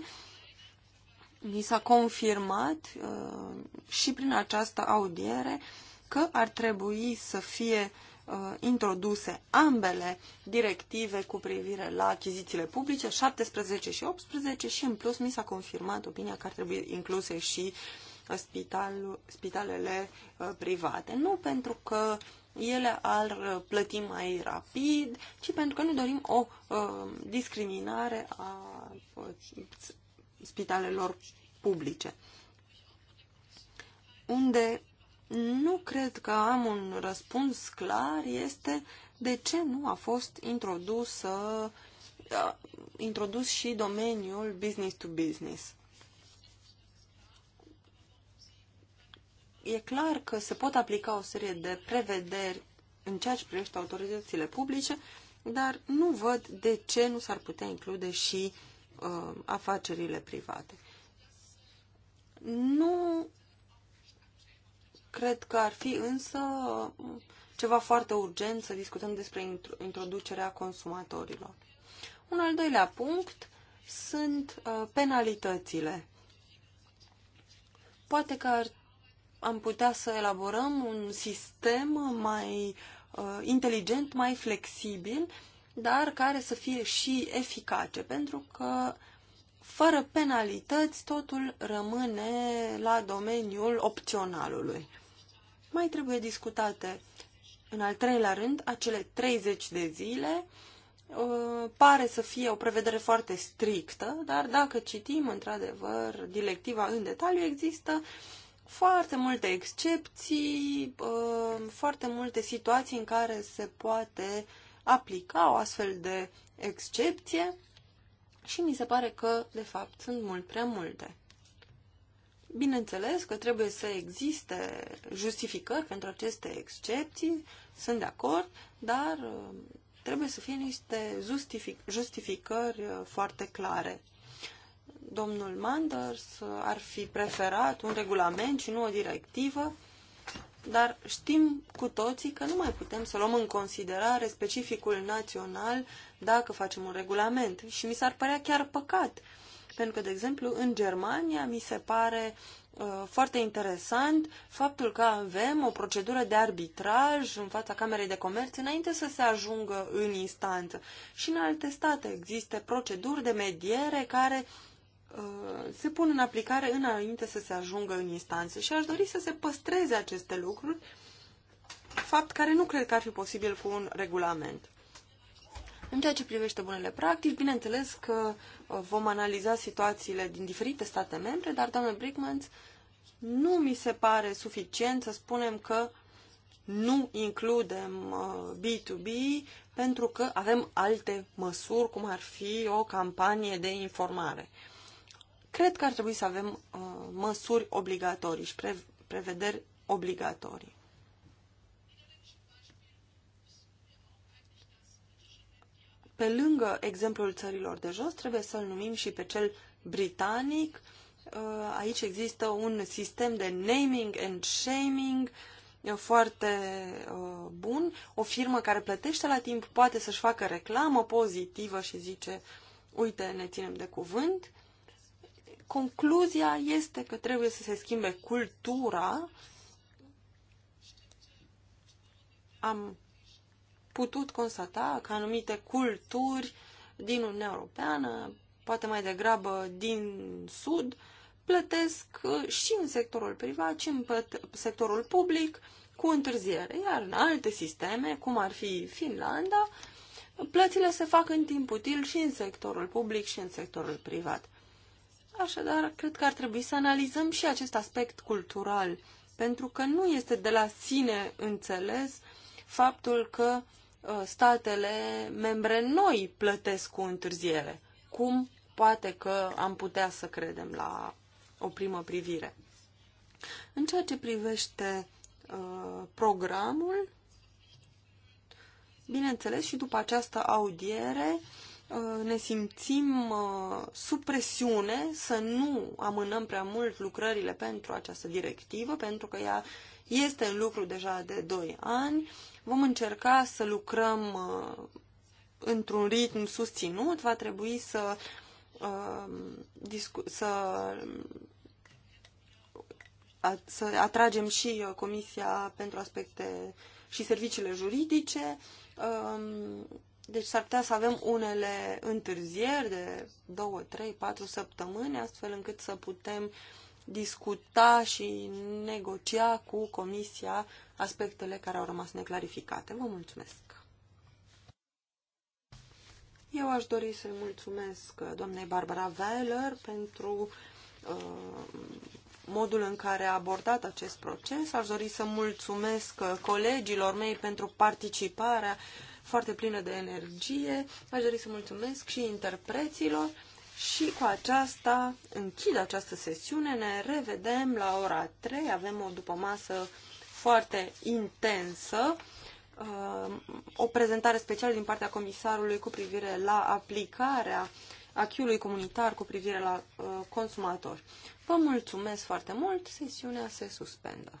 Mi s-a confirmat uh, și prin această audiere că ar trebui să fie uh, introduse ambele directive cu privire la achizițiile publice, 17 și 18, și în plus mi s-a confirmat opinia că ar trebui incluse și uh, spital, spitalele uh, private. Nu pentru că ele ar uh, plăti mai rapid, ci pentru că nu dorim o uh, discriminare a spitalelor publice. Unde nu cred că am un răspuns clar este de ce nu a fost introdus, introdus și domeniul business to business. e clar că se pot aplica o serie de prevederi în ceea ce privește autoritățile publice, dar nu văd de ce nu s-ar putea include și uh, afacerile private. Nu cred că ar fi însă ceva foarte urgent să discutăm despre introducerea consumatorilor. Un al doilea punct sunt uh, penalitățile. Poate că ar am putea să elaborăm un sistem mai uh, inteligent, mai flexibil, dar care să fie și eficace, pentru că fără penalități totul rămâne la domeniul opționalului. Mai trebuie discutate, în al treilea rând, acele 30 de zile. Uh, pare să fie o prevedere foarte strictă, dar dacă citim într-adevăr directiva în detaliu, există uh, foarte multe excepții, uh, foarte multe situații în care se poate aplica o astfel de excepție și mi se pare că, de fapt, sunt mult prea multe. Bineînțeles că trebuie să existe justificări pentru aceste excepții, sunt de acord, dar uh, trebuie să fie niște justific- justificări uh, foarte clare domnul Manders ar fi preferat un regulament și nu o directivă, dar știm cu toții că nu mai putem să luăm în considerare specificul național dacă facem un regulament. Și mi s-ar părea chiar păcat, pentru că, de exemplu, în Germania mi se pare uh, foarte interesant faptul că avem o procedură de arbitraj în fața Camerei de Comerț înainte să se ajungă în instanță. Și în alte state există proceduri de mediere care Uh, se pun în aplicare înainte să se ajungă în instanță și aș dori să se păstreze aceste lucruri, fapt care nu cred că ar fi posibil cu un regulament. În ceea ce privește bunele practici, bineînțeles că uh, vom analiza situațiile din diferite state membre, dar, doamnă Brickman, nu mi se pare suficient să spunem că nu includem B2B uh, pentru că avem alte măsuri, cum ar fi o campanie de informare. Cred că ar trebui să avem uh, măsuri obligatorii și pre prevederi obligatorii. Pe lângă exemplul țărilor de jos, trebuie să-l numim și pe cel britanic. Uh, aici există un sistem de naming and shaming foarte uh, bun. O firmă care plătește la timp poate să-și facă reclamă pozitivă și zice, uite, ne ținem de cuvânt. Concluzia este că trebuie să se schimbe cultura. Am putut constata că anumite culturi din Uniunea Europeană, poate mai degrabă din Sud, plătesc uh, și în sectorul privat și în sectorul public cu întârziere, iar în alte sisteme, cum ar fi Finlanda, plățile se fac în timp util și în sectorul public și în sectorul privat. Așadar, cred că ar trebui să analizăm și acest aspect cultural, pentru că nu este de la sine înțeles faptul că ă, statele membre noi plătesc cu întârziere. Cum poate că am putea să credem la o primă privire. În ceea ce privește ă, programul, bineînțeles și după această audiere Uh, ne simțim uh, sub presiune să nu amânăm prea mult lucrările pentru această directivă, pentru că ea este în lucru deja de 2 ani. Vom încerca să lucrăm uh, într-un ritm susținut, va trebui să, să, să atragem și Comisia pentru Aspecte și Serviciile Juridice um, deci s-ar putea să avem unele întârzieri de 2, 3, 4 săptămâni, astfel încât să putem discuta și negocia cu Comisia aspectele care au rămas neclarificate. Vă mulțumesc! Eu aș dori să-i mulțumesc doamnei Barbara Weiler pentru uh, modul în care a abordat acest proces. Aș dori să mulțumesc colegilor mei pentru participarea uh, foarte plină de energie. Aș dori să mulțumesc și interpreților și cu aceasta închid această sesiune. Ne revedem la ora 3. Avem o masă foarte intensă uh, o prezentare specială din partea comisarului cu privire la aplicarea achiului comunitar cu privire la uh, consumatori. Vă mulțumesc foarte mult, sesiunea se suspendă.